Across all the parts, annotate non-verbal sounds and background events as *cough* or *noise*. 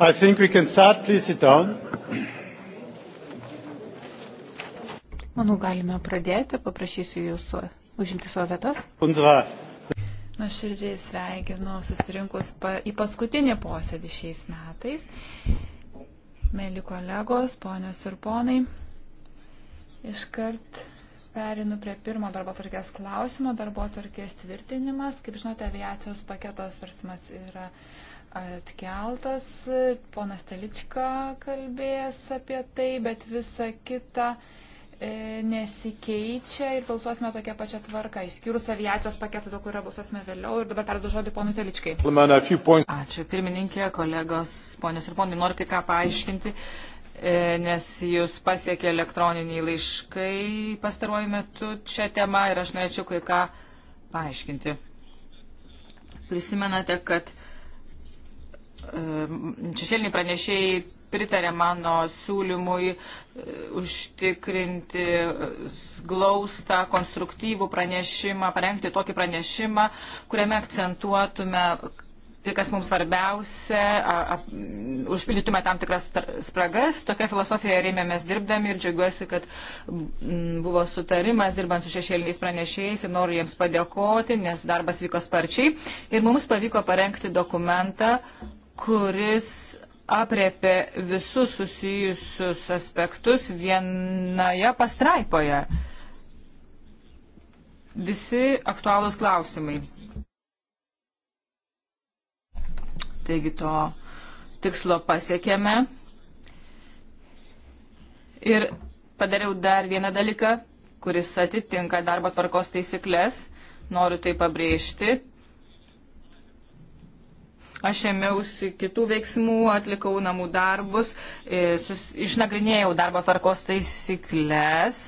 I think we can start. Please sit down. Manau, galime pradėti. Paprašysiu jūsų užimti savo vietas. Unsere Nuoširdžiai sveikinu susirinkus pa, į paskutinį posėdį šiais metais. Mėly kolegos, ponios ir ponai, iškart perinu prie pirmo darbo turkės klausimo, darbo turkės tvirtinimas. Kaip žinote, aviacijos paketos svarstymas yra atkeltas. Ponas Telička kalbės apie tai, bet visa kita e, nesikeičia ir balsuosime tokią pačią tvarką, išskyrus aviacijos paketą, dėl kurio balsuosime vėliau. Ir dabar perdu žodį ponui Teličkai. Ačiū, pirmininkė, kolegos, ponios ir ponai, noriu kai ką paaiškinti, e, nes jūs pasiekė elektroniniai laiškai pastaruoju metu čia tema ir aš norėčiau kai ką paaiškinti. Prisimenate, kad šešėliniai pranešėjai pritarė mano siūlymui e, užtikrinti e, glaustą, konstruktyvų pranešimą, parengti tokį pranešimą, kuriame akcentuotume tai, kas mums svarbiausia, a, a, užpildytume tam tikras spragas. Tokia filosofija rėmėmės dirbdami ir džiaugiuosi, kad m, buvo sutarimas dirbant su šešėliniais pranešėjais ir noriu jiems padėkoti, nes darbas vyko sparčiai. Ir mums pavyko parengti dokumentą, kuris apriepė visus susijusius aspektus vienoje pastraipoje. Visi aktualūs klausimai. Taigi to tikslo pasiekėme. Ir padariau dar vieną dalyką, kuris atitinka darbo tvarkos taisyklės. Noriu tai pabrėžti. Aš ėmiausi kitų veiksmų, atlikau namų darbus, e, išnagrinėjau darbo tvarkos taisyklės.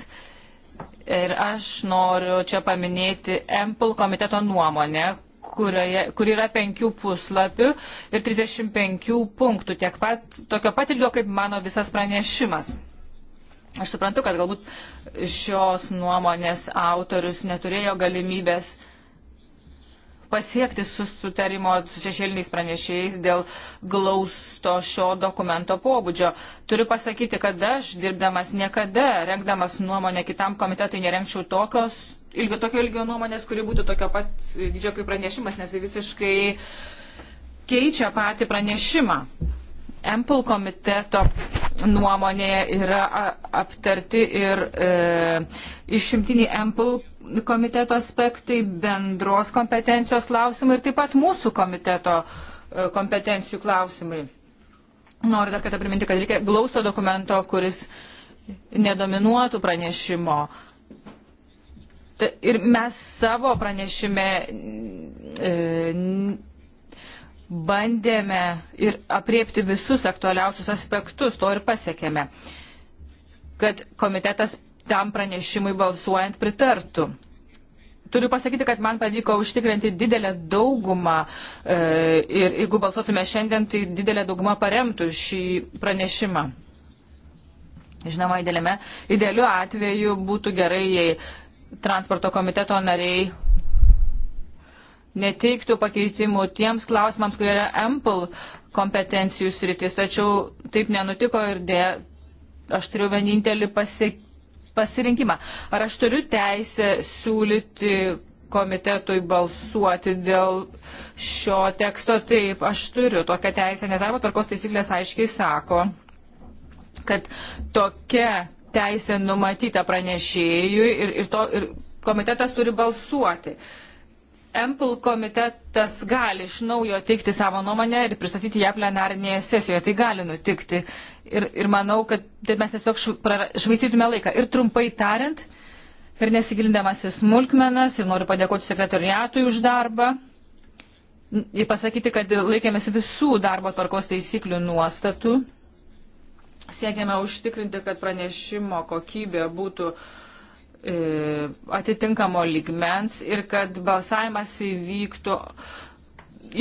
Ir aš noriu čia paminėti MPL komiteto nuomonę, kurioje, kur yra penkių puslapių ir 35 punktų, tiek pat, tokio pat ilgio kaip mano visas pranešimas. Aš suprantu, kad galbūt šios nuomonės autorius neturėjo galimybės uh, pasiekti susitarimo su šešėliniais pranešėjais dėl glausto šio dokumento pobūdžio. Turiu pasakyti, kad aš, dirbdamas niekada, renkdamas nuomonę kitam komitetui, nerenkčiau tokios. Ilgio, tokio ilgio nuomonės, kuri būtų tokio pat didžio kaip pranešimas, nes tai visiškai keičia patį pranešimą. Empul komiteto nuomonėje yra aptarti ir e, išimtiniai Empul komiteto aspektai, bendros kompetencijos klausimai ir taip pat mūsų komiteto e, kompetencijų klausimai. Noriu dar kartą priminti, kad reikia glausto dokumento, kuris nedominuotų pranešimo. Ir mes savo pranešime e, bandėme ir apriepti visus aktualiausius aspektus, to ir pasiekėme, kad komitetas tam pranešimui balsuojant pritartų. Turiu pasakyti, kad man pavyko užtikrinti didelę daugumą e, ir jeigu balsuotume šiandien, tai didelė dauguma paremtų šį pranešimą. Žinoma, idealiame, idealiu atveju būtų gerai, jei transporto komiteto nariai neteiktų pakeitimų tiems klausimams, kurie yra Ample kompetencijų sritis. Tačiau taip nenutiko ir dė, aš turiu vienintelį pasi, pasirinkimą. Ar aš turiu teisę siūlyti komitetui balsuoti dėl šio teksto? Taip, aš turiu tokią teisę, nes arba tvarkos taisyklės aiškiai sako, kad tokia teisė numatyta pranešėjui ir, ir, to, ir komitetas turi balsuoti. Uh, Empul komitetas gali iš naujo teikti savo nuomonę ir pristatyti ją plenarinėje sesijoje. Tai gali nutikti. Ir, ir manau, kad tai mes tiesiog švaistytume laiką. Ir trumpai tariant, ir nesigilindamas į smulkmenas, ir noriu padėkoti sekretoriatui už darbą. Ir pasakyti, kad laikėmės visų darbo tvarkos taisyklių nuostatų. Siekėme užtikrinti, kad pranešimo kokybė būtų uh, E, atitinkamo ligmens ir kad balsavimas įvyktų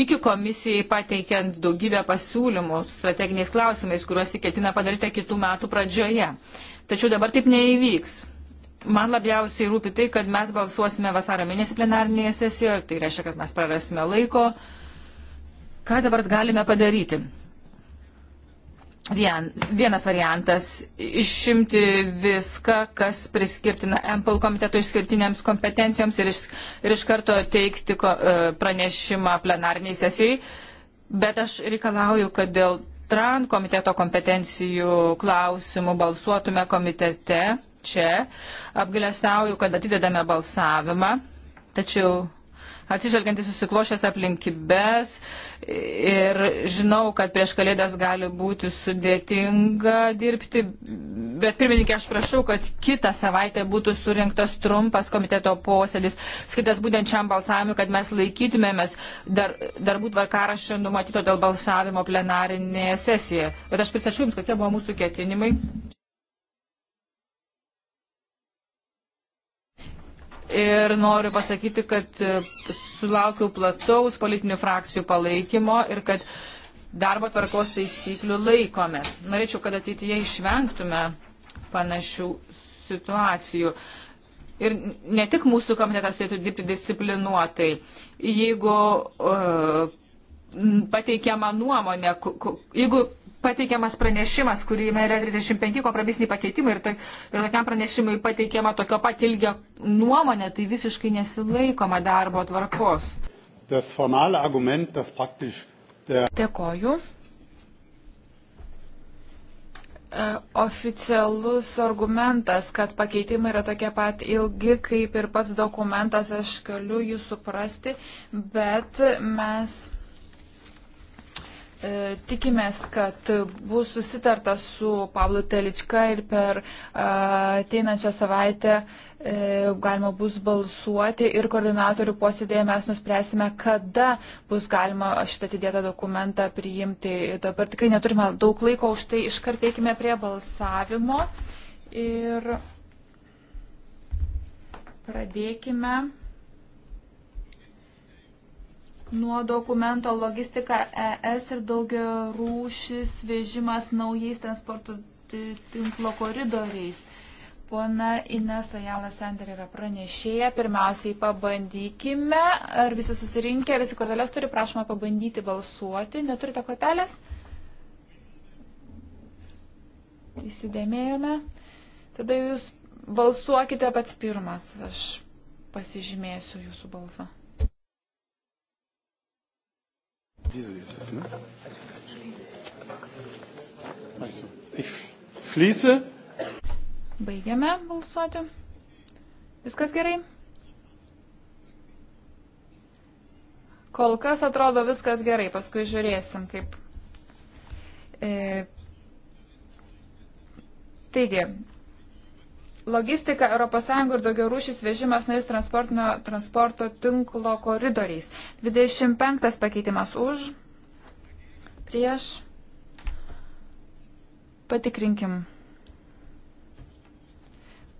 iki komisijai pateikiant daugybę pasiūlymų strateginiais klausimais, kuriuos įketina padaryti kitų metų pradžioje. Tačiau dabar taip neįvyks. Man labiausiai rūpi tai, kad mes balsuosime vasaro mėnesį plenarinėje sesijoje, tai reiškia, kad mes prarasime laiko. Ką dabar galime padaryti? Vien, vienas variantas - išimti viską, kas priskirtina MPL komiteto išskirtinėms kompetencijoms ir iš, ir iš karto teikti ko, e, pranešimą plenarniai sesijai. Bet aš reikalauju, kad dėl TRAN komiteto kompetencijų klausimų balsuotume komitete čia. Apgalėstauju, kad atidedame balsavimą. Tačiau atsižvelgiant į susiklošęs aplinkybės ir žinau, kad prieš kalėdas gali būti sudėtinga dirbti, bet pirmininkė, aš prašau, kad kitą savaitę būtų surinktas trumpas komiteto posėdis, skirtas būtent šiam balsavimui, kad mes laikytumėmės dar, darbų tvarkarašio numatyto dėl balsavimo plenarinėje sesijoje. Bet aš pristačiau Jums, kokie buvo mūsų ketinimai. ir noriu pasakyti, kad e, sulaukiau plataus politinių frakcijų palaikymo ir kad darbo tvarkos taisyklių laikomės. Norėčiau, kad ateityje išvengtume panašių situacijų. Ir ne tik mūsų komitetas turėtų dirbti disciplinuotai. Jeigu uh, pateikiama nuomonė, jeigu pateikiamas pranešimas, kuriame yra 35 kompromisiniai pakeitimai ir, to, ir tokiam pranešimui pateikiama tokio pat ilgio nuomonė, tai visiškai nesilaikoma darbo tvarkos. Argument, praktisch, der... Dėkoju. E, oficialus argumentas, kad pakeitimai yra tokie pat ilgi kaip ir pats dokumentas, aš galiu jų suprasti, bet mes E, tikimės, kad bus susitarta su Pablo Telička ir per e, ateinančią savaitę e, galima bus balsuoti ir koordinatorių posėdėje mes nuspręsime, kada bus galima šitą atidėtą dokumentą priimti. Dabar tikrai neturime daug laiko, už tai iškart eikime prie balsavimo ir pradėkime nuo dokumento logistika ES ir daugia rūšis vežimas naujais transporto tinklo koridoriais. Pona Inesa Jala Sender yra pranešėja. Pirmiausiai pabandykime, ar visi susirinkę, visi kortelės turi, prašoma pabandyti balsuoti. Neturite kortelės? Įsidėmėjome. Tada jūs balsuokite pats pirmas. Aš pasižymėsiu jūsų balsą. Diese ist es, ne? Also, ich schließe. Baigiame balsuoti. Viskas gerai? Kol kas atrodo viskas gerai, paskui žiūrėsim, kaip. E, taigi, Logistika ES ir daugiau rūšis vežimas nuės transporto tinklo koridoriais. 25 pakeitimas už, prieš, patikrinkim.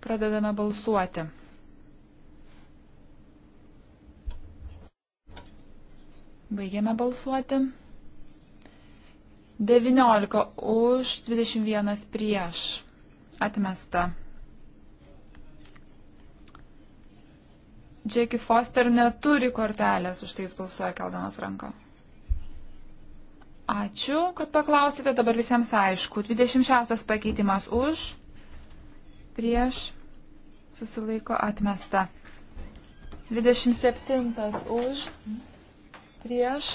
Pradedame balsuoti. Baigiame balsuoti. 19 už, 21 prieš. Atmesta. Jackie Foster neturi kortelės, už tai jis balsuoja keldamas ranką. Ačiū, kad paklausėte, dabar visiems aišku. 26 pakeitimas už, prieš, susilaiko atmesta. 27 už, prieš,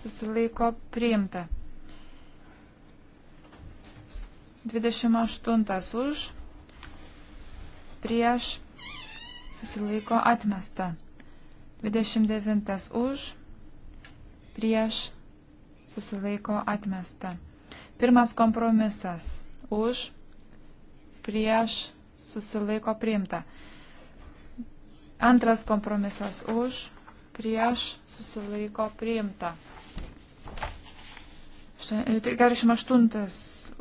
susilaiko priimta. 28 už, prieš, susilaiko atmesta. 29 už, prieš, susilaiko atmesta. Pirmas kompromisas už, prieš, susilaiko priimta. Antras kompromisas už, prieš, susilaiko priimta. 48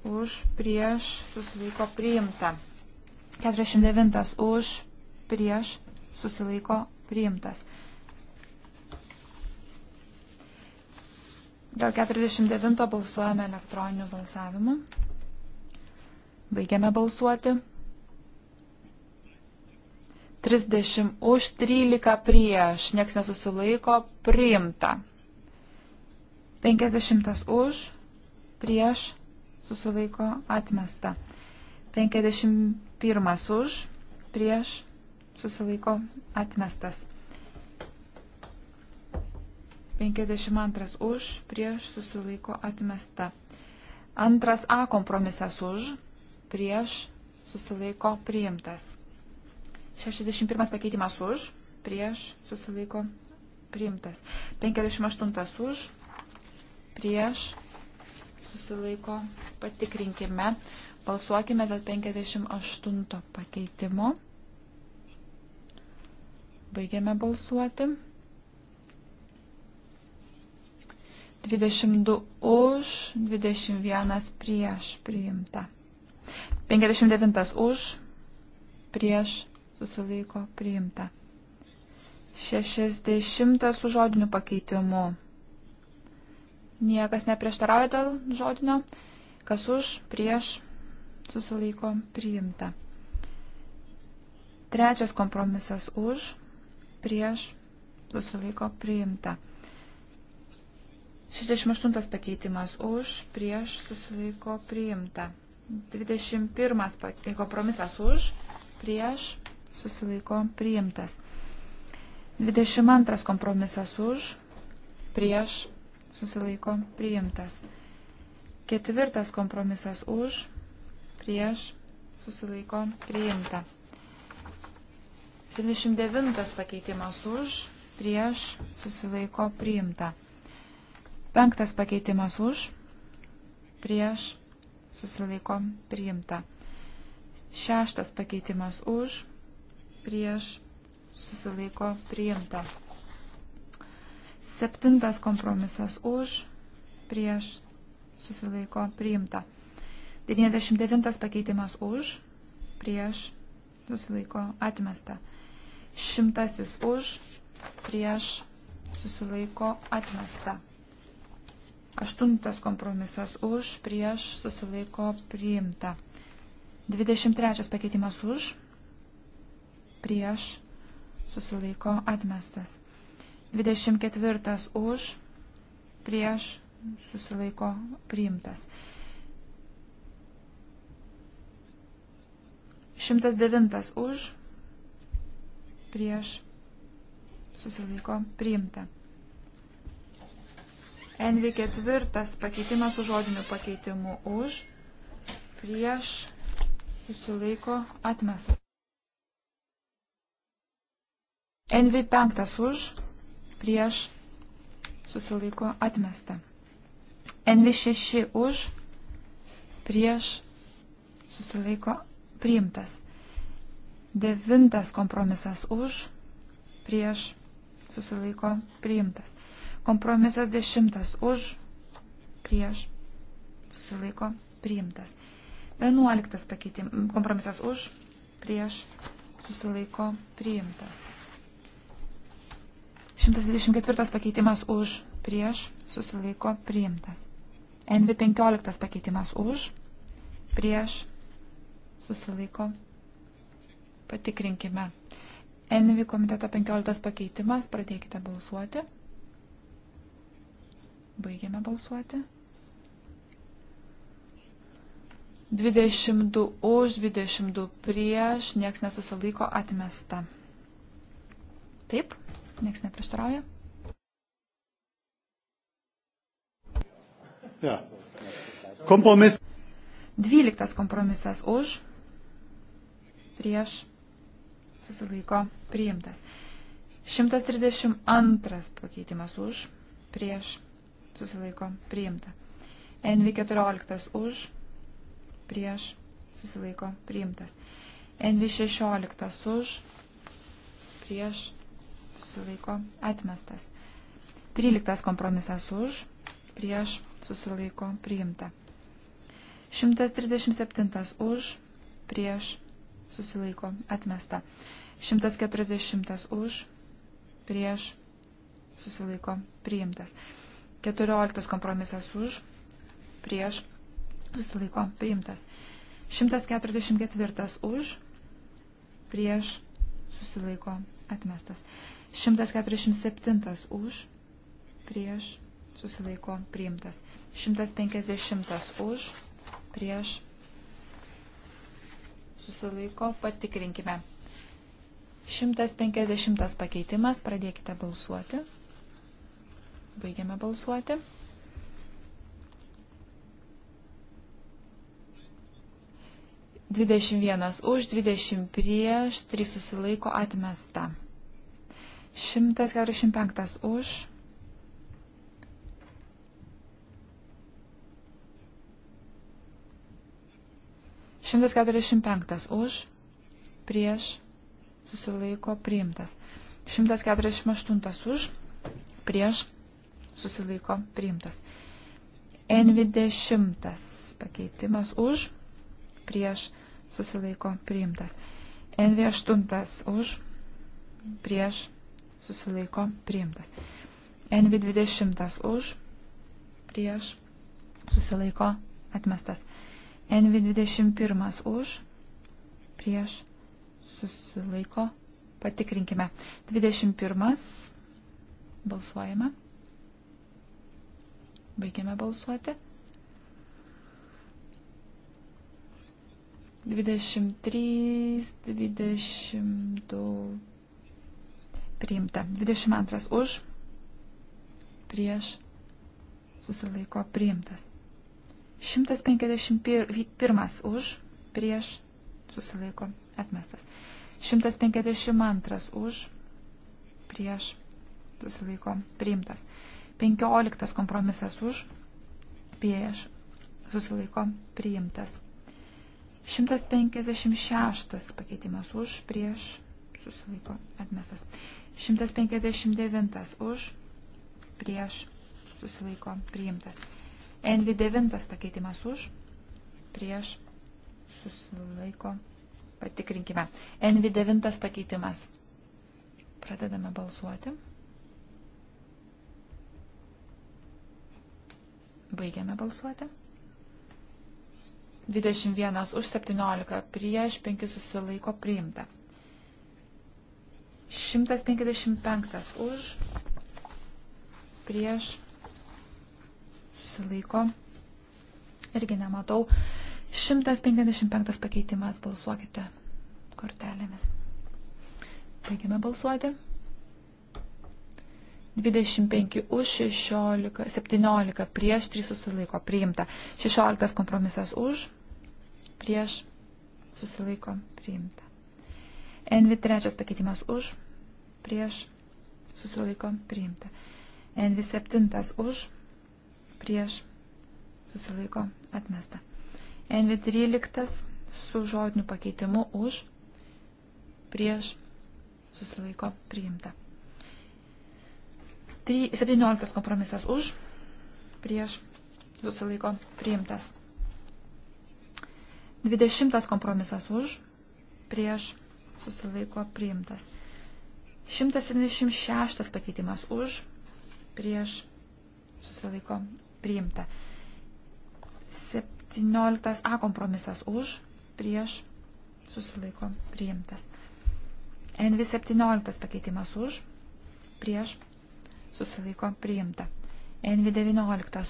už, prieš, susilaiko priimta. 49 už, prieš susilaiko priimtas. Dėl 49 balsuojame elektroniniu balsavimu. Baigiame balsuoti. 30 už 13 prieš, nieks nesusilaiko, priimta. 50 už, prieš, susilaiko, atmesta. 51 už, prieš, susilaiko atmestas. 52 už, prieš susilaiko atmesta. Antras A kompromisas už, prieš susilaiko priimtas. 61 pakeitimas už, prieš susilaiko priimtas. 58 už, prieš susilaiko patikrinkime. Balsuokime dėl 58 pakeitimo. Baigiame balsuoti. 22 už, 21 prieš priimta. 59 už, prieš susilaiko priimta. 60 su žodiniu pakeitimu. Niekas neprieštarauja dėl žodinio, kas už, prieš susilaiko priimta. Trečias kompromisas už, prieš susilaiko priimta. 68 pakeitimas už, prieš susilaiko priimta. 21 tai kompromisas už, prieš susilaiko priimtas. 22 kompromisas už, prieš susilaiko priimtas. Ketvirtas kompromisas už, prieš susilaiko priimta. 79 pakeitimas už, prieš, susilaiko priimta. Penktas pakeitimas už, prieš, susilaiko priimta. Šeštas pakeitimas už, prieš, susilaiko priimta. Septintas kompromisas už, prieš, susilaiko priimta. 99 pakeitimas už, prieš, susilaiko atmesta. Šimtasis už, prieš, susilaiko atmesta. Aštuntas kompromisas už, prieš, susilaiko priimta. 23 pakeitimas už, prieš, susilaiko atmestas. 24 už, prieš, susilaiko priimtas. 109 už, prieš susilaiko priimta. NV ketvirtas pakeitimas su žodiniu pakeitimu už, prieš susilaiko atmesa. NV penktas už, prieš susilaiko atmesta. NV šeši už, prieš susilaiko priimtas. Devintas kompromisas už, prieš, susilaiko, priimtas. Kompromisas dešimtas už, prieš, susilaiko, priimtas. Vienuoliktas pakeitimas, kompromisas už, prieš, susilaiko, priimtas. 124 pakeitimas už, prieš, susilaiko, priimtas. NV15 pakeitimas už, prieš, susilaiko, priimtas Patikrinkime. Envi komiteto 15 pakeitimas. Pradėkite balsuoti. Baigiame balsuoti. 22 už, 22 prieš, nieks nesusilaiko atmesta. Taip, nieks neprieštarauja. Ja. Kompromis. 12 kompromisas už, prieš susilaiko priimtas. 132 pakeitimas už, prieš, susilaiko priimta. NV14 už, prieš, susilaiko priimtas. NV16 už, prieš, susilaiko atmestas. 13 kompromisas už, prieš, susilaiko priimta. 137 už, prieš, susilaiko atmesta. 140 už, prieš, susilaiko, priimtas. 14 kompromisas už, prieš, susilaiko, priimtas. 144 už, prieš, susilaiko, atmestas. 147 už, prieš, susilaiko, priimtas. 150 už, prieš, susilaiko, patikrinkime. 150 pakeitimas, pradėkite balsuoti. Baigiame balsuoti. Dvidešimt vienas už, dvidešimt prieš, trys susilaiko atmesta. Šimtas keturiasdešimt penktas už. Šimtas keturiasdešimt penktas už, prieš susilaiko priimtas. 148 už, prieš susilaiko priimtas. N20 pakeitimas už, prieš susilaiko priimtas. N8 už, prieš susilaiko priimtas. N20 už, prieš susilaiko atmestas. NV21 už, prieš, susilaiko, patikrinkime. 21. Balsuojame. Baigiame balsuoti. 23, 22 priimta. 22 už, prieš, susilaiko priimtas. 151 už, prieš, susilaiko Atmestas. 152 už, prieš, susilaiko, priimtas. 15 kompromisas už, prieš, susilaiko, priimtas. 156 pakeitimas už, prieš, susilaiko, atmestas. 159 už, prieš, susilaiko, priimtas. NV9 pakeitimas už, prieš, susilaiko, priimtas Patikrinkime. NV9 pakeitimas. Pradedame balsuoti. Baigiame balsuoti. 21 už 17 prieš 5 susilaiko priimta. 155 už prieš susilaiko irgi nematau. 155 pakeitimas. Balsuokite kortelėmis. Baigiame balsuoti. 25 už 16, 17 prieš 3 susilaiko priimta. 16 kompromisas už, prieš susilaiko priimta. NV trečias pakeitimas už, prieš susilaiko priimta. NV septintas už, prieš susilaiko atmesta. NV13 su žodiniu pakeitimu už, prieš, susilaiko, priimta. 17 kompromisas už, prieš, susilaiko, priimtas. 20 kompromisas už, prieš, susilaiko, priimtas. 176 pakeitimas už, prieš, susilaiko, priimta. 17a kompromisas už, prieš, susilaiko, priimtas. NV17 pakeitimas už, prieš, susilaiko, priimta. NV19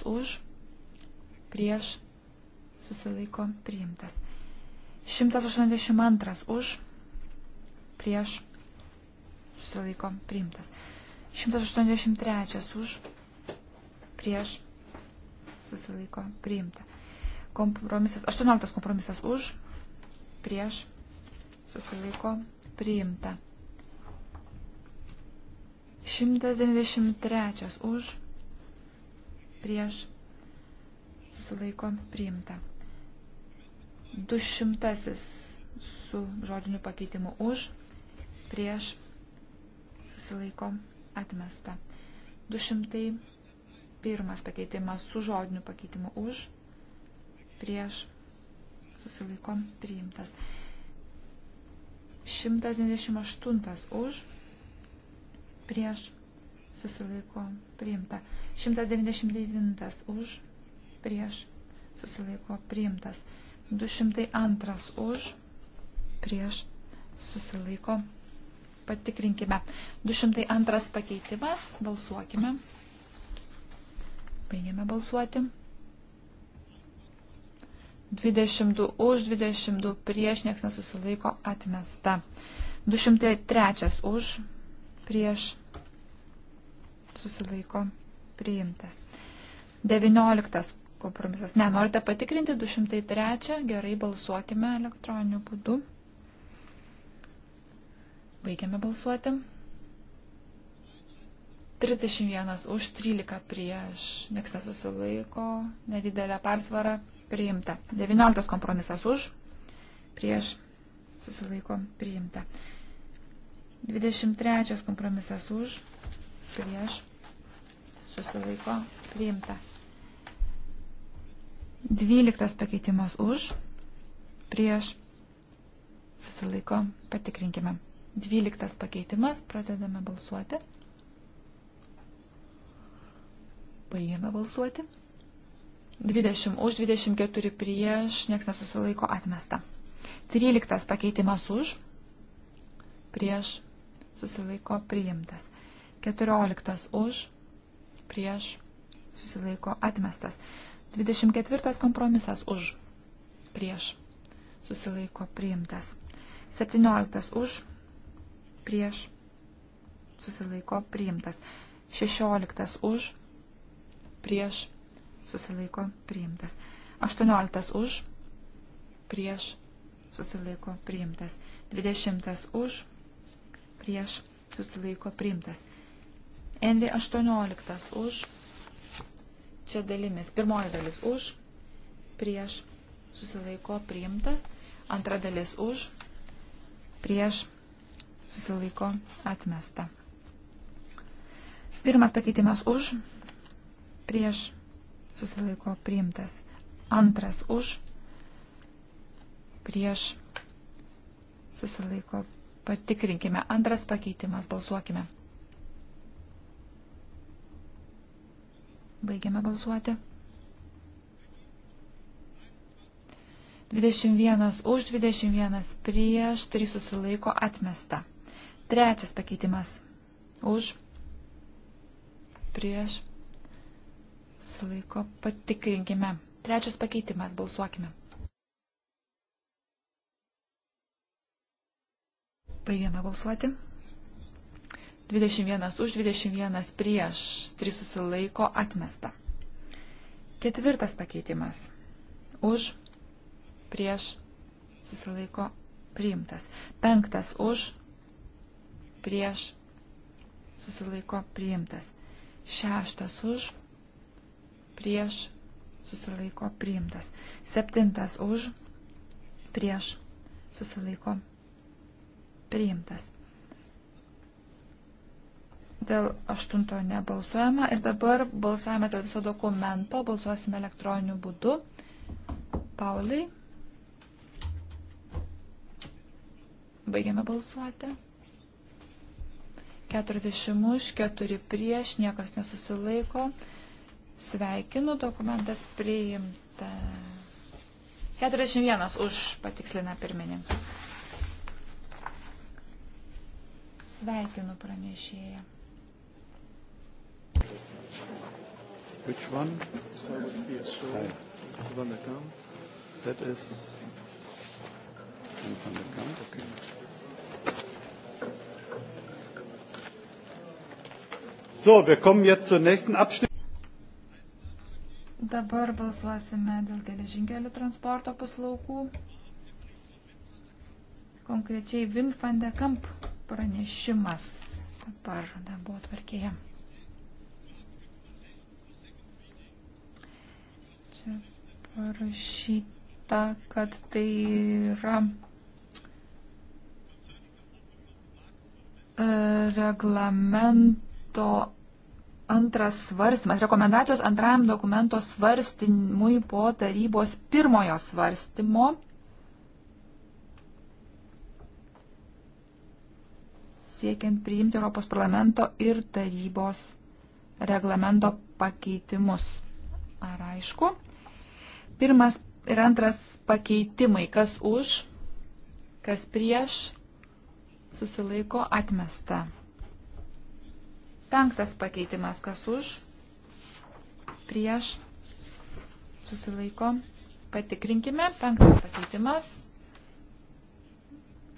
už, prieš, susilaiko, priimtas. 182 už, prieš, susilaiko, priimtas. 183 už, prieš, susilaiko, priimta. Kompromisas, 18 kompromisas už, prieš, susilaiko, priimta. 193 už, prieš, susilaiko, priimta. 200 su žodiniu pakeitimu už, prieš, susilaiko, atmesta. 201 pakeitimas su žodiniu pakeitimu už, prieš susilaiko priimtas. 198 už prieš susilaiko priimta. 199 už prieš susilaiko priimtas. 202 už prieš susilaiko patikrinkime. 202 pakeitimas, balsuokime. Baigiame balsuoti. 22 už, 22 prieš, nieks nesusilaiko atmesta. 203 už, prieš, susilaiko priimtas. 19 kompromisas. Ne, norite patikrinti 203, gerai balsuokime elektroniniu būdu. Baigiame balsuoti. 31 už 13 prieš, nieks nesusilaiko, nedidelė persvara priimta. 19 kompromisas už, prieš susilaiko priimta. 23 kompromisas už, prieš susilaiko priimta. 12 pakeitimas už, prieš susilaiko patikrinkime. 12 pakeitimas, pradedame balsuoti. Baigiame balsuoti. 20 už, 24 prieš, nieks nesusilaiko atmesta. 13 pakeitimas už, prieš, susilaiko priimtas. 14 už, prieš, susilaiko atmestas. 24 kompromisas už, prieš, susilaiko priimtas. 17 už, prieš, susilaiko priimtas. 16 už, prieš, susilaiko priimtas susilaiko priimtas. 18 už, prieš susilaiko priimtas. 20 už, prieš susilaiko priimtas. Envi 18 už, čia dalimis. Pirmoji dalis už, prieš susilaiko priimtas. Antra dalis už, prieš susilaiko atmesta. Pirmas pakeitimas už, prieš susilaiko priimtas. Antras už, prieš susilaiko. Patikrinkime. Antras pakeitimas. Balsuokime. Baigiame balsuoti. 21 už 21 prieš 3 susilaiko atmesta. Trečias pakeitimas. Už prieš susilaiko, patikrinkime. Trečias pakeitimas, balsuokime. Baigiame balsuoti. 21 už, 21 prieš, 3 susilaiko, atmesta. Ketvirtas pakeitimas. Už, prieš, susilaiko, priimtas. Penktas už, prieš, susilaiko, priimtas. Šeštas už, prieš prieš susilaiko priimtas. Septintas už prieš susilaiko priimtas. Dėl aštunto nebalsuojama ir dabar balsavime dėl viso dokumento balsuosime elektroniniu būdu. Paulai. Baigiame balsuoti. 40 už, 4 prieš, niekas nesusilaiko. Sveikinu, dokumentas priimta. 41 už patikslina pirmininkas. Sveikinu pranešėją. Which one? Van der Kamp. That is Van der Kamp. Okay. So, wir kommen jetzt zur nächsten Abstimmung. Dabar balsuosime dėl geležinkelių transporto paslaugų. Konkrečiai Vim van de Kamp pranešimas dabar darbo atvarkėje. Čia parašyta, kad tai yra e, reglamento antras svarstymas, rekomendacijos antrajam dokumento svarstymui po tarybos pirmojo svarstymo. siekiant priimti Europos parlamento ir tarybos reglamento pakeitimus. Ar aišku? Pirmas ir antras pakeitimai. Kas už, kas prieš, susilaiko atmesta. Penktas pakeitimas, kas už, prieš, susilaiko. Patikrinkime, penktas pakeitimas.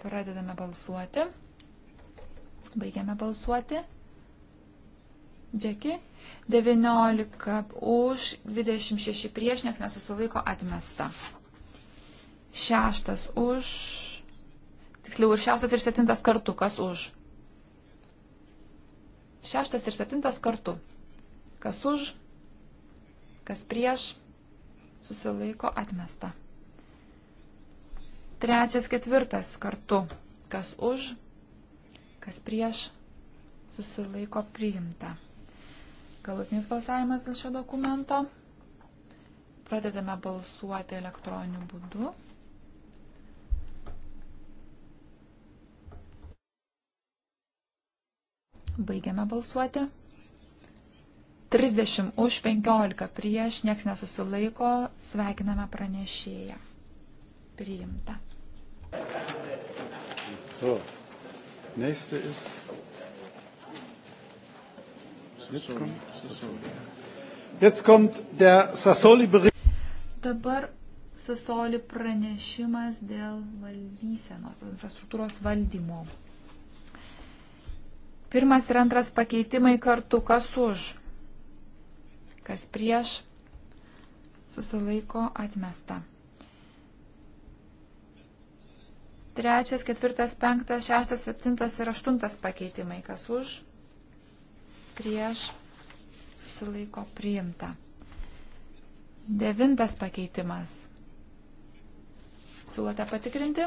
Pradedame balsuoti. Baigiame balsuoti. Džeki, 19 už, 26 prieš, nieks nesusilaiko atmesta. Šeštas už, tiksliau ir šeštas ir septintas kartu, kas už, Šeštas ir septintas kartu. Kas už, kas prieš, susilaiko atmesta. Trečias, ketvirtas kartu. Kas už, kas prieš, susilaiko priimta. Galutinis balsavimas dėl šio dokumento. Pradedame balsuoti elektroniniu būdu. Baigiame balsuoti. 30 už 15 prieš, nieks nesusilaiko, sveikiname pranešėją. Priimta. So, nächste ist. Jetzt kommt, Jetzt kommt der Sassoli-Bericht. Dabar Sasoli pranešimas dėl valdysenos, infrastruktūros valdymo. Pirmas ir antras pakeitimai kartu, kas už, kas prieš, susilaiko atmesta. Trečias, ketvirtas, penktas, šeštas, septintas ir aštuntas pakeitimai, kas už, prieš, susilaiko priimta. Devintas pakeitimas. Siūlote patikrinti?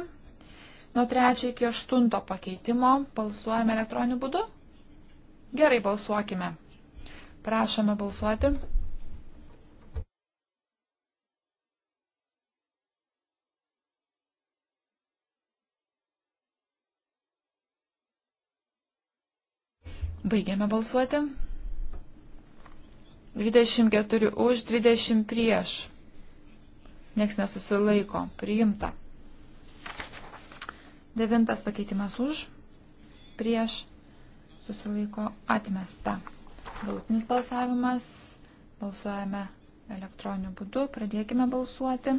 Nuo 3 iki 8 pakeitimo balsuojame elektroniniu būdu. Gerai, balsuokime. Prašome balsuoti. Baigiame balsuoti. 24 už, 20 prieš. Niekas nesusilaiko. Priimta. Devintas pakeitimas už, prieš, susilaiko atmesta. Galutinis balsavimas. Balsuojame elektroniniu būdu. Pradėkime balsuoti.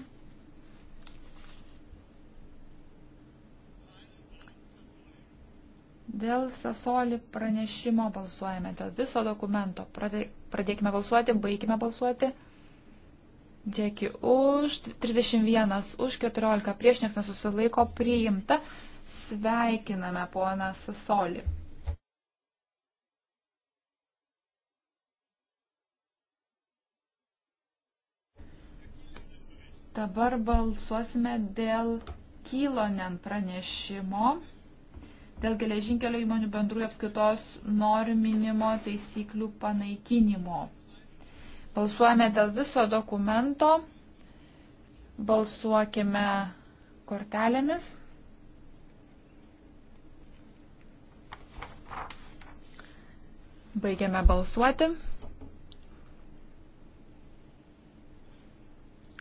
Dėl Sasoli pranešimo balsuojame, dėl viso dokumento. Pradėkime balsuoti, baigime balsuoti. Džeki už, 31 už, 14 prieš, niekas nesusilaiko, priimta. Sveikiname poną Sasolį. Dabar balsuosime dėl Kylonen pranešimo, dėl geležinkelio įmonių bendrųjų apskaitos norminimo taisyklių panaikinimo. Balsuojame dėl viso dokumento. Balsuokime kortelėmis. Baigiame balsuoti.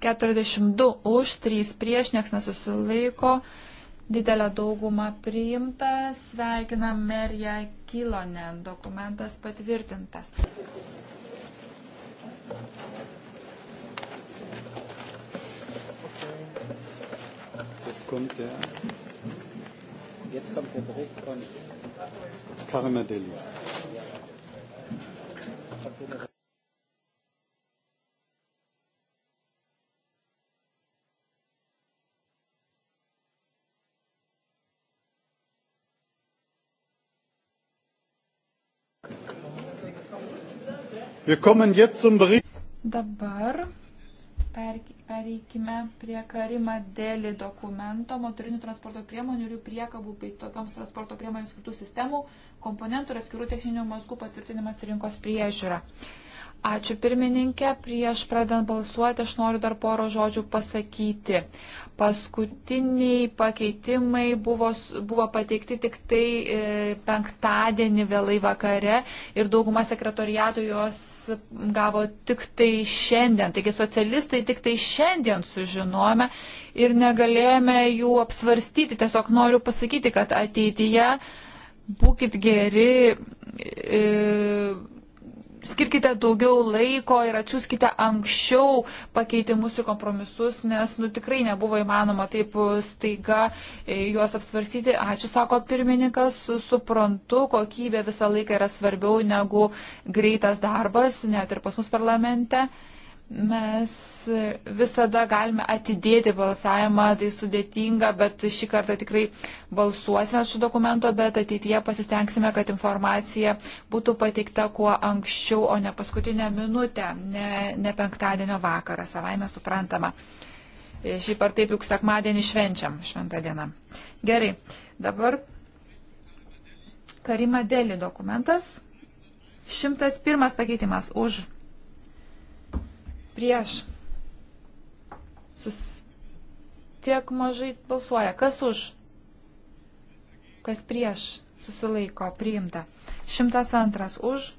42 už, 3 prieš, nieks nesusilaiko. Didelė dauguma priimta. Sveikinam Meriją Kilonę. Dokumentas patvirtintas. kommt der. Jetzt kommt der Bericht von Carmadelli. Wir kommen jetzt zum Bericht. Dabar per Pereikime prie karimą dėlį dokumento, motorinių transporto priemonių ir jų priekabų bei tokioms transporto priemonių skirtų sistemų, komponentų ir atskirų techninių mazgų patvirtinimas ir rinkos priežiūra. Ačiū pirmininkė. Prieš pradant balsuoti, aš noriu dar poro žodžių pasakyti. Paskutiniai pakeitimai buvo, buvo pateikti tik tai e, penktadienį vėlai vakare ir dauguma sekretoriatų juos gavo tik tai šiandien. Taigi socialistai tik tai šiandien sužinojome ir negalėjome jų apsvarstyti. Tiesiog noriu pasakyti, kad ateityje būkite geri. E, skirkite daugiau laiko ir atsiųskite anksčiau pakeitimus ir kompromisus, nes nu, tikrai nebuvo įmanoma taip staiga e, juos apsvarstyti. Ačiū, sako pirmininkas, suprantu, kokybė visą laiką yra svarbiau negu greitas darbas, net ir pas mus parlamente. Mes visada galime atidėti balsavimą, tai sudėtinga, bet šį kartą tikrai balsuosime su dokumento, bet ateityje pasistengsime, kad informacija būtų pateikta kuo anksčiau, o ne paskutinę minutę, ne, ne penktadienio vakarą, savaime suprantama. Šiaip ar taip juk sekmadienį švenčiam, šventą dieną. Gerai, dabar Karima Deli dokumentas. 101 pakeitimas už prieš. Sus... Tiek mažai balsuoja. Kas už? Kas prieš? Susilaiko. Priimta. 102 už.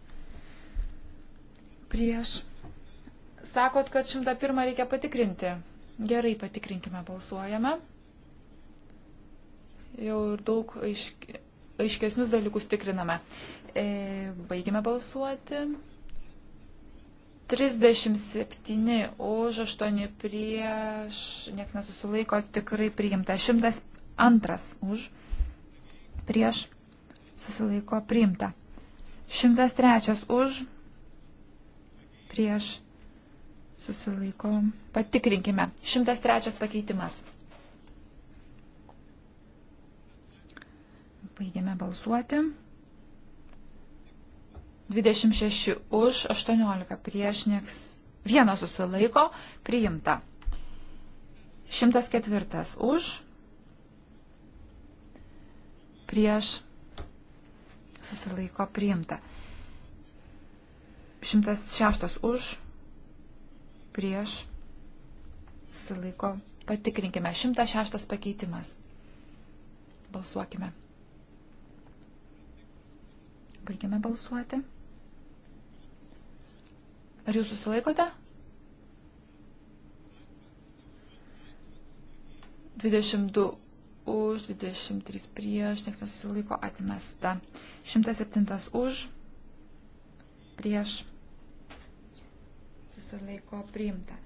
Prieš. Sakot, kad 101 reikia patikrinti. Gerai, patikrinkime, balsuojame. Jau ir daug aišk... aiškesnius dalykus tikriname. E, baigime balsuoti. 37 už 8 prieš, nieks nesusilaiko, tikrai priimta. 102 už prieš, susilaiko priimta. 103 už prieš, susilaiko. Patikrinkime. 103 pakeitimas. Baigiame balsuoti. 26 už, 18 prieš, nieks vienas susilaiko, priimta. 104 už, prieš, susilaiko, priimta. 106 už, prieš, susilaiko, patikrinkime. 106 pakeitimas. Balsuokime. Baigiame balsuoti. Ar jūs susilaikote? 22 už, 23 prieš, niekas susilaiko atmesta. 107 už, prieš, susilaiko priimta.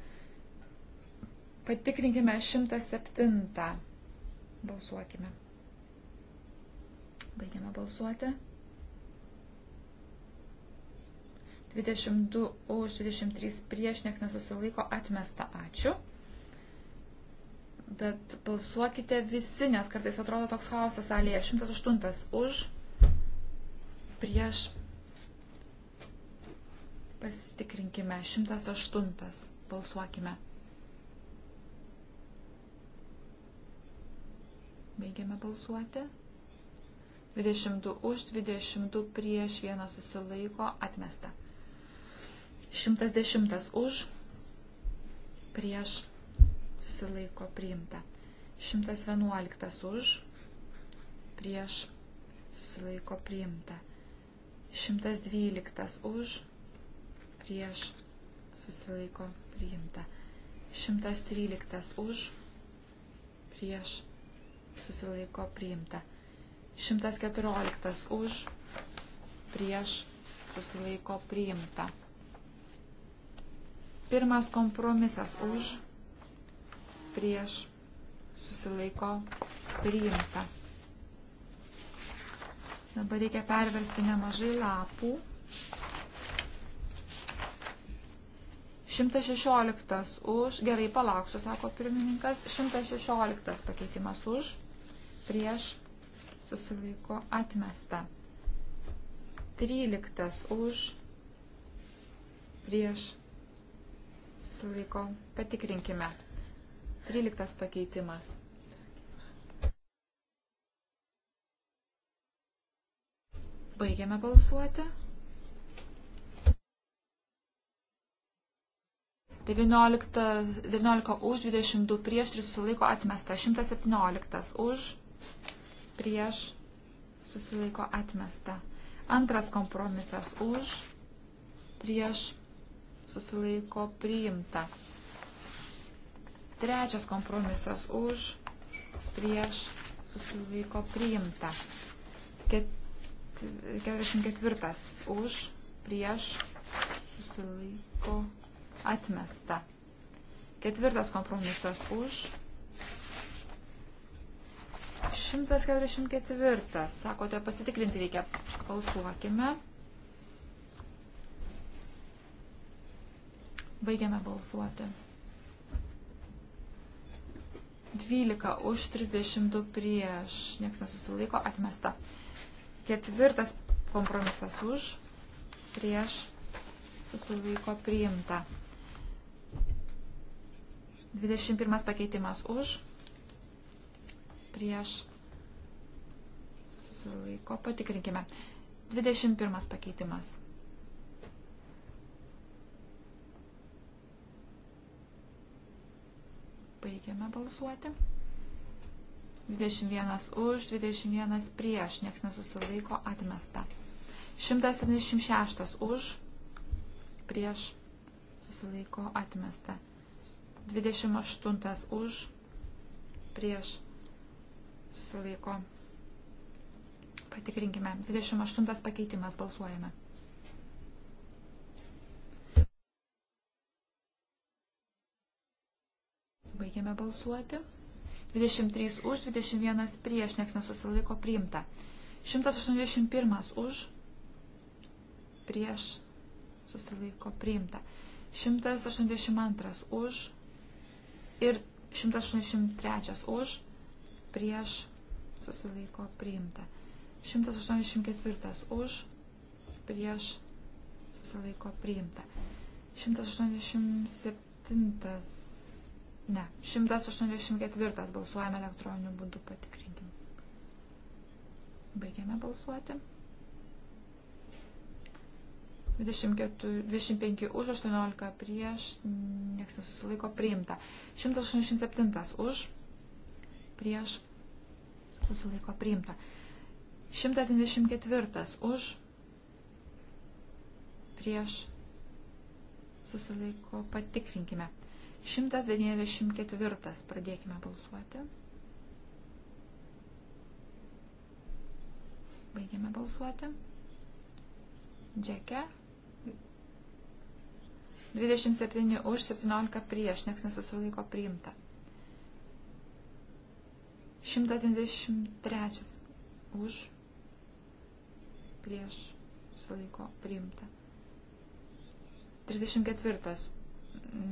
Patikrinkime 107. Balsuokime. Baigiame balsuoti. 22 už 23 prieš, nieks nesusilaiko, atmesta, ačiū. Bet balsuokite visi, nes kartais atrodo toks chaosas salėje. 108 už, prieš, pasitikrinkime, 108 balsuokime. Baigiame balsuoti. 22 už, 22 prieš, vienas susilaiko, atmesta. 110 už, prieš, susilaiko priimta. 111 už, prieš, susilaiko priimta. 112 už, prieš, susilaiko priimta. 113 už, prieš, susilaiko priimta. 114 už, prieš, susilaiko priimta. Pirmas kompromisas už, prieš, susilaiko, priimta. Dabar reikia perversti nemažai lapų. 116 už, gerai palauksiu, sako pirmininkas, 116 pakeitimas už, prieš, susilaiko, atmesta. 13 už, prieš, susilaiko, patikrinkime. 13 pakeitimas. Baigiame balsuoti. 19, 19 už, 22 prieš, 3 susilaiko atmesta. 117 už, prieš, susilaiko atmesta. Antras kompromisas už, prieš, susilaiko priimta. Trečias kompromisas už, prieš, susilaiko priimta. Ket, 44 už, prieš, susilaiko atmesta. Ketvirtas kompromisas už. 144. Sakote, pasitikrinti reikia. Balsuokime. Baigiame balsuoti. 12 už 32 prieš. Niekas nesusilaiko. Atmesta. Ketvirtas kompromisas už. Prieš. Susilaiko priimta. 21 pakeitimas už. Prieš. Susilaiko. Patikrinkime. 21 pakeitimas. Baigiame balsuoti. 21 už, 21 prieš, nieks nesusilaiko, atmesta. 176 už, prieš, susilaiko, atmesta. 28 už, prieš, susilaiko. Patikrinkime. 28 pakeitimas balsuojame. Baigėme balsuoti. 23 už, 21 prieš, nieks nesusilaiko priimta. 181 už, prieš, susilaiko priimta. 182 už ir 183 už, prieš, susilaiko priimta. 184 už, prieš, susilaiko priimta. 187 Ne, 184 balsuojame elektroniniu būdu patikrinkim. Baigiame balsuoti. 24, 25 už, 18 prieš, niekas nesusilaiko, priimta. 187 už, prieš, susilaiko, priimta. 174 už, prieš, susilaiko, patikrinkime. 194. Pradėkime balsuoti. Baigėme balsuoti. Džekė. 27 už, 17 prieš, nieks nesusilaiko priimta. 173 už, prieš, susilaiko priimta. 34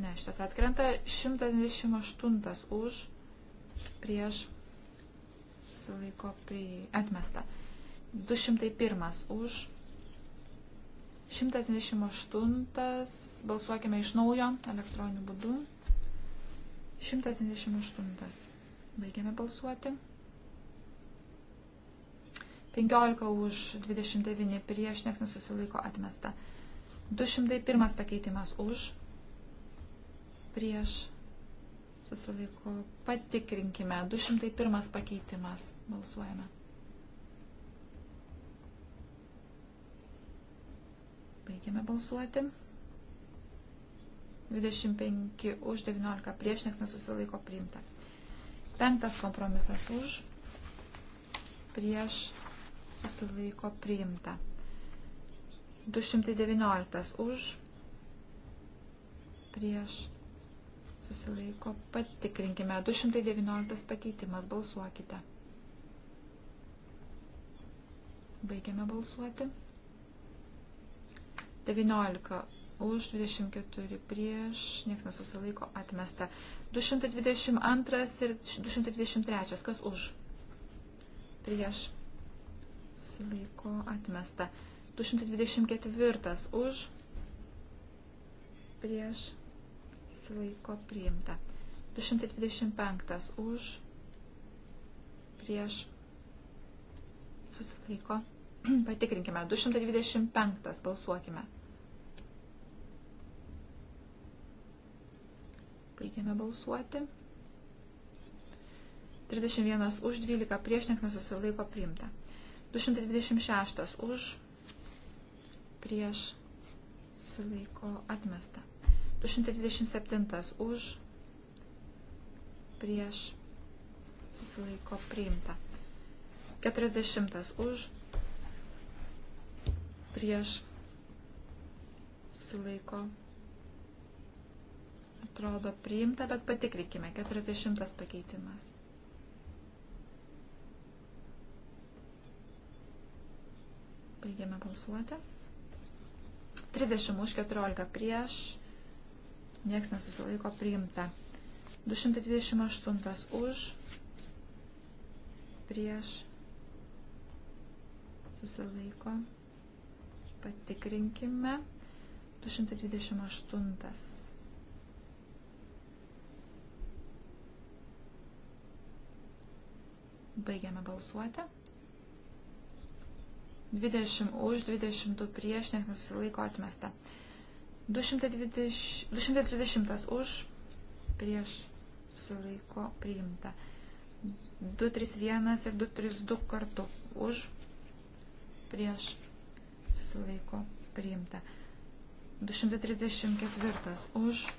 Ne, šitas atkrenta. 128 už prieš sulaiko prie... atmesta. 201 už 128. Balsuokime iš naujo elektroniniu būdu. 128. Baigiame balsuoti. 15 už 29 prieš, nieks nesusilaiko atmesta. 201 pakeitimas už prieš susilaiko patikrinkime. 201 pakeitimas. Balsuojame. Baigiame balsuoti. 25 už 19 prieš, nes nesusilaiko priimta. Penktas kompromisas už prieš susilaiko priimta. 219 už prieš susilaiko patikrinkime. 219 pakeitimas, balsuokite. Baigiame balsuoti. 19 už, 24 prieš, niekas nesusilaiko, atmesta. 222 ir 223, kas už? Prieš. Susilaiko, atmesta. 224 už, prieš susilaiko priimta. 225 už, prieš, susilaiko. *clears throat* Patikrinkime, 225 balsuokime. Baigiame balsuoti. 31 už, 12 prieš, niekas nesusilaiko priimta. 226 už, prieš, susilaiko atmesta. 227 už, prieš, susilaiko priimta. 40 už, prieš, susilaiko. Atrodo priimta, bet patikrinkime. 40 pakeitimas. Baigiame balsuoti. 30 už 14 prieš nieks nesusilaiko priimta. 228 už, prieš, susilaiko, patikrinkime. 228. Baigiame balsuoti. 20 už, 22 prieš, niekas nesusilaiko atmesta. 220, 230 už prieš sulaiko priimta. 231 ir 232 kartu už prieš susilaiko priimta. 234 už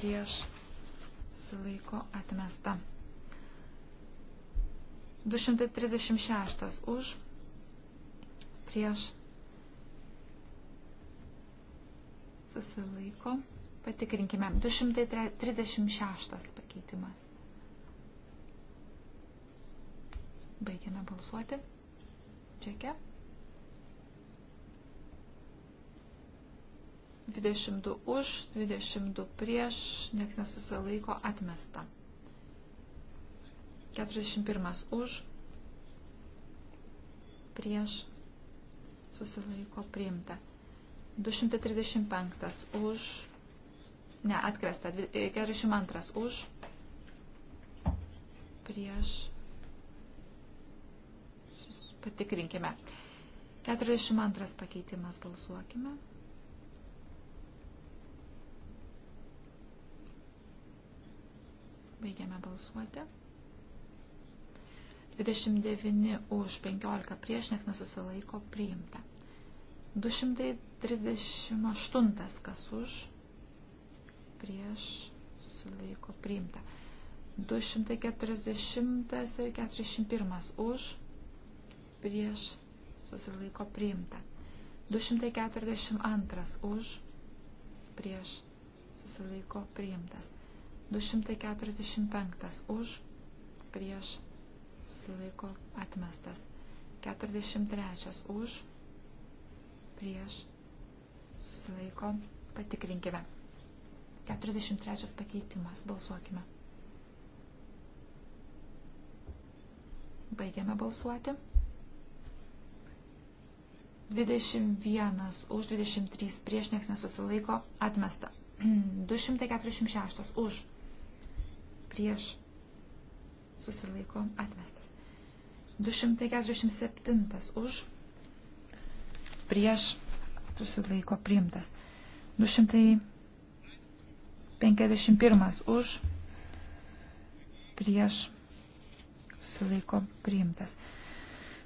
prieš sulaiko atmesta. 236 už prieš susilaiko. Patikrinkime. 236 pakeitimas. Baigiame balsuoti. Čekia. 22 už, 22 prieš, nieks nesusilaiko, atmesta. 41 už, prieš, susilaiko, priimta. 235 už, ne, atkresta, 42 e, už, prieš, patikrinkime. 42 pakeitimas balsuokime. Baigiame balsuoti. 29 už 15 prieš, net nesusilaiko priimta. 200 38 kas už, prieš sulaiko priimta. 240 ir 41 už, prieš susilaiko priimta. 242 už, prieš susilaiko priimtas. 245 už, prieš susilaiko atmestas. 43 už, prieš susilaiko, patikrinkime. 43 pakeitimas, balsuokime. Baigiame balsuoti. 21 už 23 prieš nieks nesusilaiko atmesta. 246 *clears throat* už prieš susilaiko atmestas. 247 už prieš susilaiko priimtas. 251 už, prieš susilaiko priimtas.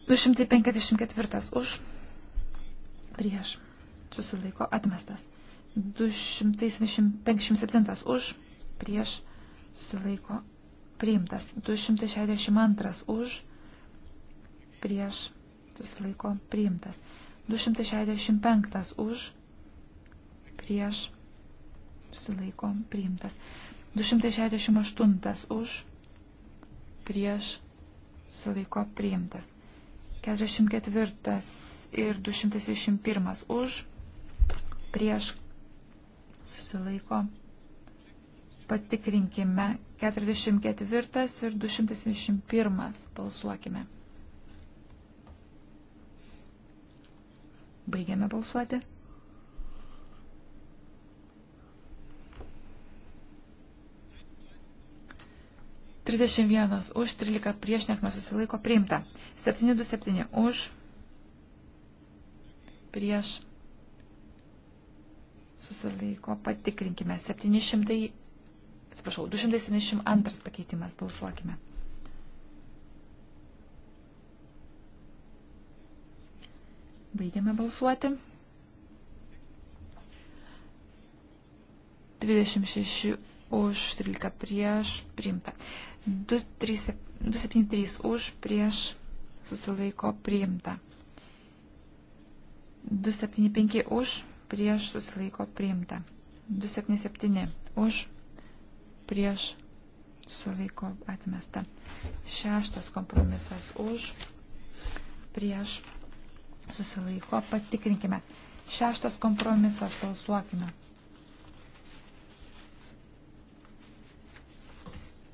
254 už, prieš susilaiko atmestas. 257 už, prieš susilaiko priimtas. 262 už, prieš susilaiko priimtas. 265 už, prieš, susilaiko, priimtas. 268 už, prieš, susilaiko, priimtas. 44 ir 221 už, prieš, susilaiko, patikrinkime 44 ir 221 balsuokime. Baigiame balsuoti. Trisdešimt vienas už, trylika prieš, nes nesusilaiko priimta. Septyni du septyni už, prieš, susilaiko, patikrinkime. Septyni šimtai, atsiprašau, du šimtai septyniasdešimt antras pakeitimas, balsuokime. Baigiame balsuoti. 26 už, 13 prieš, priimta. 273 už, prieš, susilaiko, priimta. 275 už, prieš, susilaiko, priimta. 277 už, prieš, susilaiko, atmesta. Šeštas kompromisas už, prieš, susilaiko, patikrinkime. Šeštas kompromisas, balsuokime.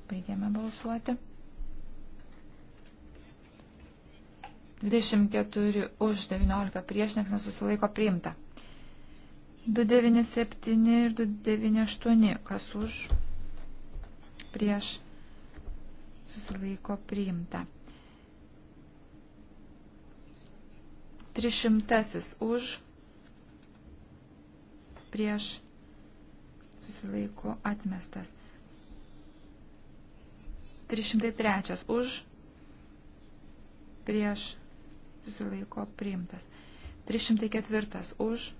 Baigiame balsuoti. 24 už 19 prieš, nes nesusilaiko priimta. 297 ir 298, kas už prieš susilaiko priimta. 300 už, prieš, susilaiko atmestas. 303 už, prieš, susilaiko priimtas. 304 už,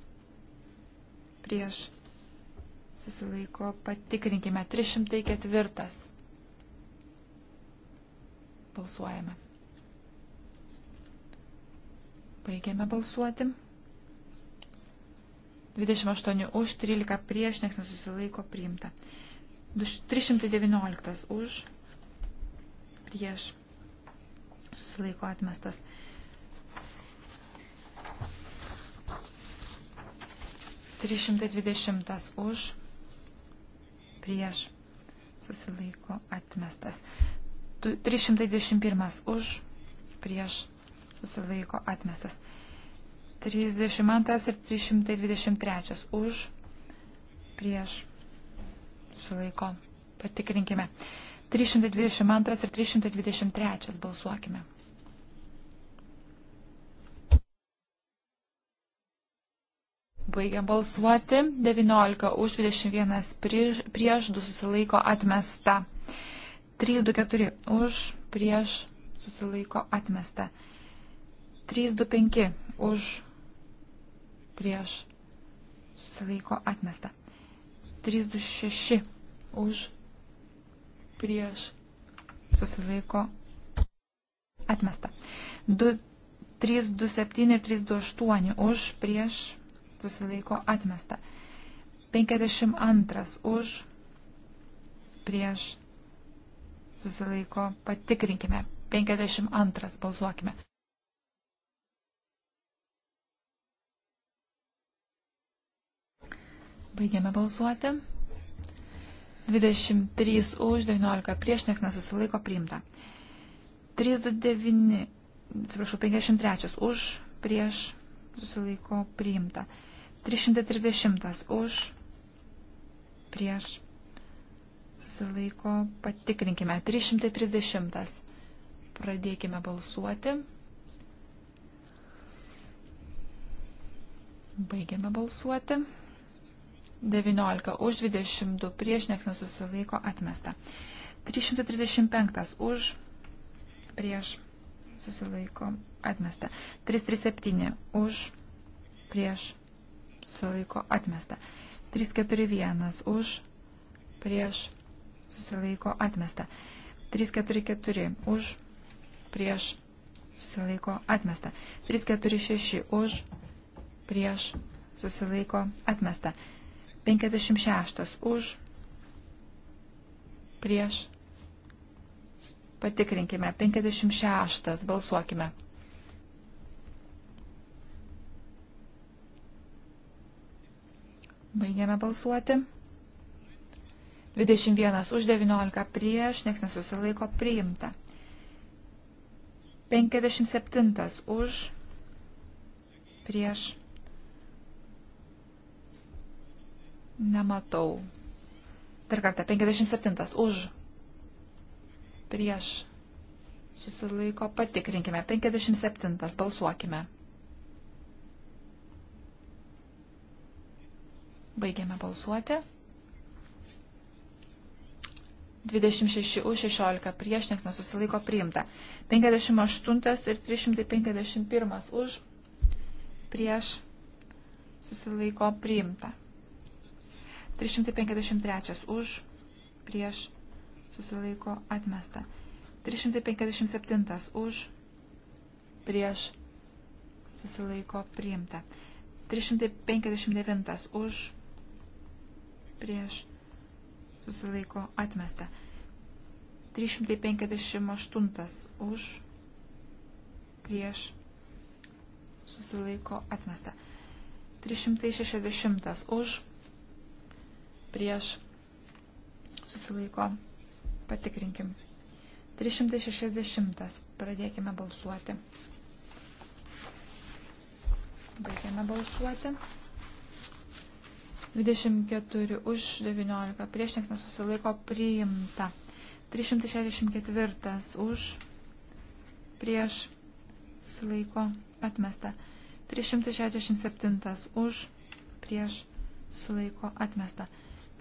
prieš, susilaiko patikrinkime. 304 balsuojame. Baigėme balsuoti. 28 už, 13 prieš, nieks nesusilaiko priimta. 319 už, prieš, susilaiko atmestas. Trišimtai dvidešimtas už, prieš, susilaiko atmestas. 321 už, prieš, susilaiko atmestas. 32 ir 323 už, prieš, susilaiko. Patikrinkime. 322 ir 323 balsuokime. Baigiam balsuoti. 19 už 21 prieš, prieš 2 susilaiko atmesta. 324 už prieš susilaiko atmesta. 325 už prieš susilaiko atmesta. 326 už prieš susilaiko atmesta. 2, 327 ir 328 už prieš susilaiko atmesta. 52 už prieš susilaiko patikrinkime. 52 balsuokime. Baigiame balsuoti. 23 už, 19 prieš, nieks nesusilaiko priimta. 329, atsiprašau, 53 už, prieš, susilaiko priimta. 330 už, prieš, susilaiko patikrinkime. 330. Pradėkime balsuoti. Baigiame balsuoti. 19 už 22 prieš nieks nesusilaiko atmesta. 335 už prieš susilaiko atmesta. 337 už prieš susilaiko atmesta. 341 už prieš susilaiko atmesta. 344 už prieš susilaiko atmesta. 346 už prieš susilaiko atmesta. 347 56 už, prieš, patikrinkime, 56 balsuokime. Baigiame balsuoti. 21 už 19 prieš, nieks nesusilaiko priimta. 57 už prieš Nematau. Dar kartą, 57 už. Prieš. Susilaiko, patikrinkime. 57 balsuokime. Baigiame balsuoti. 26 už 16 prieš, nes nesusilaiko priimta. 58 ir 351 už prieš susilaiko priimta. 353 už, prieš, susilaiko, atmesta. 357 už, prieš, susilaiko, priimta. 359 už, prieš, susilaiko, atmesta. 358 už, prieš, susilaiko, atmesta. 360 už, prieš susilaiko. Patikrinkim. 360. Pradėkime balsuoti. Baigėme balsuoti. 24 už 19 prieš niekas nesusilaiko priimta. 364 už prieš susilaiko atmesta. 367 už prieš susilaiko atmesta.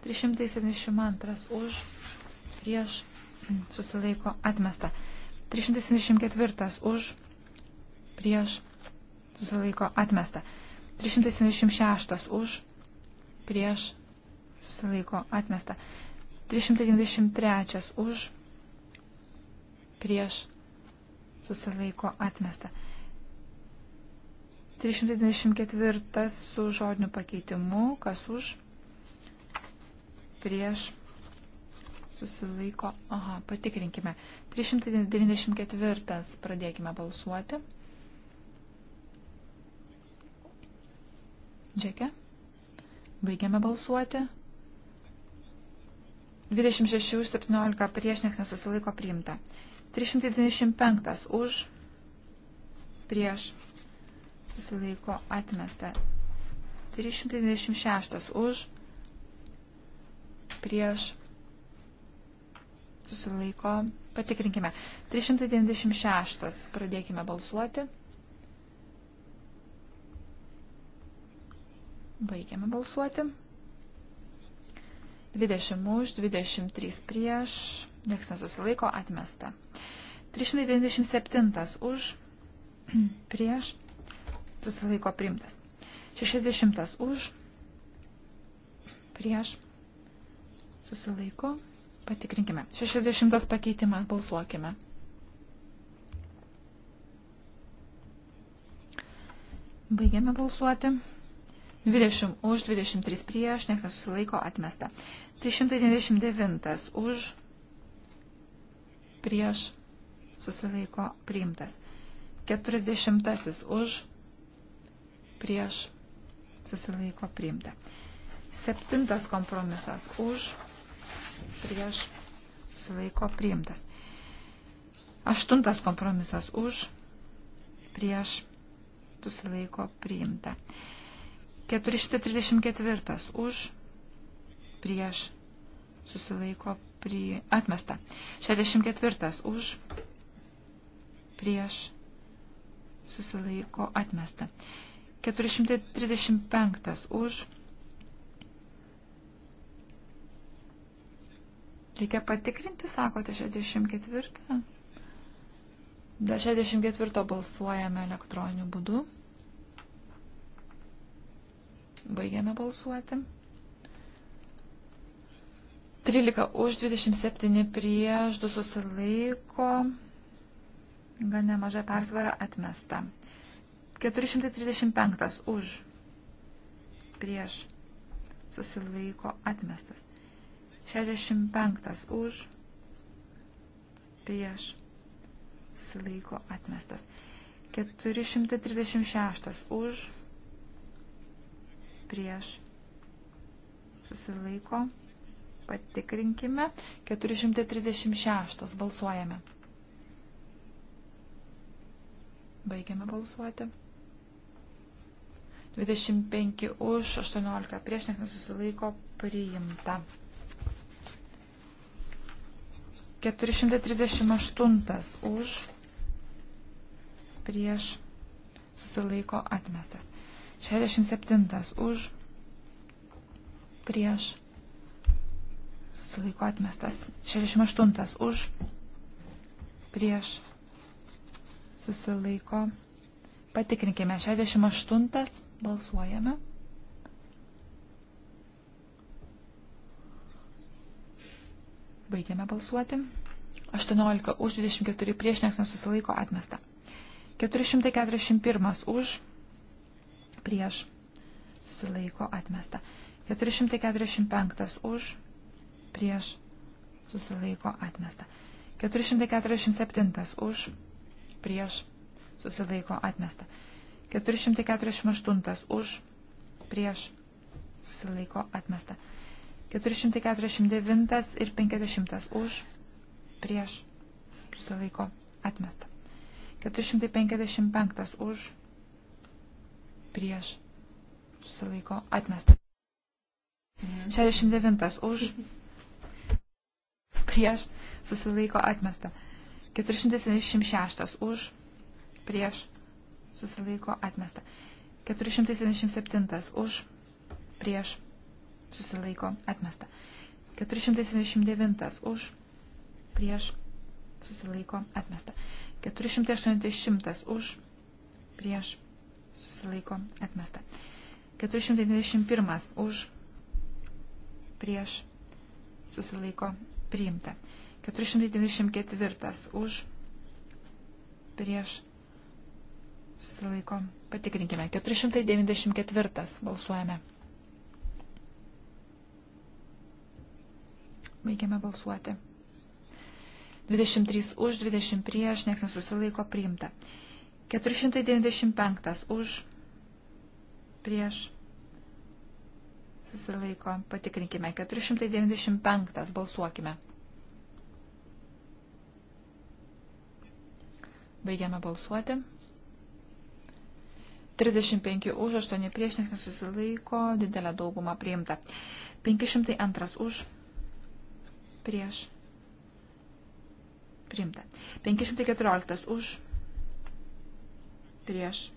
372 už, prieš, susilaiko atmesta. 374 už, prieš, susilaiko atmesta. 376 už, prieš, susilaiko atmesta. 393 už, prieš, susilaiko atmesta. 324 su žodiniu pakeitimu, kas už, prieš susilaiko. Aha, patikrinkime. 394 pradėkime balsuoti. Džekė. Baigiame balsuoti. 26 už 17 prieš nieks nesusilaiko priimta. 395 už prieš susilaiko atmesta. 396 už prieš prieš susilaiko. Patikrinkime. 396. Pradėkime balsuoti. Baigiame balsuoti. 20 už, 23 prieš, niekas nesusilaiko, atmesta. 397 *clears throat* už, prieš, susilaiko primtas. 60 už, prieš, susilaiko, patikrinkime. 60 pakeitimas, balsuokime. Baigiame balsuoti. 20 už, 23 prieš, niekas nesusilaiko, atmesta. 399 už, prieš, susilaiko, priimtas. 40 už, prieš, susilaiko, priimta. 7 kompromisas už, prieš prieš susilaiko priimtas. Aštuntas kompromisas už, prieš susilaiko priimta. 434 už, prieš susilaiko pri... atmesta. 64 už, prieš susilaiko atmesta. 435 už, prieš Reikia patikrinti, sakote, 64. Dėl 64 balsuojame elektroniniu būdu. Baigiame balsuoti. 13 už 27 prieš 2 susilaiko. Gan nemaža persvara atmesta. 435 už prieš susilaiko atmestas. 65 už, prieš, susilaiko atmestas. 436 už, prieš, susilaiko. Patikrinkime. 436 balsuojame. Baigiame balsuoti. 25 už, 18 prieš, nesusilaiko priimta. 438 už, prieš, susilaiko atmestas. 67 už, prieš, susilaiko atmestas. 68 už, prieš, susilaiko. Patikrinkime 68, balsuojame. Baigiame balsuoti. 18 už 24 prieš niekas nesusilaiko atmesta. 441 už prieš susilaiko atmesta. 445 už prieš susilaiko atmesta. 447 už prieš susilaiko atmesta. 448 už prieš susilaiko atmesta. 449 ir 50 už, prieš, susilaiko, atmesta. 455 už, prieš, susilaiko, atmesta. 69 už, prieš, susilaiko, atmesta. 476 už, prieš, susilaiko, atmesta. 477 už, prieš, susilaiko atmesta. 479 už prieš susilaiko atmesta. 480 už prieš susilaiko atmesta. 421 už prieš susilaiko priimta. 494 už prieš susilaiko patikrinkime. 494 balsuojame. Baigiame balsuoti. 23 už, 20 prieš, nieks nesusilaiko priimta. 495 už, prieš, susilaiko, patikrinkime. 495 balsuokime. Baigiame balsuoti. 35 už, 8 prieš, nieks nesusilaiko, didelė dauguma priimta. 502 už prieš priimta. 514 už prieš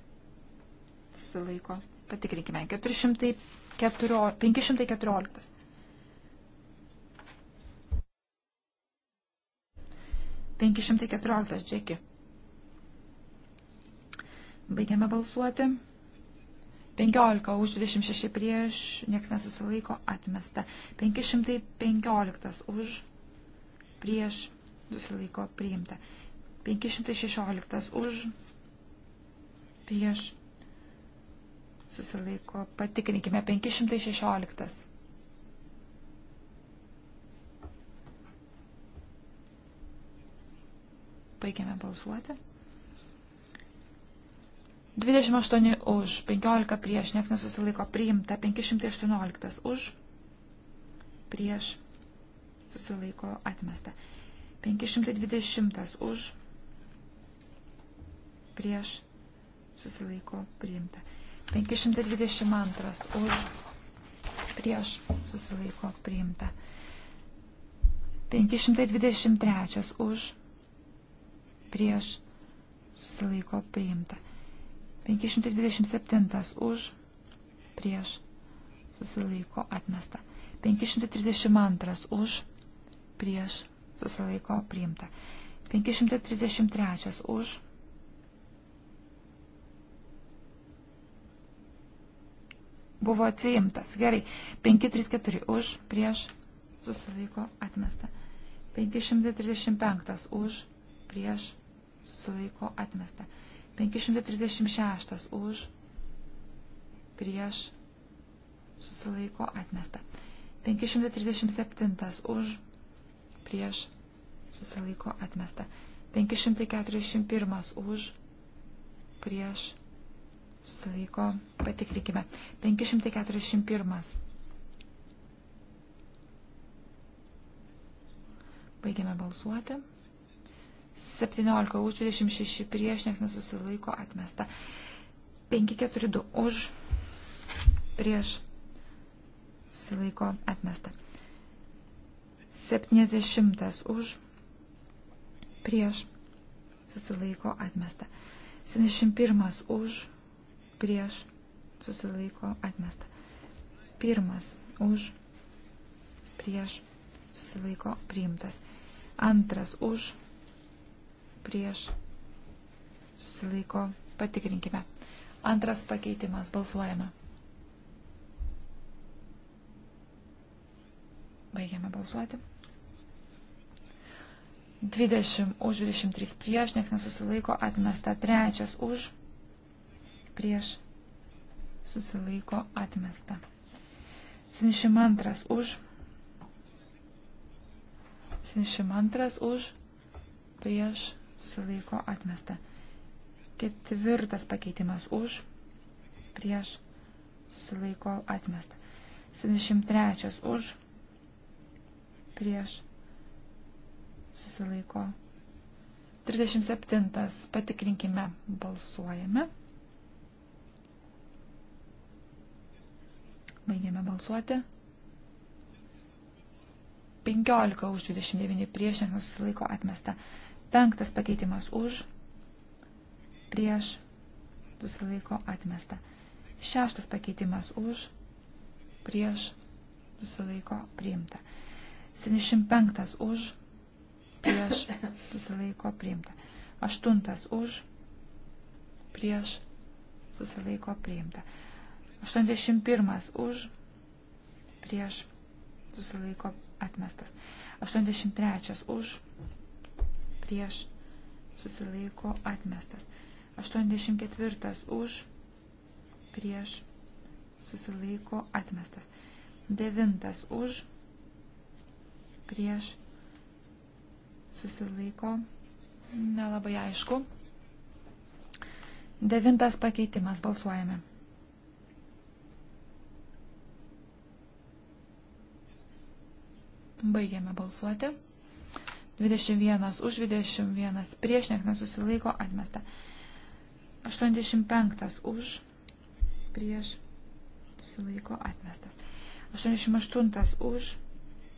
susilaiko. Patikrinkime. 414, 514. 514, džeki. Baigiame balsuoti. 15 už 26 prieš, niekas nesusilaiko, atmesta. 515 už prieš, susilaiko, priimta. 516 už prieš, susilaiko, patikrinkime. 516. Baigiame balsuoti. 28 už, 15 prieš, niekas nesusilaiko priimta, 518 už, prieš, susilaiko atmesta, 520 už, prieš, susilaiko priimta, 522 už, prieš, susilaiko priimta, 523 už, prieš, susilaiko priimta. 527 už, prieš, susilaiko atmesta. 532 už, prieš, susilaiko priimta. 533 už, buvo atsiimtas. Gerai. 534 už, prieš, susilaiko, atmesta. 535 už, prieš, susilaiko, atmesta. 536 už, prieš, susilaiko atmesta. 537 už, prieš, susilaiko atmesta. 541 už, prieš, susilaiko, patikrinkime. 541. Baigiame balsuoti. 17 už 26 prieš, nieks nesusilaiko, atmesta. 542 už prieš susilaiko, atmesta. 70 už prieš susilaiko, atmesta. 71 už prieš susilaiko, atmesta. 1 už prieš susilaiko, priimtas. 2 už prieš prieš susilaiko patikrinkime. Antras pakeitimas balsuojame. Baigiame balsuoti. 20 už 23 prieš, nieks nesusilaiko, atmesta trečias už prieš susilaiko atmesta. 72 už 72 už prieš susilaiko atmesta. Ketvirtas pakeitimas už, prieš, susilaiko atmesta. 73 už, prieš, susilaiko. 37 patikrinkime, balsuojame. Baigėme balsuoti. 15 už 29 prieš, nesusilaiko atmesta. Penktas pakeitimas už, prieš, susilaiko atmesta. Šeštas pakeitimas už, prieš, susilaiko priimta. 75 už, prieš, susilaiko priimta. Aštuntas už, prieš, susilaiko priimta. 81 už, prieš, susilaiko atmestas. 83 už, prieš susilaiko atmestas. 84 už prieš susilaiko atmestas. 9 už prieš susilaiko nelabai aišku. Devintas pakeitimas balsuojame. Baigiame balsuoti. 21 už 21 prieš niekas nesusilaiko atmesta. 85 už prieš susilaiko atmestas. 88 už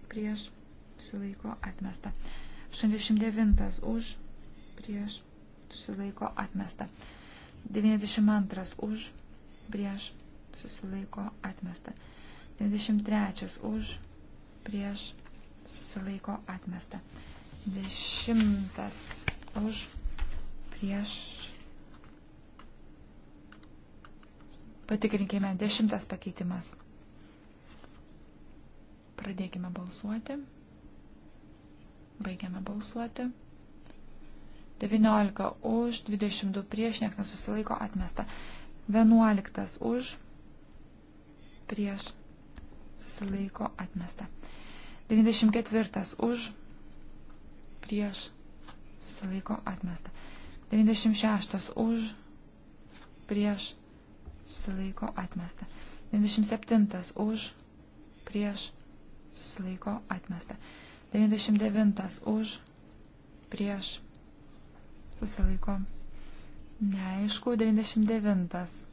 prieš susilaiko atmesta. 89 už prieš susilaiko atmesta. 92 už prieš susilaiko atmesta. 93 už prieš susilaiko atmesta. Dešimtas už prieš. Patikrinkime dešimtas pakeitimas. Pradėkime balsuoti. Baigiame balsuoti. 19 už, 22 prieš, niekas nesusilaiko atmesta. 11 už, prieš, susilaiko atmesta. 94 už, prieš susilaiko atmesta. 96 už prieš susilaiko atmesta. 97 už prieš susilaiko atmesta. 99 už prieš susilaiko neaišku. 99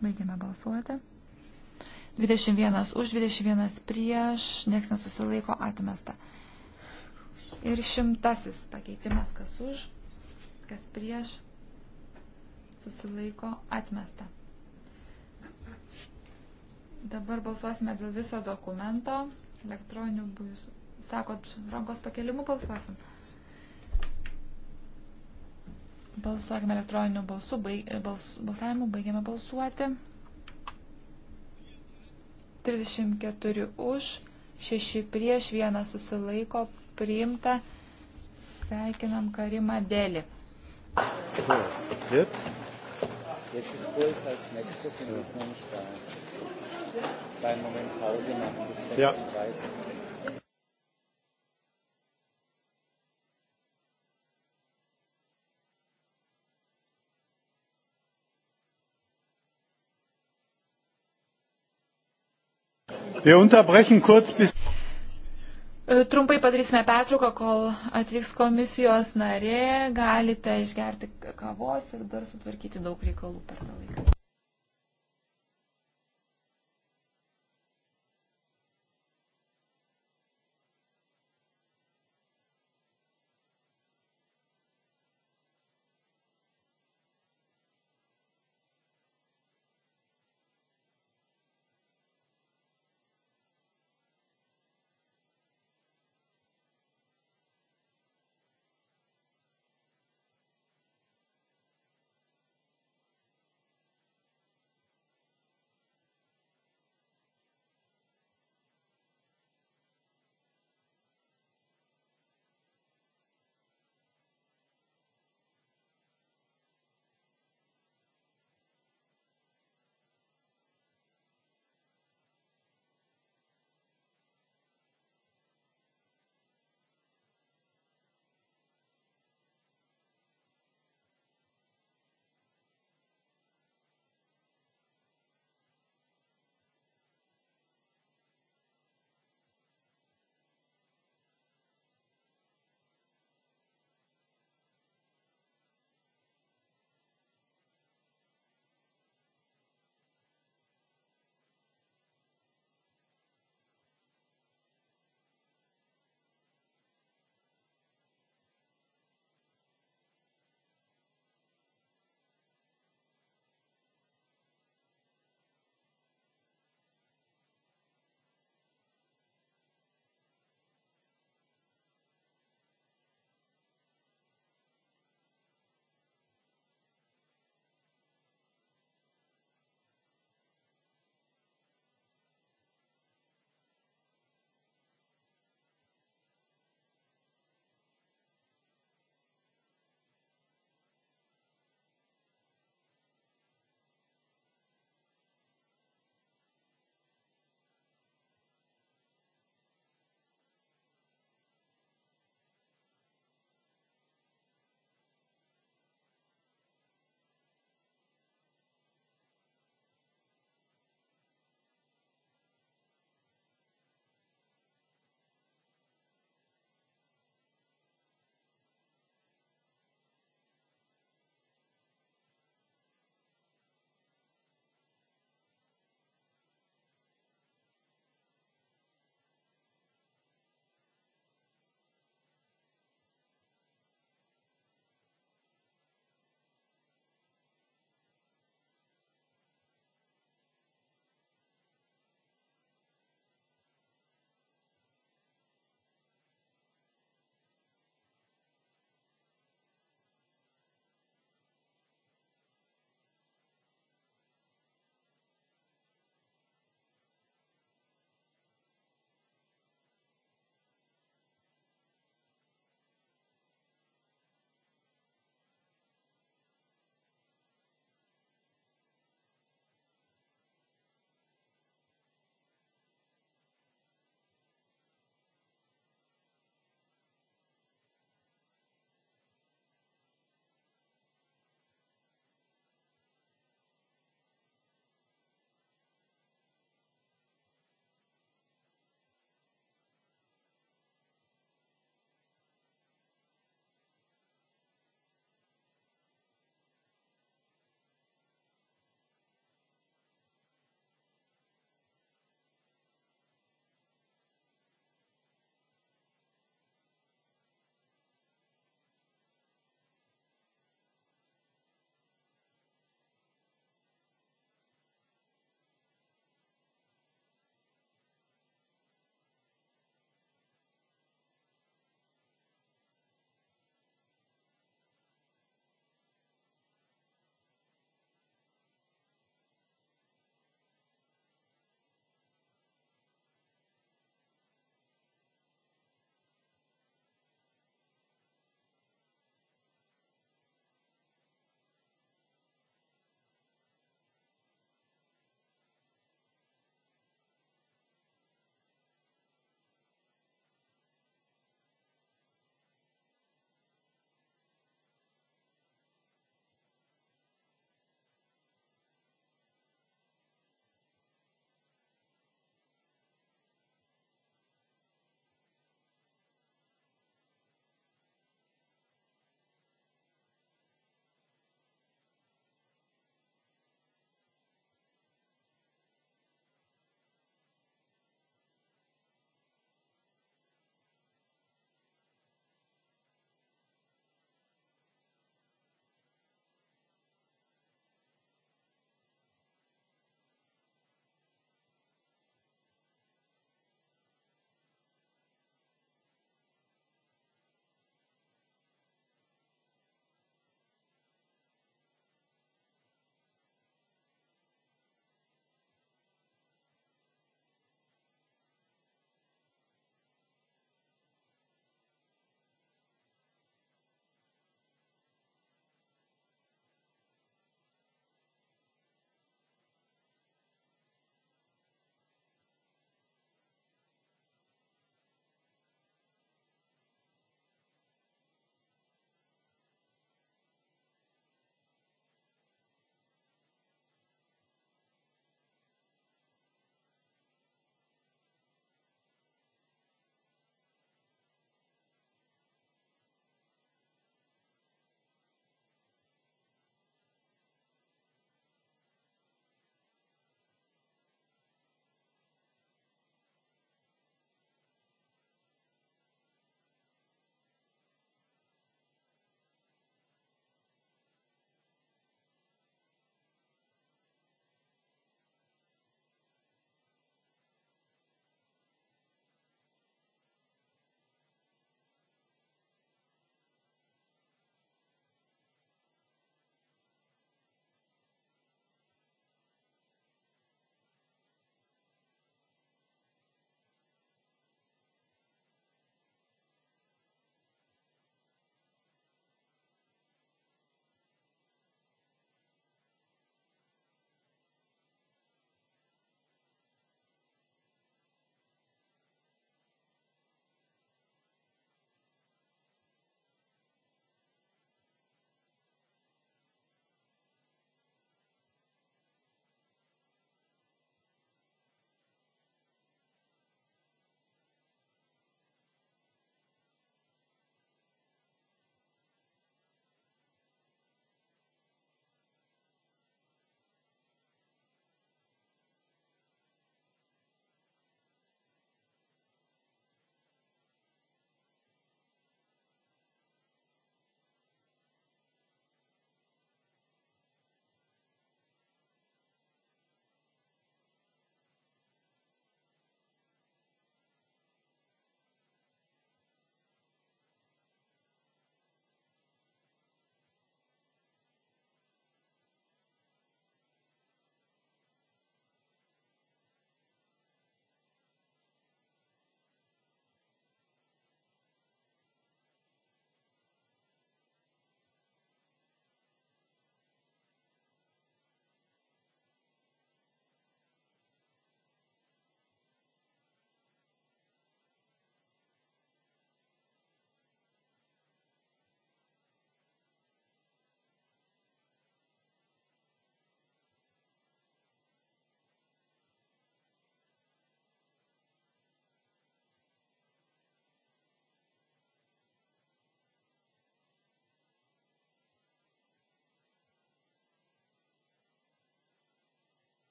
Baigiame balsuoti. 21 už, 21 prieš, nieks nesusilaiko, atmesta. Ir šimtasis pakeitimas, kas už, kas prieš, susilaiko, atmesta. Dabar balsuosime dėl viso dokumento, elektroninių būsų. Sakot, rankos pakelimu balsuosim. Balsuokime elektroniniu balsu, baig, bals, balsavimu, baigiame balsuoti. 34 už, 6 prieš, 1 susilaiko, priimta. Sveikinam Karimą Dėlį. So, jetzt? Jetzt ist Puls als nächstes und wir müssen nämlich bei, bei Moment Pause machen bis 36. Ja. E, trumpai padarysime pertrauką, kol atvyks komisijos narė, galite išgerti kavos ir dar sutvarkyti daug reikalų per tą laiką.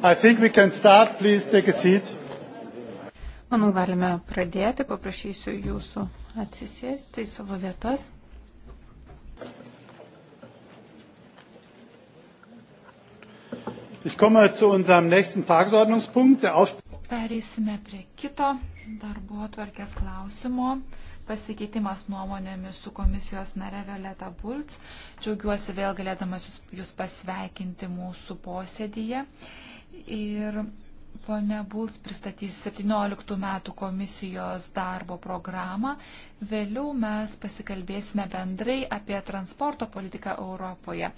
Start, please, Manau, galime pradėti, paprašysiu jūsų atsisėsti į savo vietas. Pereisime prie kito darbo atvarkės klausimo pasikeitimas nuomonėmis su komisijos nare Violeta Bulc. Džiaugiuosi vėl galėdamas jūs, jūs pasveikinti mūsų posėdyje ir ponia Bulc pristatys 17 metų komisijos darbo programą. Vėliau mes pasikalbėsime bendrai apie transporto politiką Europoje.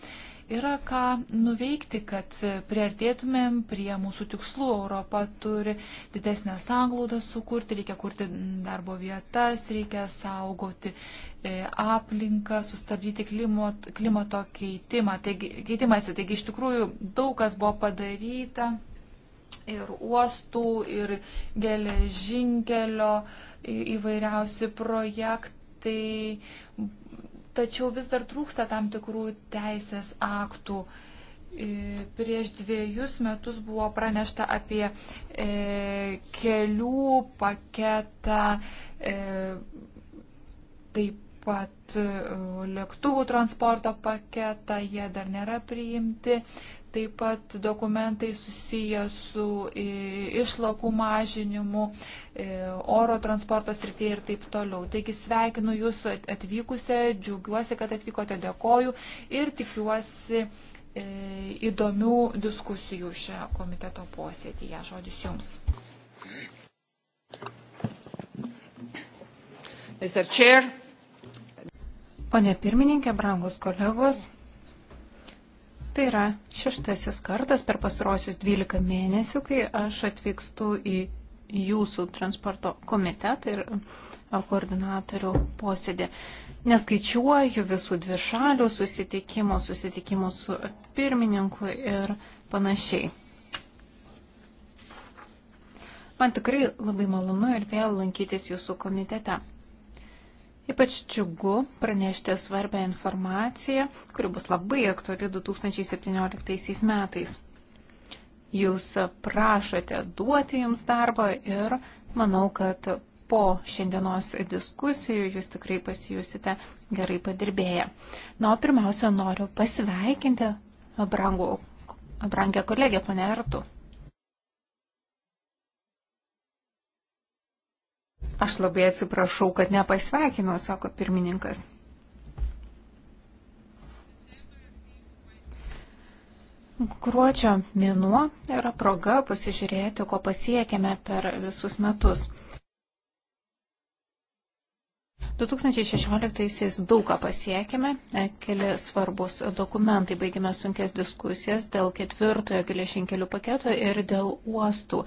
Yra ką nuveikti, kad priartėtumėm prie mūsų tikslų. Europa turi didesnę sąnglaudą sukurti, reikia kurti darbo vietas, reikia saugoti e, aplinką, sustabdyti klimat, klimato keitimą. Taigi, keitimąsi, taigi iš tikrųjų daug kas buvo padaryta ir uostų, ir geležinkelio įvairiausi projektai tačiau vis dar trūksta tam tikrų teisės aktų. E, prieš dviejus metus buvo pranešta apie e, kelių paketą, e, taip pat e, lėktuvų transporto paketą, jie dar nėra priimti taip pat dokumentai susiję su e, išlakų mažinimu, e, oro transporto srityje ir taip toliau. Taigi sveikinu Jūs atvykusią, džiaugiuosi, kad atvykote, dėkoju ir tikiuosi e, įdomių diskusijų šią komiteto posėdėje. Žodis Jums. Mr. Chair. Pane pirmininkė, brangus kolegos, Tai yra šeštasis kartas per pastarosius 12 mėnesių, kai aš atvykstu į jūsų transporto komitetą ir koordinatorių posėdį. Neskaičiuoju visų dvišalių susitikimų, susitikimų su pirmininku ir panašiai. Man tikrai labai malonu ir vėl lankytis jūsų komitete. Ypač džiugu pranešti svarbę informaciją, kuri bus labai aktuali 2017 metais. Jūs prašote duoti jums darbą ir manau, kad po šiandienos diskusijų jūs tikrai pasijusite gerai padirbėję. Na, o pirmiausia, noriu pasveikinti brangų, brangę kolegę ponę Artų. Aš labai atsiprašau, kad nepasveikinau, sako pirmininkas. Gruodžio mėnuo yra proga pasižiūrėti, ko pasiekėme per visus metus. 2016-aisiais daug ką pasiekėme, e, keli svarbus dokumentai, baigėme sunkės diskusijas dėl ketvirtojo geležinkelių paketo ir dėl uostų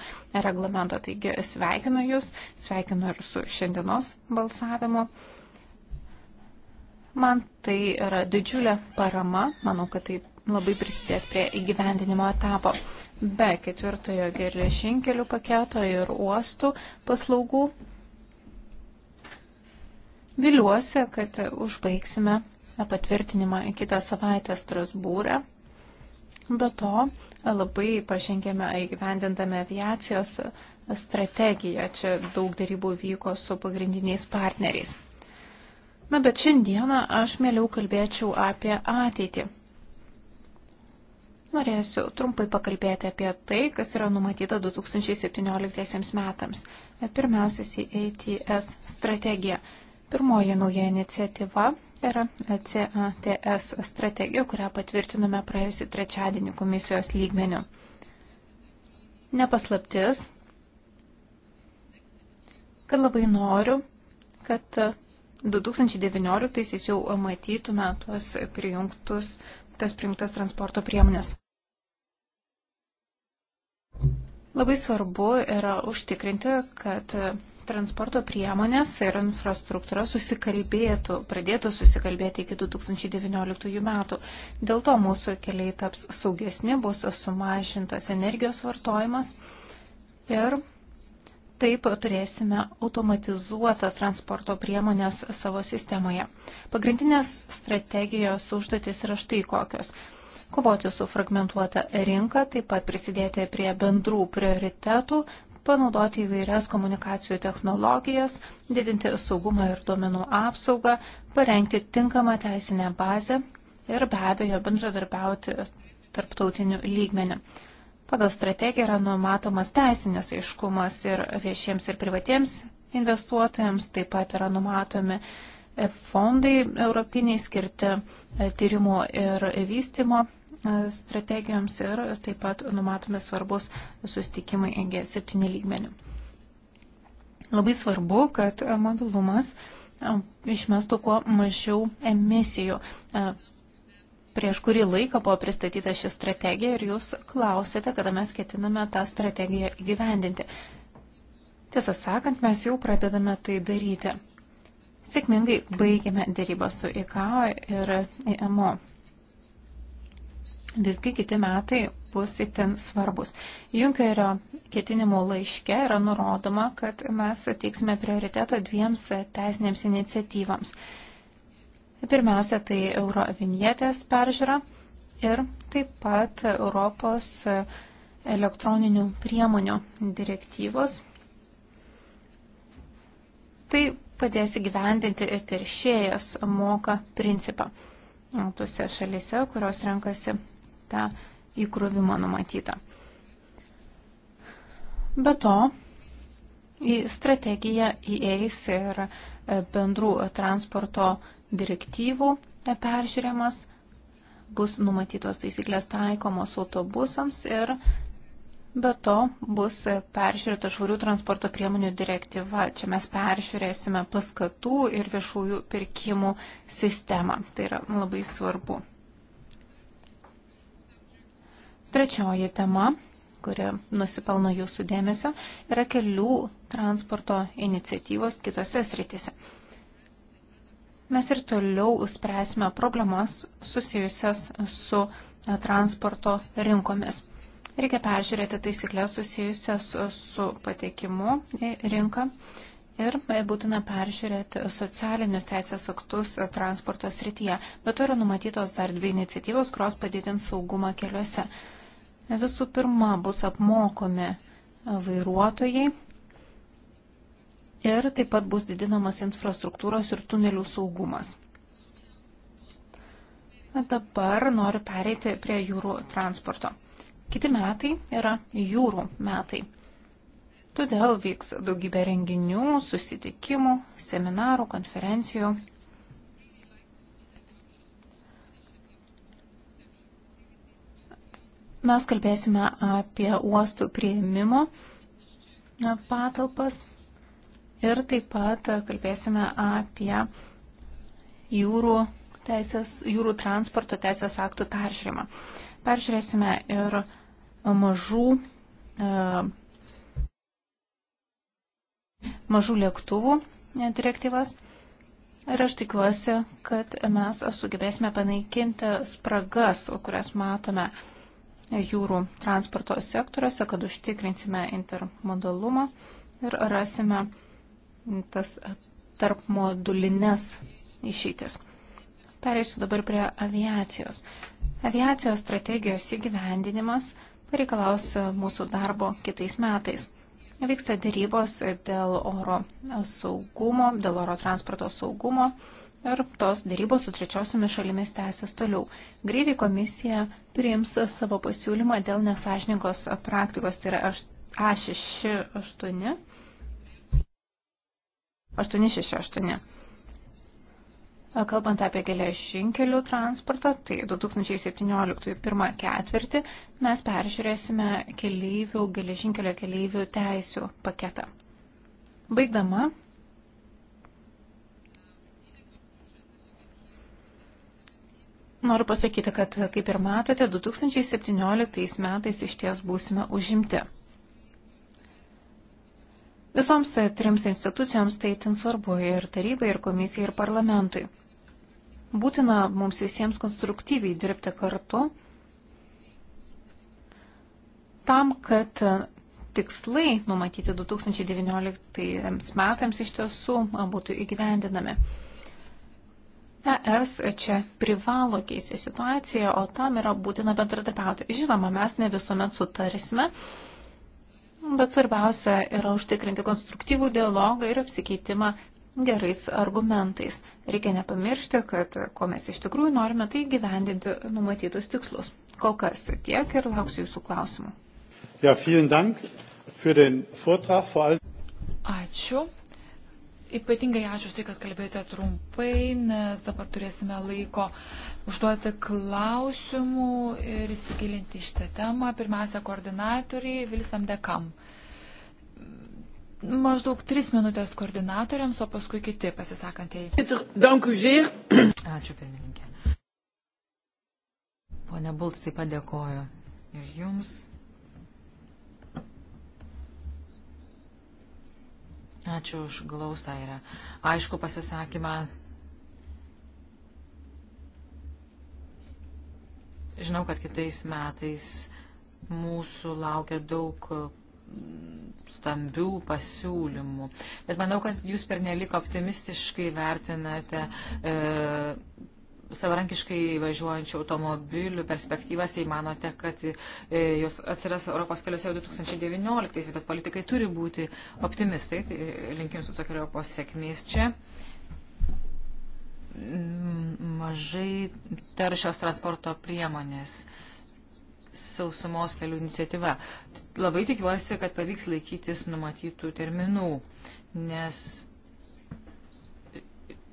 reglamento. Taigi sveikinu Jūs, sveikinu ir su šiandienos balsavimu. Man tai yra didžiulė parama, manau, kad tai labai prisidės prie įgyvendinimo etapo. Be ketvirtojo geležinkelių paketo ir uostų paslaugų Viliuosi, kad užbaigsime patvirtinimą kitą savaitę Strasbūrę. Be to, labai pažengėme įgyvendindami aviacijos strategiją. Čia daug darybų vyko su pagrindiniais partneriais. Na, bet šiandieną aš mėliau kalbėčiau apie ateitį. Norėsiu trumpai pakalbėti apie tai, kas yra numatyta 2017 metams. Pirmiausias į ATS strategiją. Pirmoji nauja iniciatyva yra CATS strategija, kurią patvirtinome praėjusį trečiadienį komisijos lygmenių. Nepaslaptis, kad labai noriu, kad 2019-aisiais jau matytume tuos prijungtus, tas prijungtas transporto priemonės. Labai svarbu yra užtikrinti, kad transporto priemonės ir infrastruktūra susikalbėtų, pradėtų susikalbėti iki 2019 metų. Dėl to mūsų keliai taps saugesni, bus sumažintas energijos vartojimas ir taip turėsime automatizuotas transporto priemonės savo sistemoje. Pagrindinės strategijos užduotis yra štai kokios kovoti su fragmentuota rinka, taip pat prisidėti prie bendrų prioritetų, panaudoti įvairias komunikacijų technologijas, didinti saugumą ir duomenų apsaugą, parengti tinkamą teisinę bazę ir be abejo bendradarbiauti tarptautiniu lygmeniu. Pagal strategiją yra numatomas teisinės aiškumas ir viešiems ir privatiems investuotojams, taip pat yra numatomi fondai europiniai skirti e, tyrimų ir vystimo strategijoms ir taip pat numatome svarbus sustikimai NG7 lygmenių. Labai svarbu, kad mobilumas išmestų kuo mažiau emisijų. Prieš kurį laiką buvo pristatyta ši strategija ir jūs klausėte, kada mes ketiname tą strategiją įgyvendinti. Tiesą sakant, mes jau pradedame tai daryti. Sėkmingai baigėme dėrybą su ICAO ir IMO. Visgi kiti metai bus itin svarbus. Junkerio ketinimo laiške yra nurodoma, kad mes teiksime prioritetą dviems teisinėms iniciatyvams. Pirmiausia, tai euro vinietės peržiūra ir taip pat Europos elektroninių priemonių direktyvos. Tai padės įgyvendinti teršėjas moka principą tose šalise, kurios renkasi pakete įkrovimą numatytą. Be to, į strategiją įeis ir e, bendrų transporto direktyvų e, peržiūrėmas, bus numatytos taisyklės taikomos autobusams ir be to bus e, peržiūrėta švarių transporto priemonių direktyva. Čia mes peržiūrėsime paskatų ir viešųjų pirkimų sistemą. Tai yra labai svarbu. Trečioji tema, kuri nusipelno jūsų dėmesio, yra kelių transporto iniciatyvos kitose sritise. Mes ir toliau spręsime problemas susijusias su e, transporto rinkomis. Reikia peržiūrėti taisyklės susijusias su patekimu į rinką ir e, būtina peržiūrėti socialinius teisės aktus e, transporto srityje. Bet yra numatytos dar dvi iniciatyvos, kurios padidins saugumą keliuose. Visų pirma, bus apmokomi vairuotojai ir taip pat bus didinamas infrastruktūros ir tunelių saugumas. Dabar noriu pereiti prie jūrų transporto. Kiti metai yra jūrų metai. Todėl vyks daugybė renginių, susitikimų, seminarų, konferencijų. Mes kalbėsime apie uostų prieimimo patalpas ir taip pat kalbėsime apie jūrų, teisės, jūrų transporto teisės aktų peržiūrimą. Peržiūrėsime ir mažų, e, mažų lėktuvų direktyvas. Ir aš tikiuosi, kad mes sugebėsime panaikinti spragas, kurias matome jūrų transporto sektoriuose, kad užtikrinsime intermodalumą ir rasime tas tarpmodulinės išeitis. Pereisiu dabar prie aviacijos. Aviacijos strategijos įgyvendinimas pareikalaus mūsų darbo kitais metais. Vyksta dėrybos dėl oro saugumo, dėl oro transporto saugumo ir tos dėrybos su trečiosiomis šalimis tęsis toliau. Greitai komisija priims savo pasiūlymą dėl nesažininkos praktikos, tai yra A68. 868. Kalbant apie geležinkelių transportą, tai 2017 pirmą ketvirtį mes peržiūrėsime keleivių, geležinkelio keleivių teisių paketą. Baigdama, Noriu pasakyti, kad kaip ir matote, 2017 metais iš ties būsime užimti. Visoms trims institucijoms tai itin svarbu ir tarybai, ir komisijai, ir parlamentui. Būtina mums visiems konstruktyviai dirbti kartu tam, kad tikslai numatyti 2019 metams iš tiesų būtų įgyvendinami. ES čia privalo keisti situaciją, o tam yra būtina bendradarbiauti. Žinoma, mes ne visuomet sutarsime, bet svarbiausia yra užtikrinti konstruktyvų dialogą ir apsikeitimą gerais argumentais. Reikia nepamiršti, kad ko mes iš tikrųjų norime, tai gyvendinti numatytus tikslus. Kol kas tiek ir lauksiu jūsų klausimų. Ja, Ačiū Ypatingai ačiū už tai, kad kalbėjote trumpai, nes dabar turėsime laiko užduoti klausimų ir įsigilinti šitą temą. Pirmiausia, koordinatoriai Vilsam Dekam. Maždaug tris minutės koordinatoriams, o paskui kiti pasisakantieji. Ačiū pirmininkė. Pone Bulc taip pat dėkoju ir jums, Ačiū už glaustą ir aišku pasisakymą. Žinau, kad kitais metais mūsų laukia daug mm, stambių pasiūlymų. Bet manau, kad jūs pernelik optimistiškai vertinate e, savarankiškai važiuojančių automobilių perspektyvas, jei manote, kad e, jos atsiras Europos keliuose jau 2019, bet politikai turi būti optimistai, tai e, linkim susakario pasiekmės čia. Mm, mažai taršios transporto priemonės sausumos kelių iniciatyva. Labai tikiuosi, kad pavyks laikytis numatytų terminų, nes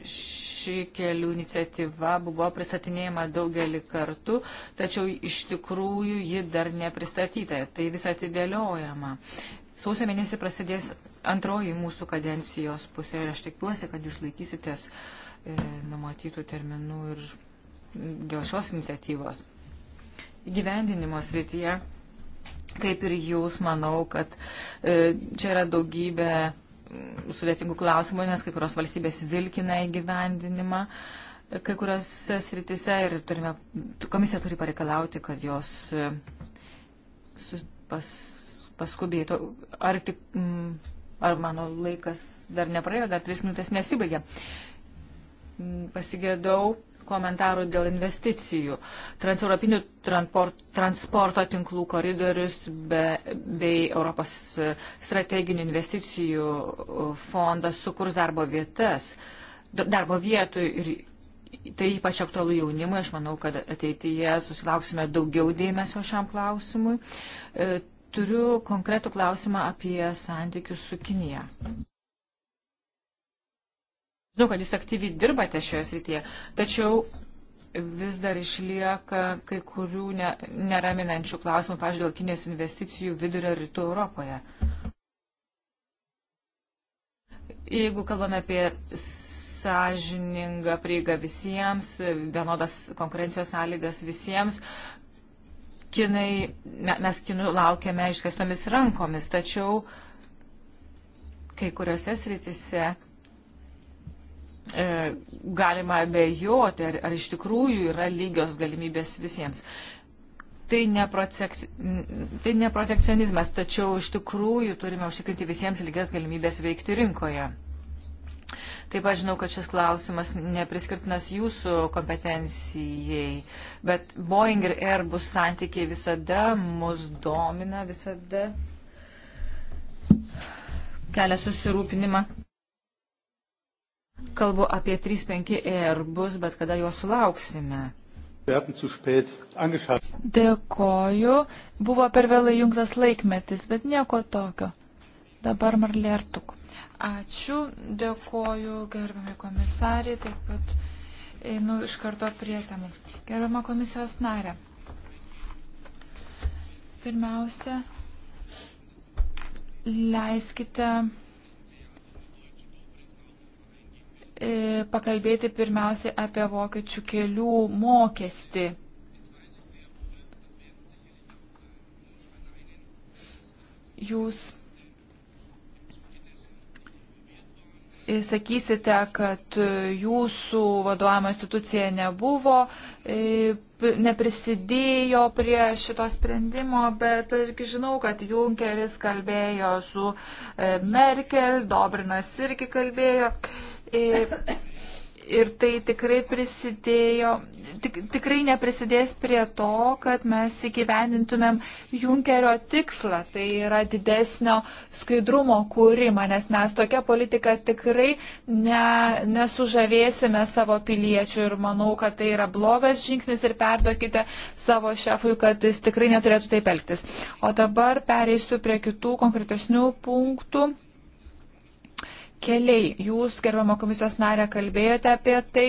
ši kelių iniciatyva buvo pristatinėjama daugelį kartų, tačiau iš tikrųjų ji dar nepristatyta, tai vis atidėliojama. Sausio mėnesį prasidės antroji mūsų kadencijos pusė ir aš tikiuosi, kad jūs laikysitės e, numatytų terminų ir dėl šios iniciatyvos. Įgyvendinimo srityje, kaip ir jūs, manau, kad e, čia yra daugybė sudėtingų klausimų, nes kai kurios valstybės vilkina įgyvendinimą. Kai kuriuose sritise ir turime, komisija turi pareikalauti, kad jos e, su, pas, paskubėtų. Ar, tik, mm, ar mano laikas dar nepraėjo, dar tris minutės nesibaigė. Mm, pasigėdau komentarų dėl investicijų. Transeuropinių transporto tinklų koridorius be, bei Europos strateginių investicijų uh, fondas sukurs darbo vietas, darbo vietų ir tai ypač aktualu jaunimui. Aš manau, kad ateityje susilauksime daugiau dėmesio šiam klausimui. Uh, turiu konkretų klausimą apie santykius su Kinija. Žinau, kad jūs aktyviai dirbate šioje srityje, tačiau vis dar išlieka kai kurių ne, neraminančių klausimų, pavyzdžiui, dėl Kinijos investicijų vidurio rytų Europoje. Jeigu kalbame apie sąžiningą prieigą visiems, vienodas konkurencijos sąlygas visiems, kinai, mes kinų laukiame iškastomis rankomis, tačiau kai kuriuose srityse E, galima abejoti, ar, ar iš tikrųjų yra lygios galimybės visiems. Tai ne, procek, tai ne protekcionizmas, tačiau iš tikrųjų turime užtikrinti visiems lygias galimybės veikti rinkoje. Taip pat žinau, kad šis klausimas nepriskirtinas jūsų kompetencijai, bet Boeing ir Airbus santykiai visada mus domina, visada kelia susirūpinimą. Kalbu apie 3-5 Airbus, bet kada jo sulauksime. Dėkoju. Buvo per vėlai jungtas laikmetis, bet nieko tokio. Dabar Marlertuk. Ačiū, dėkoju gerbiamai komisariai, taip pat einu iš karto prie temų. Gerbiama komisijos narė. Pirmiausia, leiskite E, pakalbėti pirmiausiai apie vokiečių kelių mokestį. Jūs e, sakysite, kad jūsų vadovavimo institucija nebuvo, e, neprisidėjo prie šito sprendimo, bet aš žinau, kad Junkeris kalbėjo su Merkel, Dobrinas irgi kalbėjo ir tai tikrai prisidėjo, tik, tikrai neprisidės prie to, kad mes įgyvendintumėm Junkerio tikslą, tai yra didesnio skaidrumo kūrimą, nes mes tokią politiką tikrai ne, nesužavėsime savo piliečių ir manau, kad tai yra blogas žingsnis ir perduokite savo šefui, kad jis tikrai neturėtų taip elgtis. O dabar pereisiu prie kitų konkretesnių punktų keliai. Jūs, gerbama komisijos narė, kalbėjote apie tai.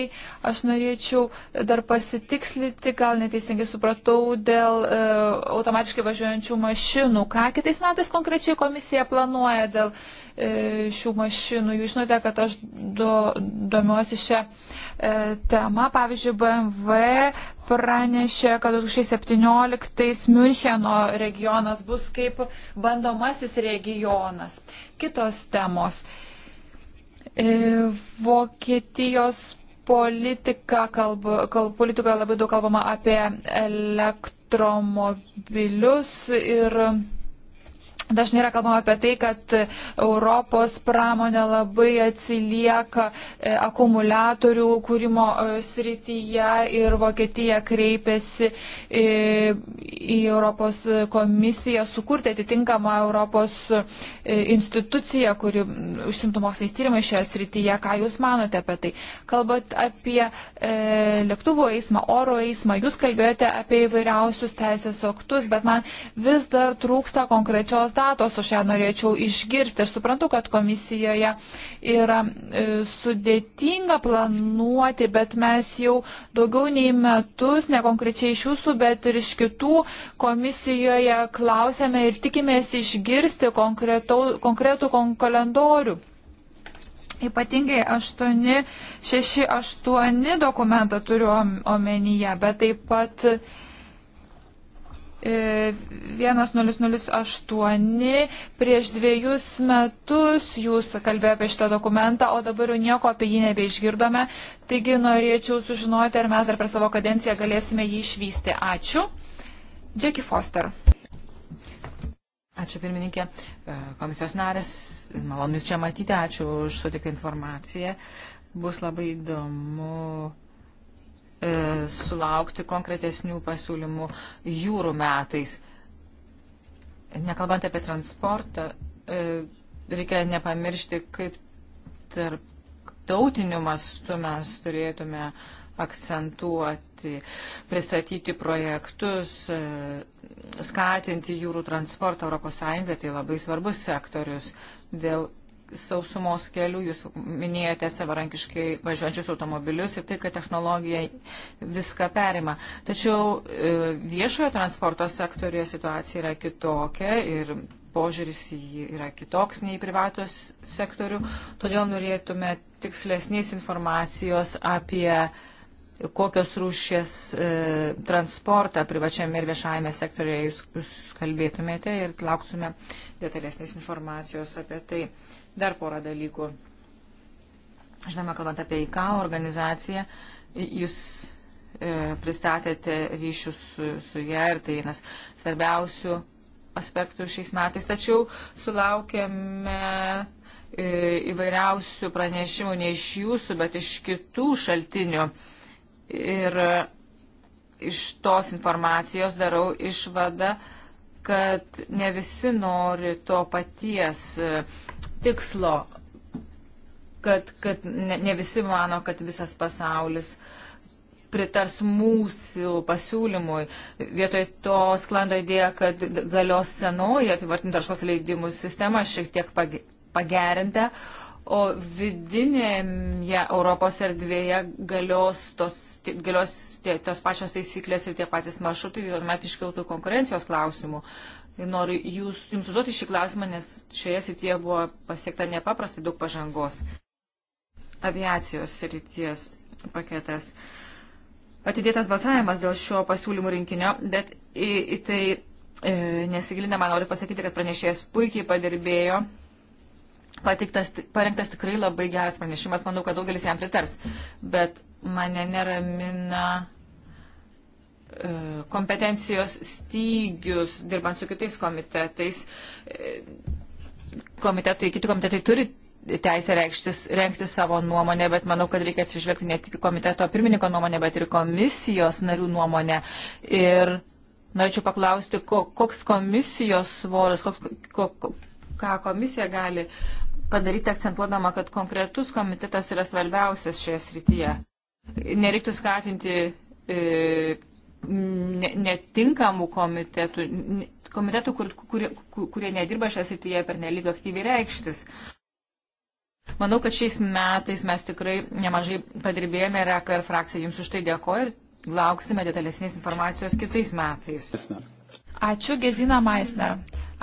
Aš norėčiau dar pasitikslinti, gal neteisingai supratau, dėl e, automatiškai važiuojančių mašinų. Ką kitais metais konkrečiai komisija planuoja dėl e, šių mašinų? Jūs žinote, kad aš do, domiuosi šią e, temą. Pavyzdžiui, BMW pranešė, kad 2017 Müncheno regionas bus kaip bandomasis regionas. Kitos temos. E, E, Vokietijos politika, kalb, kalb, politikoje labai daug kalbama apie elektromobilius ir Dažnai yra kalbama apie tai, kad Europos pramonė labai atsilieka e, akumuliatorių kūrimo e, srityje ir Vokietija kreipėsi e, į Europos komisiją sukurti atitinkamą Europos instituciją, kuri užsimtų mokslais tyrimai šioje srityje. Ką Jūs manote apie tai? Kalbant apie lėktuvų eismą, oro eismą, Jūs kalbėjote apie įvairiausius teisės aktus, bet man vis dar trūksta konkrečios citatos, aš ją norėčiau išgirsti. Aš suprantu, kad komisijoje yra e, sudėtinga planuoti, bet mes jau daugiau nei metus, ne konkrečiai iš jūsų, bet ir iš kitų komisijoje klausėme ir tikimės išgirsti konkretų, konkretų kon kalendorių. Ypatingai 868 dokumentą turiu omenyje, bet taip pat 1008 e, prieš dviejus metus jūs kalbėjote apie šitą dokumentą, o dabar jau nieko apie jį nebeišgirdome. Taigi norėčiau sužinoti, ar mes dar per savo kadenciją galėsime jį išvysti. Ačiū. Jackie Foster. Ačiū pirmininkė, e, komisijos narės, malonu čia matyti, ačiū už sutiktą informaciją. Bus labai įdomu E, sulaukti konkretesnių pasiūlymų jūrų metais. Nekalbant apie transportą, e, reikia nepamiršti, kaip tarp tautiniu mastu mes turėtume akcentuoti, pristatyti projektus, e, skatinti jūrų transportą ES, tai labai svarbus sektorius dėl sausumos kelių, jūs minėjote savarankiškai važiuojančius automobilius ir tai, kad technologija viską perima. Tačiau e, viešojo transporto sektorijoje situacija yra kitokia ir požiūris yra kitoks nei privatos sektorių, todėl norėtume tikslesnės informacijos apie kokios rūšės e, transportą privačiame ir viešajame sektorėje jūs, jūs kalbėtumėte ir lauksime detalesnės informacijos apie tai. E, Dar porą dalykų. Žinoma, kalbant apie IK organizaciją, jūs e, pristatėte ryšius su, su ją ir tai vienas svarbiausių aspektų šiais metais. Tačiau sulaukėme e, įvairiausių pranešimų, ne iš jūsų, bet iš kitų šaltinių. Ir e, iš tos informacijos darau išvadą, kad ne visi nori to paties e, tikslo, kad, kad ne, ne visi mano, kad visas pasaulis pritars mūsų pasiūlymui. Vietoj to sklando idėja, kad galios senoji apivartinių taršos leidimų sistema šiek tiek pagerinta, o vidinėje Europos erdvėje galios tos, galios tie, tos pačios taisyklės ir tie patys maršrutai, tuomet iškiltų konkurencijos klausimų. Noriu jūs, jums užduoti šį klausimą, nes šioje srityje buvo pasiekta nepaprastai daug pažangos. Aviacijos srities paketas. Atidėtas balsavimas dėl šio pasiūlymų rinkinio, bet į, į tai e, nesigilinama noriu pasakyti, kad pranešėjas puikiai padirbėjo. Patiktas, parengtas tikrai labai geras pranešimas, manau, kad daugelis jam pritars. Bet mane neramina E, kompetencijos stygius, dirbant su kitais komitetais. E, komitetai, kiti komitetai turi teisę reikštis, renkti savo nuomonę, bet manau, kad reikia atsižvelgti ne tik komiteto pirmininko nuomonę, bet ir komisijos narių nuomonę. Ir norėčiau paklausti, ko, koks komisijos svoras, koks, ko, ko, ką komisija gali padaryti, akcentuodama, kad konkretus komitetas yra svarbiausias šioje srityje. Nereiktų skatinti e, netinkamų komitetų, komitetų, kur, kurie, kurie nedirba šią srityje per nelik aktyviai reikštis. Manau, kad šiais metais mes tikrai nemažai padirbėjome ir EKR frakcija jums už tai dėkoja ir lauksime detalesnės informacijos kitais metais. Esna. Ačiū, Gezina Maisner.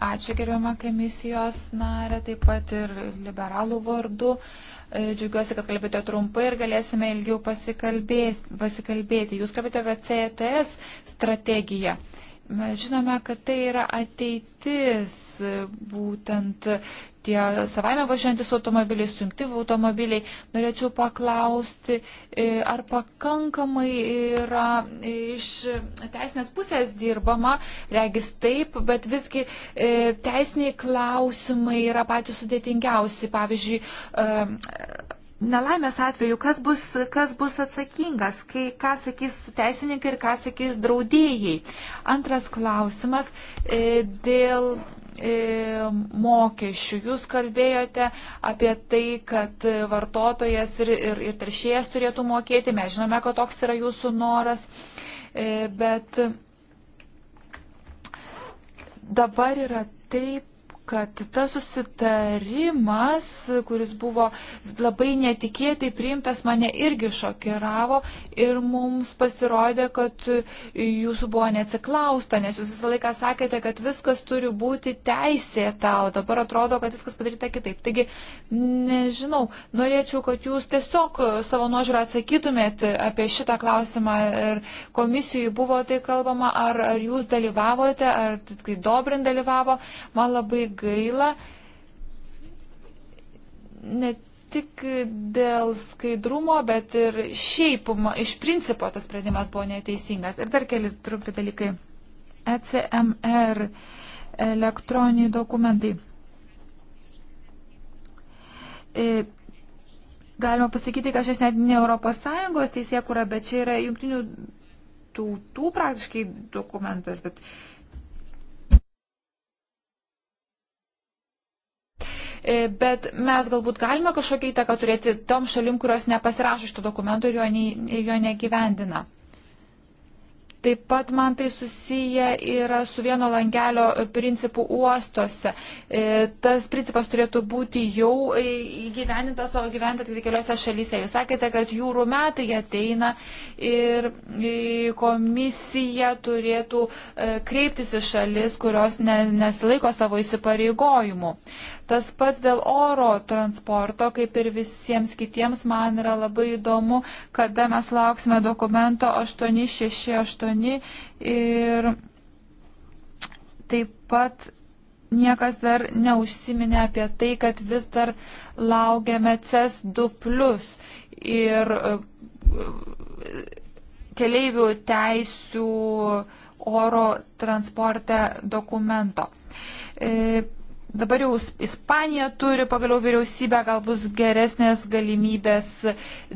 Ačiū gerbiamą komisijos narę, taip pat ir liberalų vardu. E, Džiugiuosi, kad kalbėjote trumpai ir galėsime ilgiau pasikalbėti. Jūs kalbėjote apie CTS strategiją. Mes žinome, kad tai yra ateitis, būtent tie savaime važiuojantis automobiliai, sujungti automobiliai. Norėčiau paklausti, e, ar pakankamai yra iš teisinės pusės dirbama, regis taip, bet visgi e, teisiniai klausimai yra patys sudėtingiausi. Pavyzdžiui, e, nelaimės atveju, kas bus, kas bus atsakingas, kai, ką sakys teisininkai ir ką sakys draudėjai. Antras klausimas e, dėl e, mokesčių. Jūs kalbėjote apie tai, kad vartotojas ir, ir, ir taršėjas turėtų mokėti. Mes žinome, kad toks yra jūsų noras, e, bet dabar yra taip, kad tas susitarimas, kuris buvo labai netikėtai priimtas, mane irgi šokiravo ir mums pasirodė, kad jūsų buvo neatsiklausta, nes jūs visą laiką sakėte, kad viskas turi būti teisėta, o dabar atrodo, kad viskas padaryta kitaip. Taigi, nežinau, norėčiau, kad jūs tiesiog savo nuožiūrą atsakytumėt apie šitą klausimą ir komisijų buvo tai kalbama, ar, ar jūs dalyvavote, ar tik Dobrin dalyvavo. Man labai gaila ne tik dėl skaidrumo, bet ir šiaip iš principo tas sprendimas buvo neteisingas. Ir dar keli trumpi dalykai. ECMR elektroniniai dokumentai. E, galima pasakyti, kad šis net ne ES teisė, kura, bet čia yra jungtinių tautų praktiškai dokumentas, bet E, bet mes galbūt galime kažkokią įtaką turėti tom šalim, kurios nepasirašo šito dokumento ir jo, ne, jo negyvendina. Taip pat man tai susiję yra su vieno langelio principu uostuose. E, tas principas turėtų būti jau įgyvenintas, o gyventa tik keliose šalyse. Jūs sakėte, kad jūrų metai ateina ir e, komisija turėtų kreiptis į šalis, kurios nesilaiko savo įsipareigojimų. Tas pats dėl oro transporto, kaip ir visiems kitiems, man yra labai įdomu, kada mes lauksime dokumento 868 ir taip pat niekas dar neužsiminė apie tai, kad vis dar laukiame CES 2 ir e, keleivių teisių oro transporte dokumento. E, Dabar jau Ispanija turi pagaliau vyriausybę, gal bus geresnės galimybės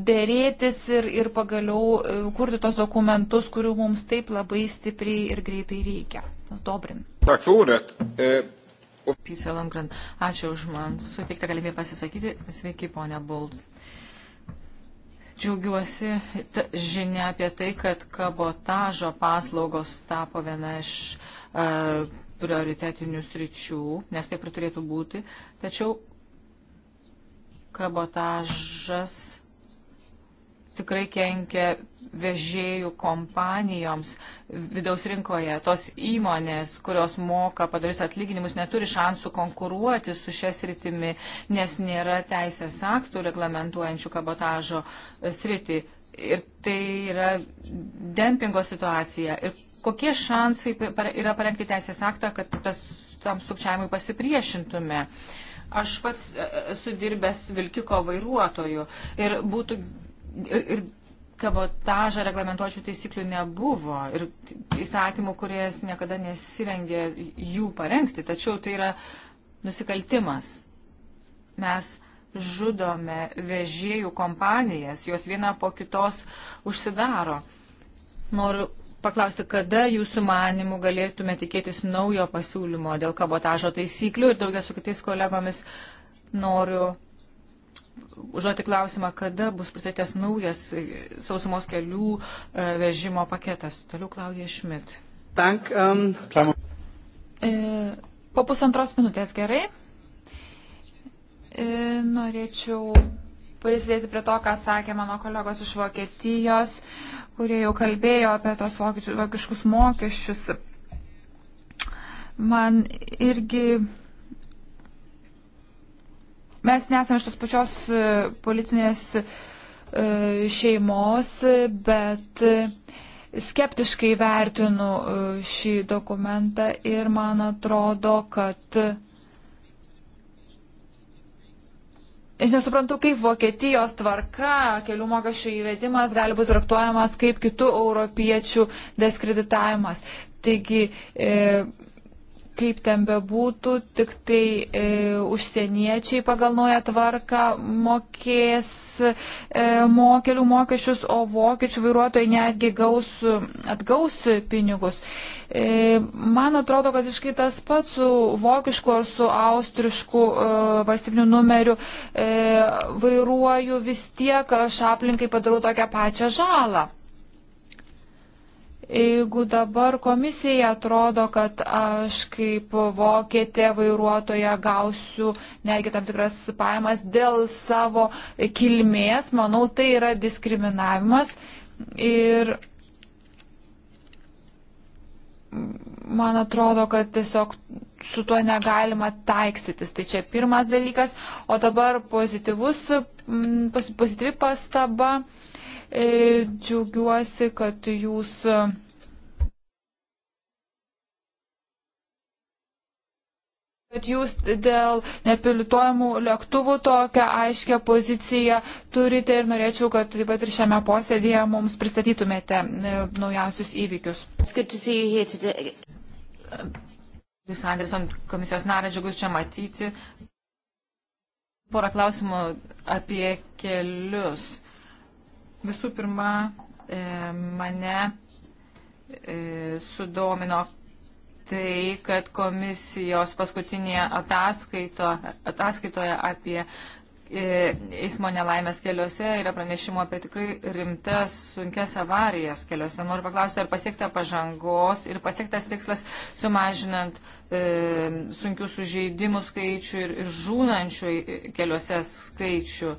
dėrėtis ir, ir pagaliau e, kurti tos dokumentus, kurių mums taip labai stipriai ir greitai reikia. Tas Dobrin. E, Ačiū už man suteiktą galimybę pasisakyti. Sveiki, ponia Bult. Džiaugiuosi žinia apie tai, kad kabotažo paslaugos tapo viena iš. Uh, prioritetinių sričių, nes taip ir turėtų būti, tačiau kabotažas tikrai kenkia vežėjų kompanijoms vidaus rinkoje. Tos įmonės, kurios moka padarius atlyginimus, neturi šansų konkuruoti su šias rytimi, nes nėra teisės aktų reglamentuojančių kabotažo sritį. Ir tai yra dempingo situacija. Ir kokie šansai yra parengti teisės aktą, kad tas, tam sukčiavimui pasipriešintume. Aš pats e, e, esu dirbęs Vilkiko vairuotoju ir būtų. Ir, ir kabotažą reglamentuočių taisyklių nebuvo ir įstatymų, kuries niekada nesirengė jų parengti, tačiau tai yra nusikaltimas. Mes žudome vežėjų kompanijas, jos viena po kitos užsidaro. Noriu paklausti, kada jūsų manimų galėtume tikėtis naujo pasiūlymo dėl kabotažo taisyklių ir daugia su kitais kolegomis noriu užduoti klausimą, kada bus pristatęs naujas sausumos kelių e, vežimo paketas. Toliau Klaudija Šmit. Dank, um... e, po pusantros minutės gerai. E, norėčiau prisidėti prie to, ką sakė mano kolegos iš Vokietijos. E, kurie jau kalbėjo apie tos vokiškus mokesčius. Man irgi. Mes nesame iš tos pačios e, politinės e, šeimos, bet e, skeptiškai vertinu šį dokumentą ir man atrodo, kad Aš nesuprantu, kaip Vokietijos tvarka kelių mokesčių įvedimas gali būti traktuojamas kaip kitų europiečių diskreditavimas. Taigi e, Kaip ten bebūtų, tik tai e, užsieniečiai pagal naują tvarką mokės e, mo, kelių mokesčius, o vokiečių vairuotojai netgi gaus, atgaus pinigus. E, man atrodo, kad iškai tas pats su vokišku ar su austrišku e, valstybiniu numeriu e, vairuoju vis tiek aš aplinkai padarau tokią pačią žalą. Jeigu dabar komisija atrodo, kad aš kaip vokietė vairuotoja gausiu netgi tam tikras pajamas dėl savo kilmės, manau, tai yra diskriminavimas. Ir man atrodo, kad tiesiog su tuo negalima taikstytis. Tai čia pirmas dalykas. O dabar pozityvus, mm, pozityvi pastaba. E, džiaugiuosi, kad jūs Bet jūs dėl nepilotuojamų lėktuvų tokią aiškę poziciją turite ir norėčiau, kad taip pat ir šiame posėdėje mums pristatytumėte e, naujausius įvykius. Jūs, Anderson, komisijos narė, džiugus čia matyti. Porą klausimų apie kelius. Visų pirma, e, mane e, sudomino tai, kad komisijos paskutinėje ataskaito, ataskaitoje apie e, eismo nelaimės keliuose yra pranešimo apie tikrai rimtas, sunkes avarijas keliuose. Noriu paklausti, ar pasiekta pažangos ir pasiektas tikslas sumažinant e, sunkių sužeidimų skaičių ir, ir žūnančių e, keliuose skaičių.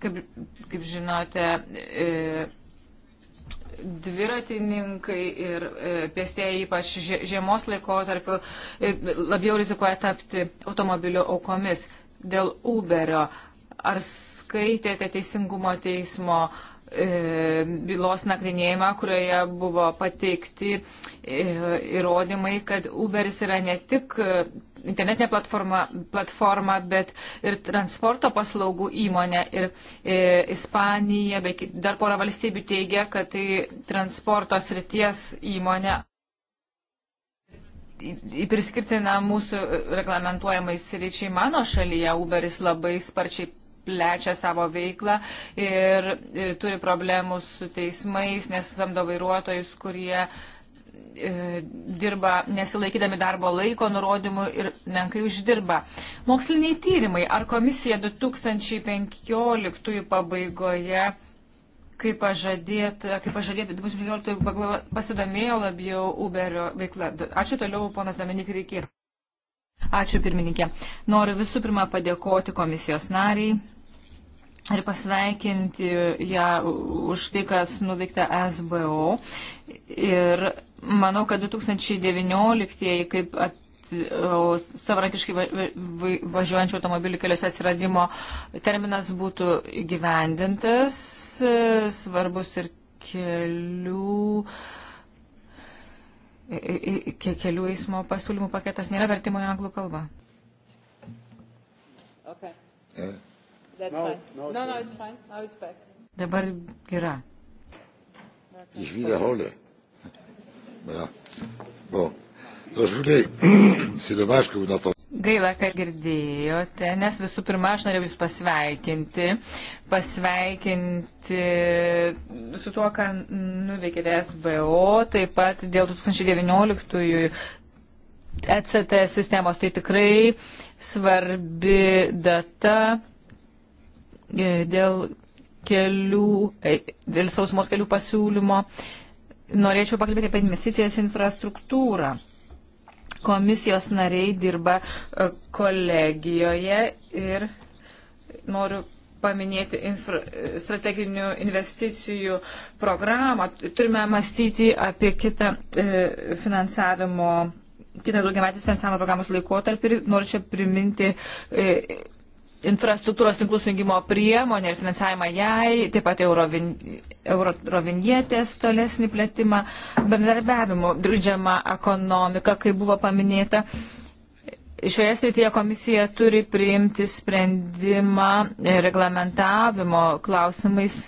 Kaip, kaip žinote, e, dviratininkai ir e, pėstieji ypač žiemos laikotarpiu e, labiau rizikuoja tapti automobilio aukomis. Dėl Uberio, ar skaitėte Teisingumo teismo E, bylos nagrinėjimą, kurioje buvo pateikti e, įrodymai, kad Uberis yra ne tik e, internetinė platforma, platforma bet ir transporto paslaugų įmonė. Ir e, Ispanija, bei dar pora valstybių teigia, kad tai transporto srities įmonė priskirtina mūsų reglamentuojamai sričiai mano šalyje. Uberis labai sparčiai plečia savo veiklą ir e, turi problemų su teismais, nes samdo vairuotojus, kurie e, dirba nesilaikydami darbo laiko nurodymų ir menkai uždirba. Moksliniai tyrimai. Ar komisija 2015 pabaigoje, kaip pažadėta, kaip pažadėta, 2015 pasidomėjo labiau Uberio veikla? Ačiū toliau, ponas Dominik Reikir. Ačiū pirmininkė. Noriu visų pirma padėkoti komisijos nariai ir pasveikinti ją už tai, kas nuveikta SBO. Ir manau, kad 2019-ieji kaip at, o, savarankiškai va, va, važiuojančių automobilių keliuose atsiradimo terminas būtų gyvendintas, svarbus ir kelių kelių eismo pasiūlymų paketas nėra vertimo į anglų kalbą. Okay. Yeah. Uh, That's now, fine. Now no, no, it's fine. Now it's back. Dabar yra. Ich wiederhole. Ja. Bon. Aš voulais, c'est dommage que vous n'entendez Gaila, kad girdėjote, nes visų pirma, aš norėjau Jūs pasveikinti, pasveikinti su tuo, ką nuveikėte SBO, taip pat dėl 2019-ųjų ECT sistemos. Tai tikrai svarbi data E, dėl kelių, e, dėl sausumos kelių pasiūlymo norėčiau pakalbėti apie investicijas infrastruktūrą. Komisijos nariai dirba e, kolegijoje ir noriu paminėti infra, strateginių investicijų programą. Turime mąstyti apie kitą e, finansavimo, kitą daugiamatį finansavimo programos laikotarpį ir noriu čia priminti e, infrastruktūros tinklų sujungimo priemonę ir finansavimą jai, taip pat eurovin, eurovinietės tolesnį plėtimą, bendarbiavimu grįdžiama ekonomika, kaip buvo paminėta. Šioje srityje komisija turi priimti sprendimą reglamentavimo klausimais.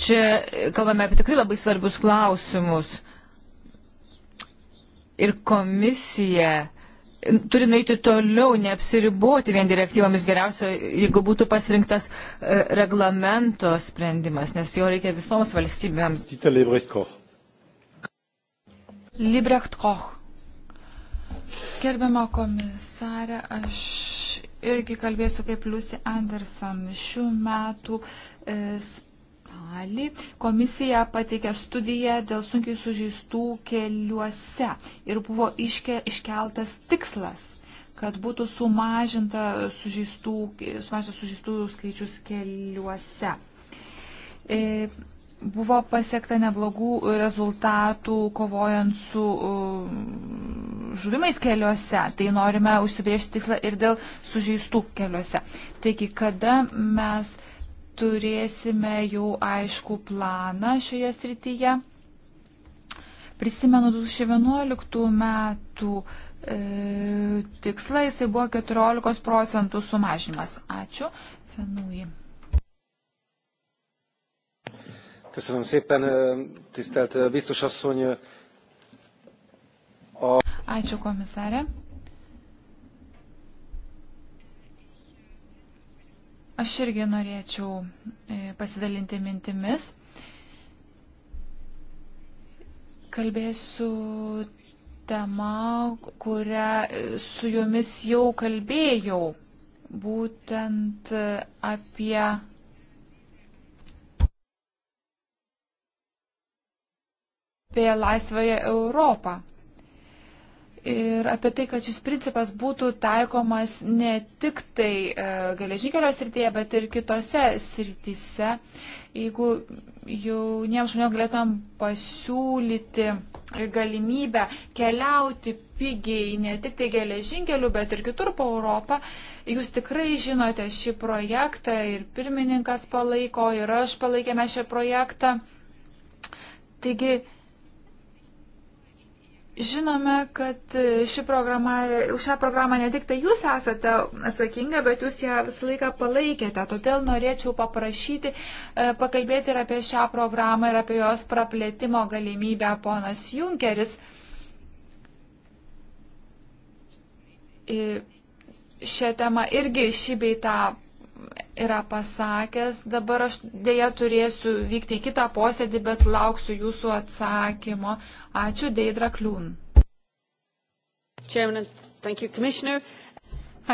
Čia kalbame apie tikrai labai svarbius klausimus. Ir komisija turi nueiti toliau, neapsiriboti vien direktyvomis. Geriausia, jeigu būtų pasirinktas e, reglamento sprendimas, nes jo reikia visoms valstybėms. Librecht Koch. Gerbiama komisarė, aš irgi kalbėsiu kaip Liusi Anderson. Šių metų e, dalį komisija pateikė studiją dėl sunkiai sužeistų keliuose ir buvo iške, iškeltas tikslas kad būtų sumažinta sužeistų, sumažintas sužeistų skaičius keliuose. E, buvo pasiekta neblogų rezultatų kovojant su žuvimais keliuose. Tai norime užsibriežti tikslą ir dėl sužeistų keliuose. Taigi, kada mes turėsime jau aišku planą šioje srityje. Prisimenu 2011 metų e, tikslą, jisai buvo 14 procentų sumažinimas. Ačiū. Fenui. Köszönöm szépen, e, tisztelt e, biztos asszony. E, a... Ačiū komisarė. Aš irgi norėčiau e, pasidalinti mintimis. Kalbėsiu tema, kurią e, su jumis jau kalbėjau, būtent e, apie apie laisvąją Europą ir apie tai, kad šis principas būtų taikomas ne tik tai e, geležinkelio srityje, bet ir kitose srityse. Jeigu jauniems žmonėms galėtumėm pasiūlyti galimybę keliauti pigiai ne tik tai geležinkeliu, bet ir kitur po Europą, jūs tikrai žinote šį projektą ir pirmininkas palaiko, ir aš palaikėme šį projektą. Taigi, Žinome, kad e, ši programa, už šią programą ne tik tai jūs esate atsakinga, bet jūs ją visą laiką palaikėte. Todėl norėčiau paprašyti e, pakalbėti ir apie šią programą ir apie jos praplėtimo galimybę. Ponas Junkeris e, šią temą irgi šį bei tą yra pasakęs. Dabar aš dėja turėsiu vykti į kitą posėdį, bet lauksiu jūsų atsakymo. Ačiū, Deidra Kliūn.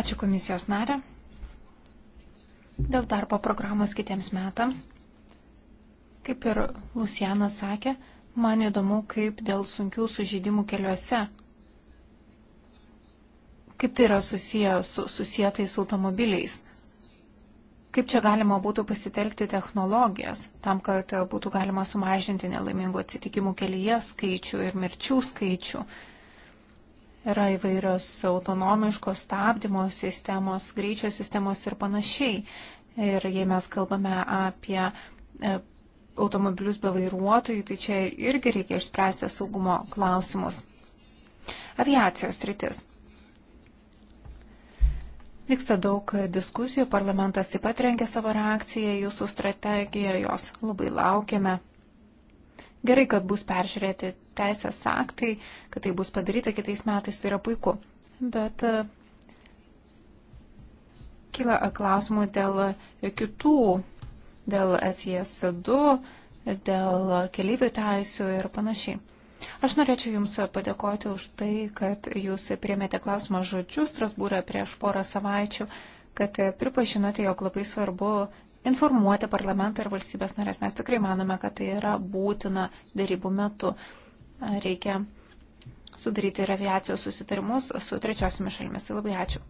Ačiū komisijos narė. Dėl darbo programos kitiems metams. Kaip ir Lucianas sakė, man įdomu, kaip dėl sunkių sužydimų keliuose. Kaip tai yra susiję su susietais automobiliais Kaip čia galima būtų pasitelkti technologijas tam, kad būtų galima sumažinti nelaimingų atsitikimų kelyje skaičių ir mirčių skaičių? Yra įvairios autonomiškos stabdymo sistemos, greičio sistemos ir panašiai. Ir jei mes kalbame apie e, automobilius be vairuotojų, tai čia irgi reikia išspręsti saugumo klausimus. Aviacijos rytis. Vyksta daug diskusijų, parlamentas taip pat rengia savo reakciją, jūsų strategiją, jos labai laukiame. Gerai, kad bus peržiūrėti teisės aktai, kad tai bus padaryta kitais metais, tai yra puiku. Bet e, kyla klausimų dėl kitų, dėl SES2, dėl keleivių teisų ir panašiai. Aš norėčiau Jums padėkoti už tai, kad Jūs priemėte klausimą žodžiu Strasbūrą prieš porą savaičių, kad pripažinote, jog labai svarbu informuoti parlamentą ir valstybės narės. Mes tikrai manome, kad tai yra būtina darybų metu. Reikia sudaryti ir aviacijos susitarimus su trečiosiomis šalimis. Tai labai ačiū.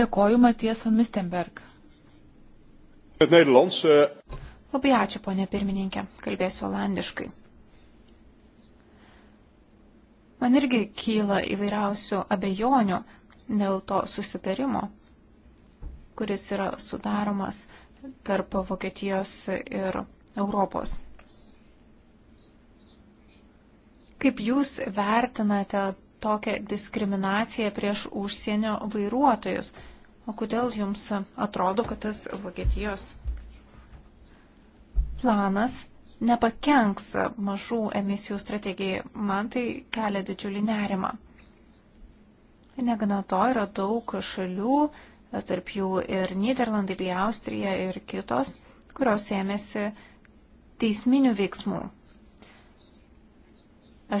Dėkoju, Matijas van Mistenberg. Eh. Labai ačiū, ponė pirmininkė. Kalbėsiu olandiškai. Man irgi kyla įvairiausių abejonių dėl to susitarimo, kuris yra sudaromas tarp Vokietijos ir Europos. Kaip Jūs vertinate tokią diskriminaciją prieš užsienio vairuotojus? O kodėl Jums atrodo, kad tas Vokietijos planas nepakenks mažų emisijų strategijai. Man tai kelia didžiulį nerimą. Negana to yra daug šalių, tarp jų ir Niderlandai bei Austrija ir kitos, kurios ėmėsi teisminių veiksmų.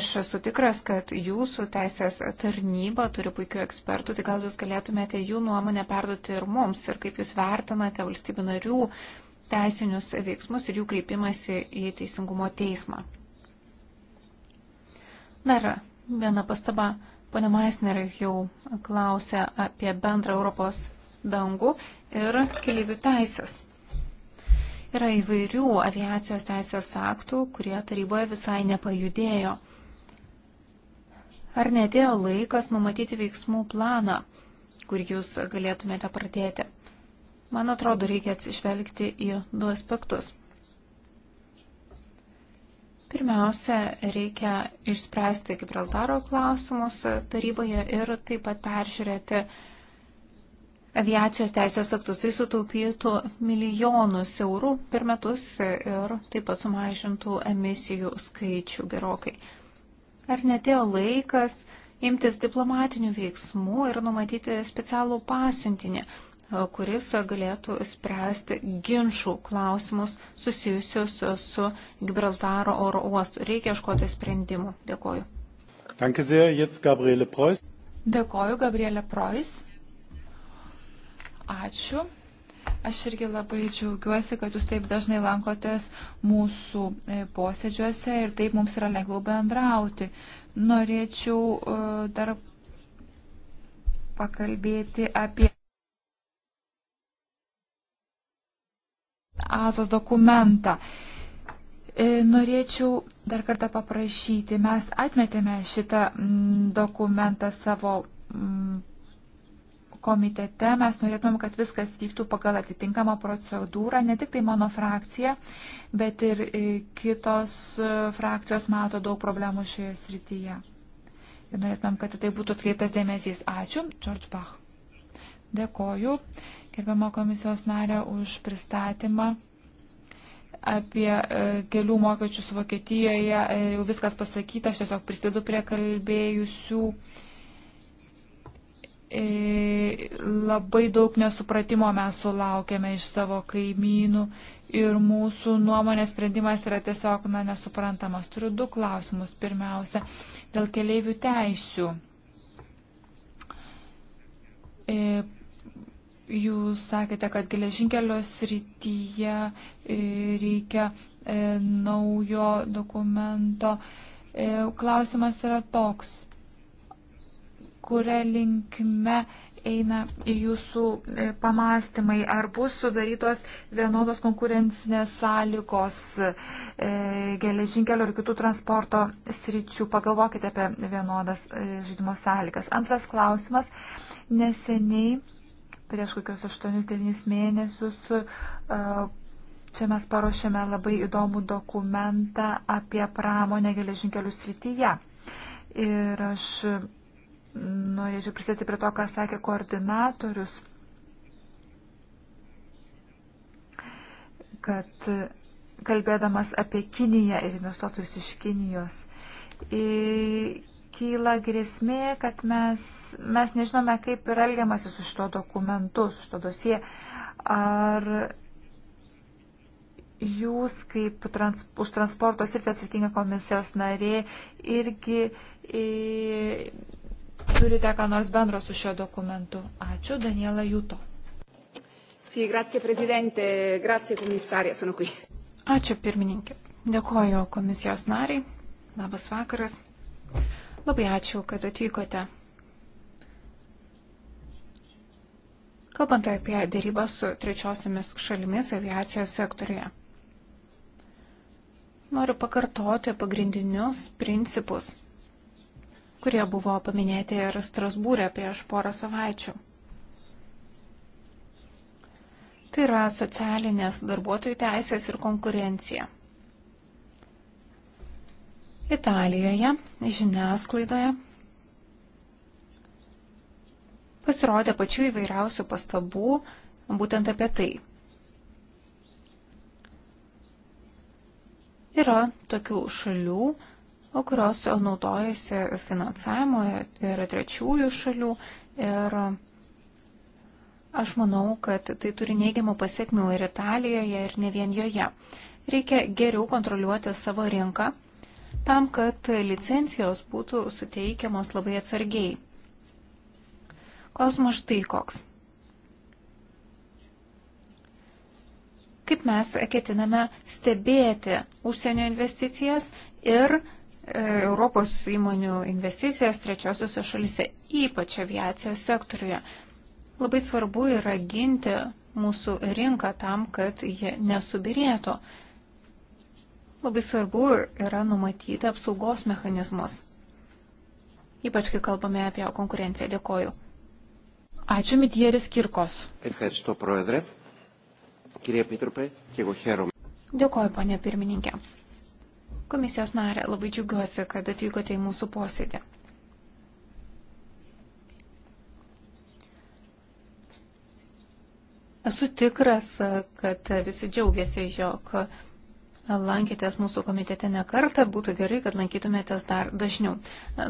Aš esu tikras, kad jūsų teisės tarnyba turi puikių ekspertų, tai gal jūs galėtumėte jų nuomonę perduoti ir mums ir kaip jūs vertinate valstybių narių teisinius veiksmus ir jų kreipimasi į Teisingumo teismą. Dar viena pastaba. Pane Maisner jau klausė apie bendrą Europos dangų ir keliaivių teisės. Yra įvairių aviacijos teisės aktų, kurie taryboje visai nepajudėjo. Ar netėjo laikas numatyti veiksmų planą, kur jūs galėtumėte pradėti? Man atrodo, reikia atsižvelgti į du aspektus. Pirmiausia, reikia išspręsti Gibraltaro klausimus taryboje ir taip pat peržiūrėti aviacijos teisės aktus. Tai sutaupytų milijonus eurų per metus ir taip pat sumažintų emisijų skaičių gerokai. Ar netėjo laikas imtis diplomatinių veiksmų ir numatyti specialų pasiuntinį, kuris galėtų spręsti ginčių klausimus susijusius su Gibraltaro oro uostu. Reikia iškoti sprendimų. Dėkoju. Dėkoju, Gabrielė Prois. Ačiū. Aš irgi labai džiaugiuosi, kad jūs taip dažnai lankotės mūsų e, posėdžiuose ir taip mums yra lengviau bendrauti. Norėčiau e, dar pakalbėti apie Azos dokumentą. E, norėčiau dar kartą paprašyti, mes atmetėme šitą dokumentą savo komitete, mes norėtumėm, kad viskas vyktų pagal atitinkamą procedūrą, ne tik tai mano frakcija, bet ir e, kitos e, frakcijos mato daug problemų šioje srityje. Ir norėtumėm, kad tai būtų atkreiptas dėmesys. Ačiū, George Bach. Dėkoju gerbiamo komisijos narę už pristatymą apie e, kelių mokesčius Vokietijoje. E, jau viskas pasakyta, aš tiesiog prisidu prie kalbėjusių. E, labai daug nesupratimo mes sulaukėme iš savo kaimynų ir mūsų nuomonės sprendimas yra tiesiog na, nesuprantamas. Turiu du klausimus. Pirmiausia, dėl keliaivių teisių. Jūs sakėte, kad geležinkelio srityje e, reikia e, naujo dokumento. E, klausimas yra toks, kuria linkme eina jūsų pamastymai, ar bus sudarytos vienodos konkurencinės sąlygos geležinkelio ir kitų transporto sričių. Pagalvokite apie vienodas žaidimo sąlygas. Antras klausimas. Neseniai prieš kokius 8-9 mėnesius. Čia mes paruošėme labai įdomų dokumentą apie pramonę geležinkelių srityje. Ir aš norėčiau prisėti prie to, ką sakė koordinatorius, kad kalbėdamas apie Kiniją ir investuotojus iš Kinijos, į kyla grėsmė, kad mes, mes nežinome, kaip yra elgiamasi su šito dokumentu, su šito dosie. Ar jūs, kaip trans, už transporto sritį atsakinga komisijos narė, irgi i, e, turite ką nors bendro su šio dokumentu? Ačiū, Daniela Jūto. Sì, grazie Presidente, grazie Komisarė, sono qui. Ačiū pirmininkė. Dėkoju komisijos nariai. Labas vakaras. Labai ačiū, kad atvykote. Kalbant apie dėrybą su trečiosiamis šalimis aviacijos sektoriuje. Noriu pakartoti pagrindinius principus, kurie buvo paminėti ir Strasbūrė prieš porą savaičių. Tai yra socialinės darbuotojų teisės ir konkurencija. Italijoje žiniasklaidoje pasirodė pačių įvairiausių pastabų būtent apie tai. Yra tokių šalių, kurios naudojasi finansavimo ir trečiųjų šalių ir Aš manau, kad tai turi neigiamų pasiekmių ir Italijoje, ir ne vien joje. Reikia geriau kontroliuoti savo rinką, tam, kad licencijos būtų suteikiamos labai atsargiai. Klausimas štai koks. Kaip mes ketiname stebėti užsienio investicijas ir e, Europos įmonių investicijas trečiosiuose šalise, ypač aviacijos sektoriuje. Labai svarbu yra ginti mūsų rinką tam, kad jie nesubirėtų. Labai svarbu yra numatyti apsaugos mechanizmus. Ypač, kai kalbame apie konkurenciją. Dėkoju. Ačiū, Mitjeris Kirkos. Ευχαριστώ, Πρόεδρε. Κύριε Επίτροπε, και εγώ χαίρομαι. Dėkoju, ponė pirmininkė. Komisijos narė, labai džiugiuosi, kad atvykote į mūsų posėdį. Esu tikras, kad visi džiaugiasi, jog lankėtės mūsų komitete ne kartą, būtų gerai, kad lankytumėtės dar dažniau.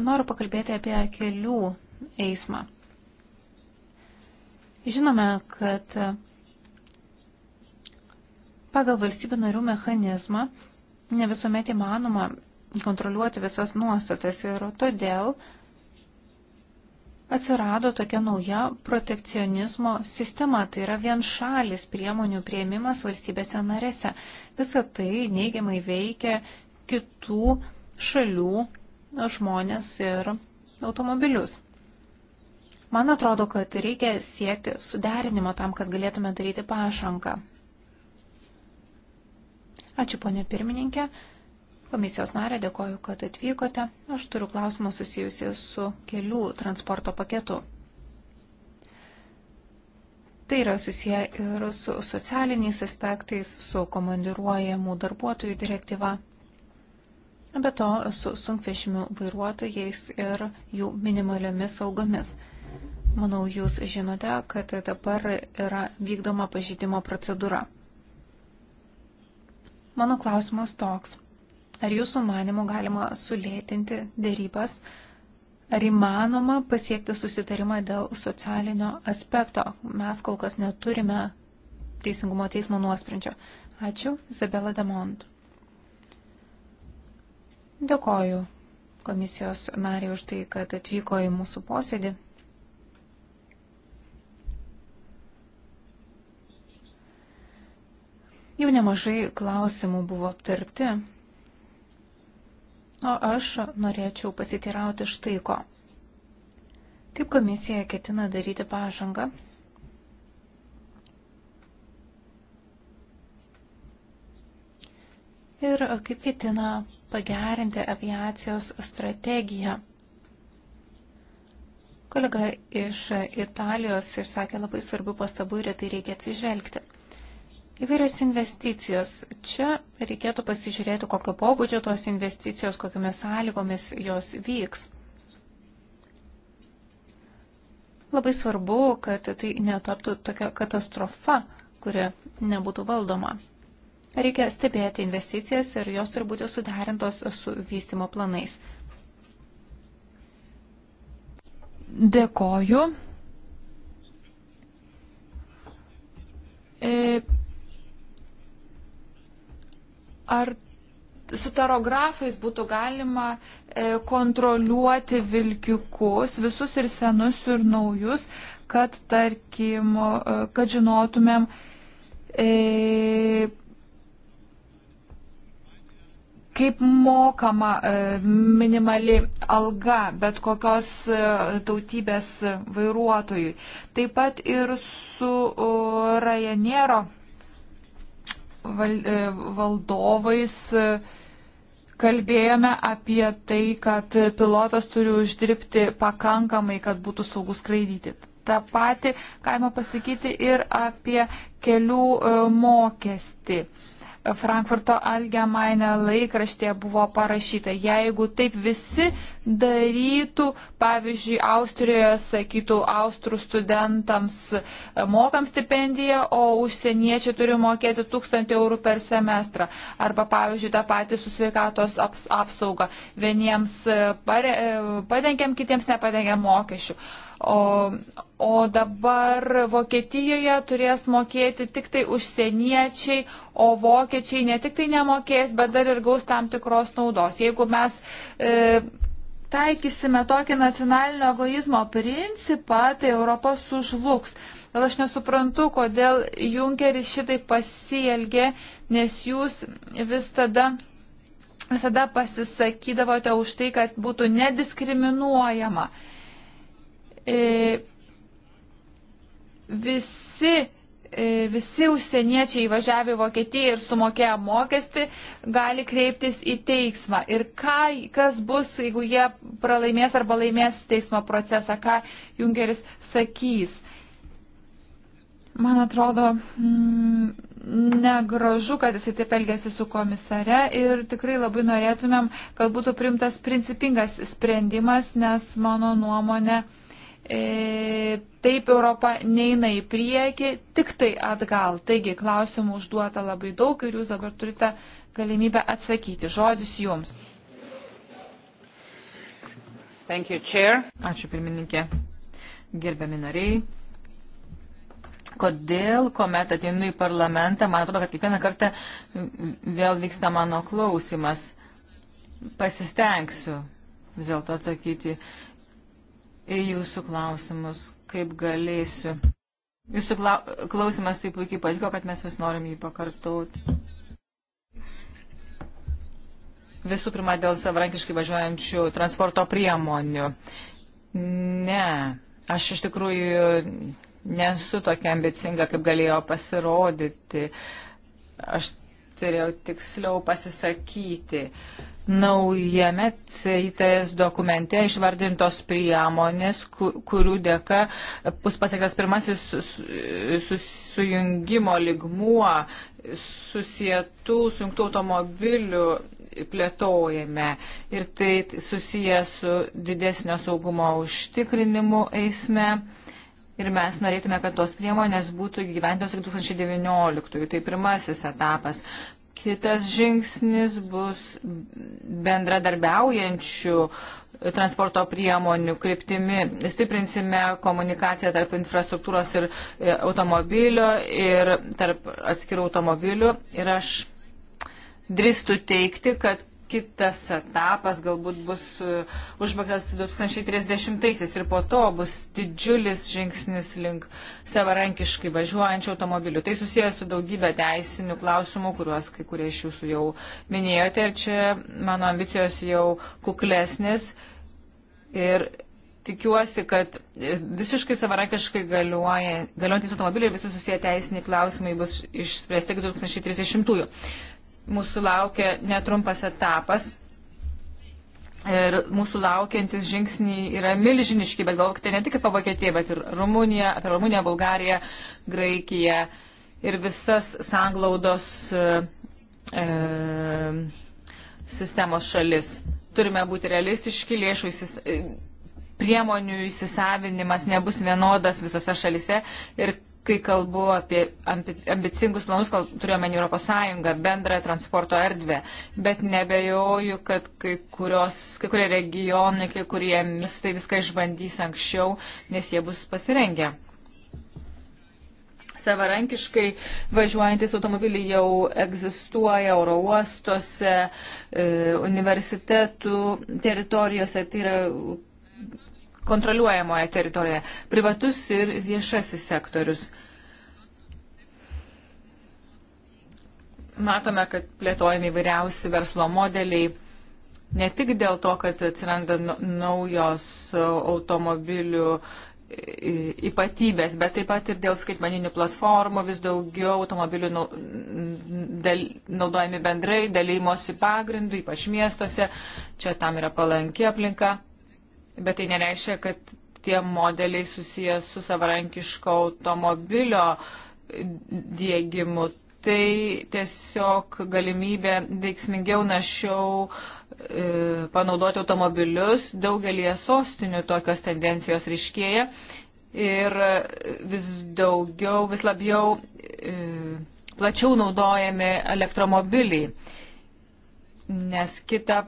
Noriu pakalbėti apie kelių eismą. Žinome, kad pagal valstybių narių mechanizmą ne visuomet įmanoma kontroliuoti visas nuostatas ir todėl uh, atsirado tokia nauja protekcionizmo sistema, tai yra vien šalis priemonių prieimimas valstybėse narėse. Visą tai neigiamai veikia kitų šalių žmonės ir automobilius. Man atrodo, kad reikia siekti suderinimo tam, kad galėtume daryti pašanką. Ačiū, ponė pirmininkė. Komisijos narė, dėkoju, kad atvykote. Aš turiu klausimą susijusi su kelių transporto paketu. Tai yra susiję ir su socialiniais aspektais, su komandiruojamų darbuotojų direktyva, be to su sunkvežimių vairuotojais ir jų minimaliomis algomis. Manau, jūs žinote, kad dabar yra vykdoma pažydimo procedūra. Mano klausimas toks. Ar jūsų manimų galima sulėtinti dėrybas? Ar įmanoma pasiekti susitarimą dėl socialinio aspekto? Mes kol kas neturime Teisingumo teismo nuosprendžio. Ačiū, Izabela Damont. Dėkoju komisijos nariai už tai, kad atvyko į mūsų posėdį. Jau nemažai klausimų buvo aptarti. O aš norėčiau pasitirauti štai ko. Kaip komisija ketina daryti pažangą? Ir kaip ketina pagerinti aviacijos strategiją? Kolega iš Italijos išsakė labai svarbių pastabų ir tai reikia atsižvelgti. Įvairios investicijos. Čia reikėtų pasižiūrėti, kokio pobūdžio tos investicijos, kokiamis sąlygomis jos vyks. Labai svarbu, kad tai netaptų tokia katastrofa, kuri nebūtų valdoma. Reikia stebėti investicijas ir jos turi būti suderintos su vystimo planais. Dėkoju. E Ar su tarografais būtų galima e, kontroliuoti vilkikus, visus ir senus, ir naujus, kad, tarkim, kad žinotumėm, e, kaip mokama e, minimali alga bet kokios e, tautybės vairuotojui. Taip pat ir su Rajanero val, e, valdovais e, kalbėjome apie tai, kad pilotas turi uždirbti pakankamai, kad būtų saugus skraidyti. Ta pati galima pasakyti ir apie kelių e, mokestį. Frankfurto Algemainė laikraštė buvo parašyta. Jeigu taip visi darytų, pavyzdžiui, Austrijoje sakytų austrų studentams e, mokam stipendiją, o užsieniečiai turi mokėti 1000 eurų per semestrą. Arba, pavyzdžiui, tą patį su sveikatos aps apsauga. Vieniems e, e, padengiam, kitiems nepadengiam mokesčių. O, o dabar Vokietijoje turės mokėti tik tai užsieniečiai, o vokiečiai ne tik tai nemokės, bet dar ir gaus tam tikros naudos. Jeigu mes e, taikysime tokį nacionalinio egoizmo principą, tai Europa sužlugs. Gal aš nesuprantu, kodėl Junkeris šitai pasielgė, nes jūs vis tada visada pasisakydavote už tai, kad būtų nediskriminuojama. E, visi, e, visi užsieniečiai įvažiavę į Vokietiją ir sumokėję mokestį gali kreiptis į teismą. Ir ką, kas bus, jeigu jie pralaimės arba laimės teismo procesą, ką Junkeris sakys. Man atrodo, mm, negražu, kad jisai taip elgėsi su komisare ir tikrai labai norėtumėm, kad būtų primtas principingas sprendimas, nes mano nuomonė e, taip Europa neina į priekį, tik tai atgal. Taigi klausimų užduota labai daug ir jūs dabar turite galimybę atsakyti. Žodis jums. Thank you, chair. Ačiū pirmininkė. Gerbiami nariai. Kodėl, kuomet ateinu į parlamentą, man atrodo, kad kiekvieną kartą vėl vyksta mano klausimas. Pasistengsiu vis dėlto atsakyti į jūsų klausimus, kaip galėsiu. Jūsų klausimas taip puikiai patiko, kad mes vis norim jį pakartoti. Visų pirma, dėl savarankiškai važiuojančių transporto priemonių. Ne, aš iš tikrųjų nesu tokia ambicinga, kaip galėjo pasirodyti. Aš turėjau tiksliau pasisakyti. Uh, naujame CITS dokumente išvardintos priemonės, kurių dėka bus pasiektas pirmasis susijungimo ligmuo susijętų sunktų automobilių plėtojame ir tai susiję su didesnio saugumo užtikrinimu eisme. Ir mes norėtume, kad tos priemonės būtų gyventos iki 2019. Tai pirmasis etapas. Kitas žingsnis bus bendradarbiaujančių transporto priemonių kryptimi. Stiprinsime komunikaciją tarp infrastruktūros ir e, automobilio ir tarp atskirų automobilių. Ir aš drįstu teikti, kad kitas etapas galbūt bus uh, užbaigtas 2030-aisiais ir po to bus didžiulis žingsnis link savarankiškai važiuojančių automobilių. Tai susijęs su daugybė teisinių klausimų, kuriuos kai kurie iš jūsų jau minėjote ir čia mano ambicijos jau kuklesnis. Ir tikiuosi, kad e, visiškai savarankiškai galiuojantis automobiliai ir visi susiję teisiniai klausimai bus išspręsti iki 2030-ųjų mūsų laukia netrumpas etapas. Ir mūsų laukiantis žingsniai yra milžiniški, bet galvokite ne tik apie Vokietiją, bet ir Rumuniją, apie Rumuniją, Bulgariją, Graikiją ir visas sanglaudos e, e sistemos šalis. Turime būti realistiški, lėšų įsis, e, priemonių įsisavinimas nebus vienodas visose šalise ir kai kalbu apie ambicingus planus, kal, turiuomenį Europos Sąjungą, bendrą transporto erdvę, bet nebejoju, kad kai, kurios, kai kurie regionai, kai kurie miestai viską išbandys anksčiau, nes jie bus pasirengę. Savarankiškai važiuojantis automobiliai jau egzistuoja oro uostuose, e, universitetų teritorijose, tai yra kontroliuojamoje teritorijoje - privatus ir viešasis sektorius. Matome, kad plėtojami įvairiausi verslo modeliai, ne tik dėl to, kad atsiranda naujos automobilių ypatybės, bet taip pat ir dėl skaitmaninių platformų vis daugiau automobilių naudojami bendrai, dalymosi pagrindų, ypač miestuose. Čia tam yra palanki aplinka bet tai nereiškia, kad tie modeliai susijęs su savarankiško automobilio dėgymu. Tai tiesiog galimybė veiksmingiau našiau e, panaudoti automobilius. Daugelie sostinių tokios tendencijos ryškėja ir vis daugiau, vis labiau e, plačiau naudojami elektromobiliai. Nes kita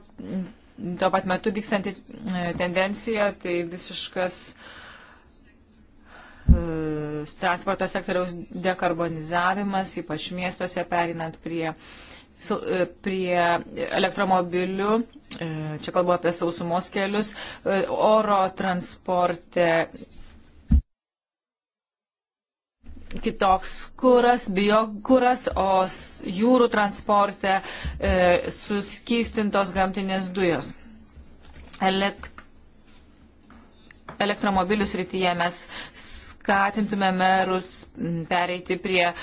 tuo pat metu vykstanti e, tendencija, tai visiškas e, transporto sektoriaus dekarbonizavimas, ypač miestuose perinant prie, e, prie elektromobilių, čia kalbu apie sausumos kelius, oro transporte kitoks kuras, biokuras, o jūrų transporte e, suskystintos gamtinės dujos. Elekt elektromobilių srityje mes skatintume merus pereiti prie e,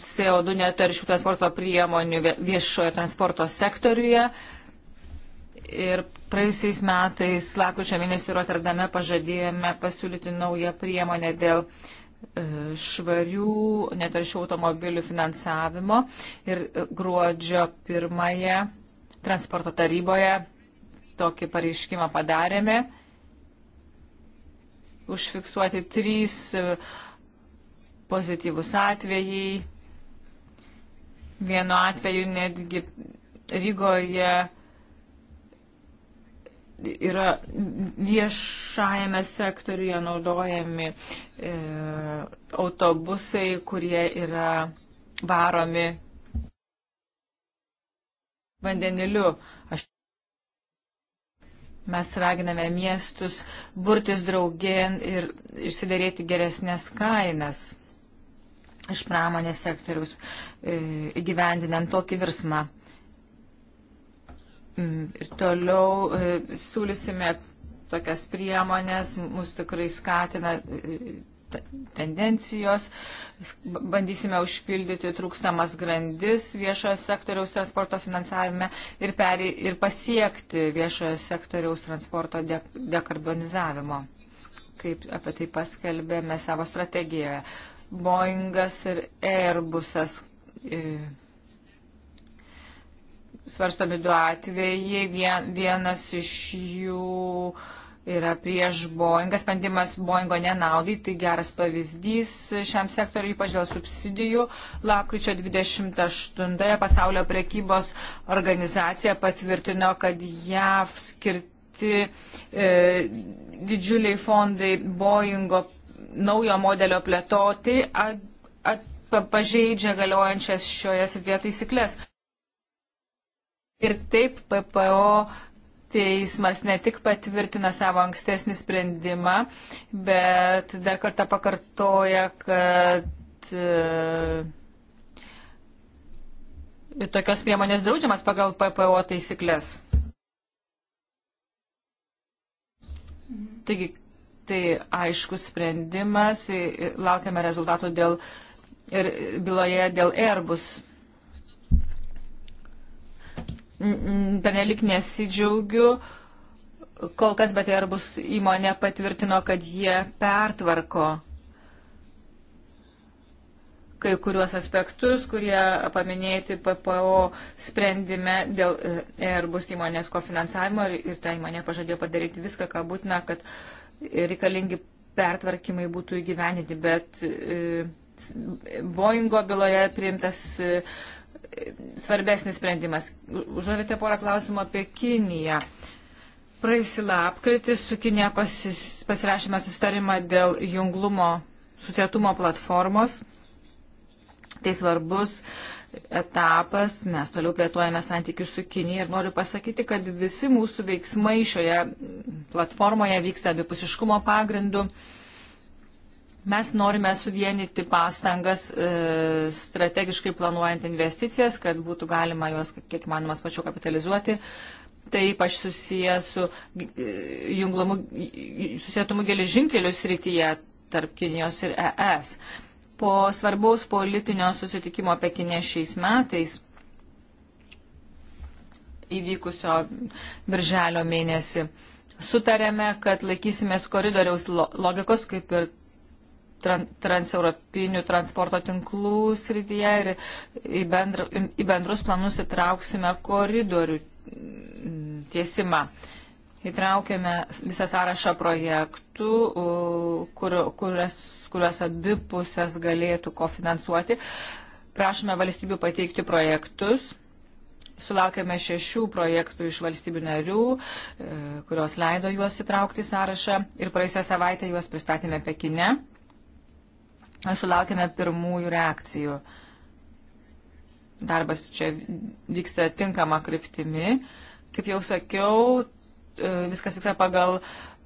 CO2 netaršių transporto priemonių viešojo transporto sektoriuje. Ir praėjusiais metais, lakučio mėnesį Rotterdame, pažadėjome pasiūlyti naują priemonę dėl e, E, švarių netaršių automobilių finansavimo ir gruodžio pirmąją transporto taryboje tokį pareiškimą padarėme. Užfiksuoti trys e, pozityvus atvejai. Vienu atveju netgi Rygoje yra viešajame sektoriuje naudojami e, autobusai, kurie yra varomi vandeniliu. Aš Mes raginame miestus burtis draugien ir išsidarėti geresnės kainas iš pramonės sektoriaus, e, įgyvendinant tokį virsmą. Mm, ir toliau e, siūlysime tokias priemonės, mus tikrai skatina e, tendencijos, bandysime užpildyti trūkstamas grandis viešojo sektoriaus transporto finansavime ir, peri, ir pasiekti viešojo sektoriaus transporto de, dekarbonizavimo, kaip apie tai paskelbėme savo strategijoje. Boeingas ir Airbusas. E, svarstomi du atvejai. Vien, vienas iš jų yra prieš Boeingą, sprendimas Boeingo nenaudai, tai geras pavyzdys šiam sektoriu, ypač dėl subsidijų. Lapkričio 28-ąją pasaulio prekybos organizacija patvirtino, kad JAV skirti e, didžiuliai fondai Boeingo naujo modelio plėtoti at, at, pažeidžia galiojančias šioje srityje taisyklės. Ir taip PPO teismas ne tik patvirtina savo ankstesnį sprendimą, bet dar kartą pakartoja, kad e, tokios priemonės draudžiamas pagal PPO taisyklės. Taigi, tai aiškus sprendimas, e, e, laukiame rezultatų dėl ir byloje dėl Airbus benelik nesidžiaugiu. Kol kas bet ir bus įmonė patvirtino, kad jie pertvarko kai kuriuos aspektus, kurie paminėti PPO sprendime dėl e, Airbus įmonės kofinansavimo ir ta įmonė pažadėjo padaryti viską, ką būtina, kad reikalingi pertvarkymai būtų įgyveninti, bet e, Boeingo byloje priimtas e, svarbesnis sprendimas. Užduodate porą klausimų apie Kiniją. Praėjusį lapkritį su Kinė pasis, pasirašėme sustarimą dėl junglumo susietumo platformos. Tai svarbus etapas, mes toliau plėtojame santykius su Kinija ir noriu pasakyti, kad visi mūsų veiksmai šioje platformoje vyksta abipusiškumo pagrindu. Uh, Mes norime suvienyti pastangas e, strategiškai planuojant investicijas, kad būtų galima juos kiek manoma pačiu kapitalizuoti. Tai ypač susiję su e, junglumu, susietumu geležinkelių srityje tarp Kinijos ir ES. Po svarbaus politinio susitikimo Pekinė šiais metais įvykusio birželio mėnesį sutarėme, kad laikysimės koridoriaus logikos, kaip ir transeuropinių transporto tinklų srityje ir į, bendr, į bendrus planus įtrauksime koridorių tiesimą. Įtraukėme visą sąrašą projektų, kur, kurias, kurias abi pusės galėtų kofinansuoti. Prašome valstybių pateikti projektus. Sulaukėme šešių projektų iš valstybių narių, e, kurios leido juos įtraukti į sąrašą ir praeisę savaitę juos pristatėme Pekine sulaukėme pirmųjų reakcijų. Darbas čia vyksta tinkama kryptimi. Kaip jau sakiau, e, viskas vyksta pagal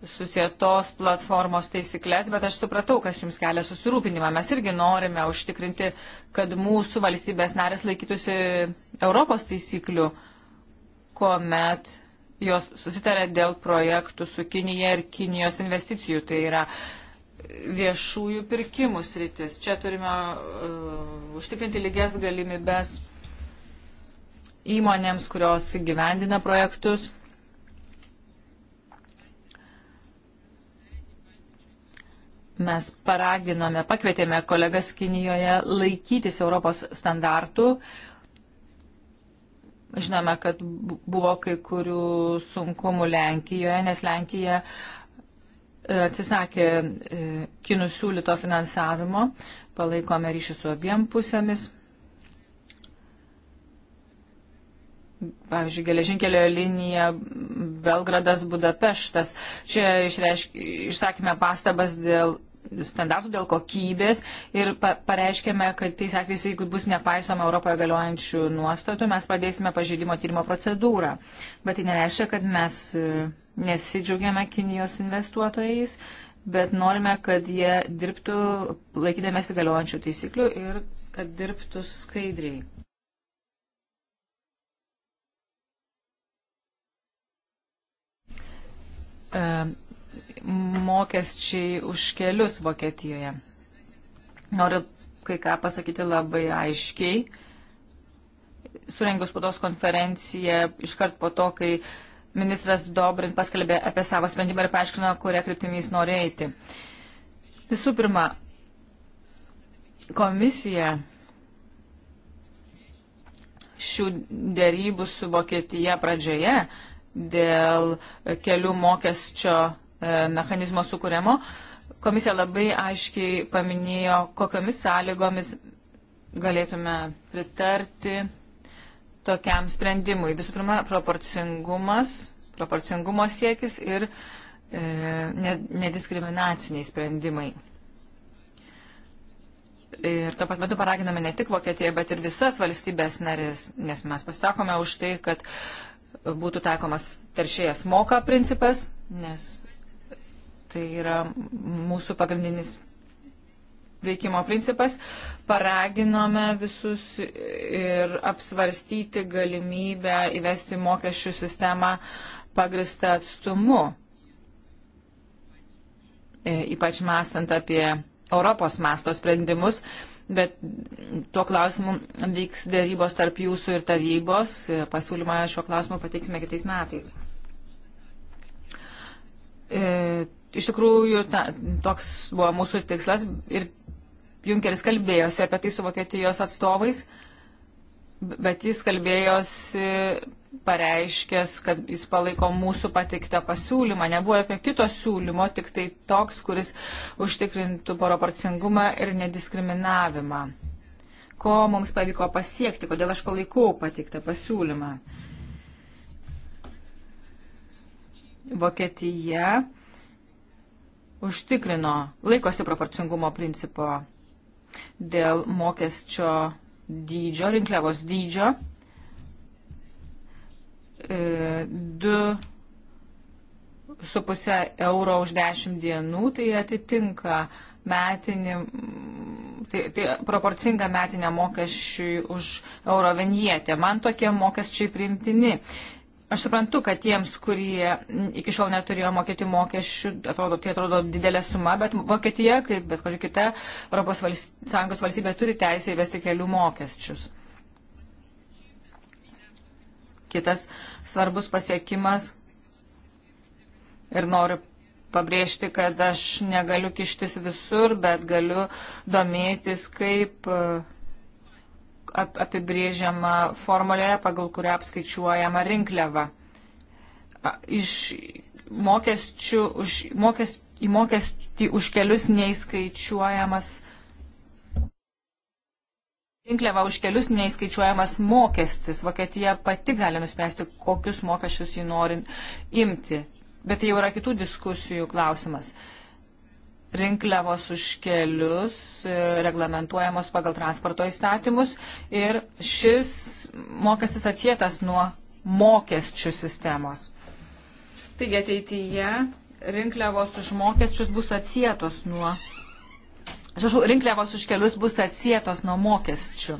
susietos platformos taisyklės, bet aš supratau, kas jums kelia susirūpinimą. Mes irgi norime užtikrinti, kad mūsų valstybės narės laikytųsi Europos taisyklių, kuomet jos susitarė dėl projektų su Kinija ir Kinijos investicijų. Tai yra uh, viešųjų pirkimų sritis. Čia turime uh, užtikrinti lygias galimybės įmonėms, kurios gyvendina projektus. Mes paraginome, pakvietėme kolegas Kinijoje laikytis Europos standartų. Žinome, kad buvo kai kurių sunkumų Lenkijoje, nes Lenkija uh, E, atsisakė e, kinų siūlyto finansavimo, palaikome ryšį su abiem pusėmis. Pavyzdžiui, geležinkelio linija Belgradas-Budapeštas. Čia išreišk, išsakėme pastabas dėl standartų, dėl kokybės ir pa pareiškėme, kad tais atvejais, jeigu bus nepaisoma Europoje galiojančių nuostatų, mes pradėsime pažeidimo tyrimo procedūrą. Bet tai nereiškia, kad mes e, nesidžiaugiame Kinijos investuotojais, bet norime, kad jie dirbtų laikydamėsi galiojančių taisyklių ir kad dirbtų skaidriai. E, mokesčiai už kelius Vokietijoje. Noriu kai ką pasakyti labai aiškiai. Surengiau spaudos konferenciją iškart po to, kai ministras Dobrin paskelbė apie savo sprendimą ir paaiškino, kurią kryptimį jis nori eiti. Visų pirma, komisija šių dėrybų su Vokietija pradžioje dėl kelių mokesčio E, mechanizmo sukūrimo, komisija labai aiškiai paminėjo, kokiomis sąlygomis galėtume pritarti tokiam sprendimui. Visų pirma, proporcingumas, proporcingumo siekis ir e, nediskriminaciniai sprendimai. Ir tuo pat metu paraginame ne tik Vokietiją, bet ir visas valstybės narės, nes mes pasakome už tai, kad būtų taikomas teršėjas moka principas, nes tai yra mūsų pagrindinis veikimo principas, paraginome visus ir apsvarstyti galimybę įvesti mokesčių sistemą pagristą atstumu, e, ypač mąstant apie Europos masto sprendimus, bet tuo klausimu vyks dėrybos tarp jūsų ir tarybos, e, pasiūlymą šio klausimu pateiksime kitais metais. E, Iš tikrųjų, ta, toks buvo mūsų tikslas ir Junkeris kalbėjosi apie tai su Vokietijos atstovais, bet jis kalbėjosi pareiškęs, kad jis palaiko mūsų patiktą pasiūlymą. Nebuvo jokio kito siūlymo, tik tai toks, kuris užtikrintų proporcingumą ir nediskriminavimą. Ko mums pavyko pasiekti, kodėl aš palaikau patiktą pasiūlymą. Vokietija užtikrino, laikosi proporcingumo principo dėl mokesčio dydžio, rinkliavos dydžio. E, du su pusę euro už 10 dienų, tai atitinka metinį, tai, tai proporcinga metinė mokesčiui už euro vienietę. Man tokie mokesčiai priimtini. Aš suprantu, kad tiems, kurie iki šiol neturėjo mokėti mokesčių, atrodo, tai atrodo didelė suma, bet Vokietija, kaip bet kokia kita Europos Sąjungos valstybė, turi teisę įvesti kelių mokesčius. Kitas svarbus pasiekimas ir noriu pabrėžti, kad aš negaliu kištis visur, bet galiu domėtis, kaip. Uh, apibrėžiama formulėje, pagal kurią apskaičiuojama rinkliava. Iš mokesčių, už, mokes, į mokestį už kelius neįskaičiuojamas rinkliava už kelius neįskaičiuojamas mokestis. Vokietija pati gali nuspręsti, kokius mokesčius jį nori imti. Bet tai jau yra kitų diskusijų klausimas. Uh, rinkliavos už kelius e, reglamentuojamos pagal transporto įstatymus ir šis mokestis atsietas nuo mokesčių sistemos. Taigi ateityje rinkliavos už mokesčius bus atsietos nuo. Žažau, rinkliavos už kelius bus atsietos nuo mokesčių.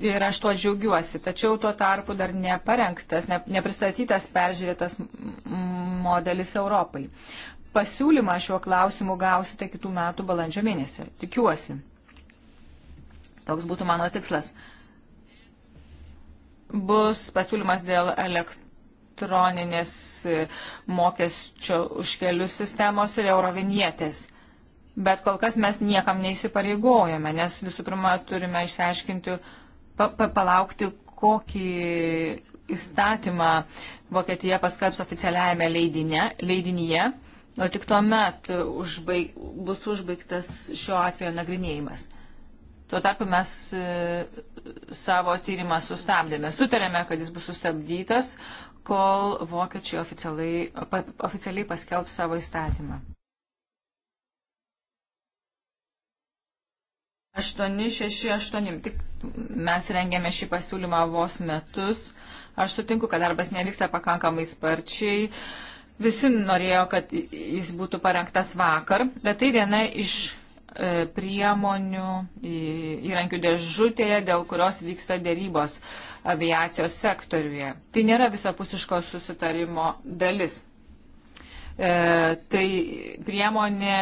Ir aš tuo džiaugiuosi. Tačiau tuo tarpu dar neparengtas, ne, nepristatytas peržiūrėtas modelis Europai pasiūlymą šiuo klausimu gausite kitų metų balandžio mėnesį. Tikiuosi. Toks būtų mano tikslas. Bus pasiūlymas dėl elektroninės e, mokesčio už kelius sistemos ir eurovinietės. Bet kol kas mes niekam neįsipareigojame, nes visų pirma turime išsiaiškinti, pa, pa, palaukti, kokį įstatymą Vokietija paskelbs oficialiajame leidinė, leidinyje O tik tuo met užbaig, bus užbaigtas šio atvejo nagrinėjimas. Tuo tarpu mes e, savo tyrimą sustabdėme. Sutarėme, kad jis bus sustabdytas, kol vokiečiai oficialiai, oficialiai paskelb savo įstatymą. 868. Tik mes rengėme šį pasiūlymą vos metus. Aš sutinku, kad darbas nevyksta pakankamai sparčiai. Uh, Visi norėjo, kad jis būtų parengtas vakar, bet tai viena iš e, priemonių įrankių dėžutėje, dėl kurios vyksta dėrybos aviacijos sektoriuje. Tai nėra visapusiško susitarimo dalis. E, tai priemonė,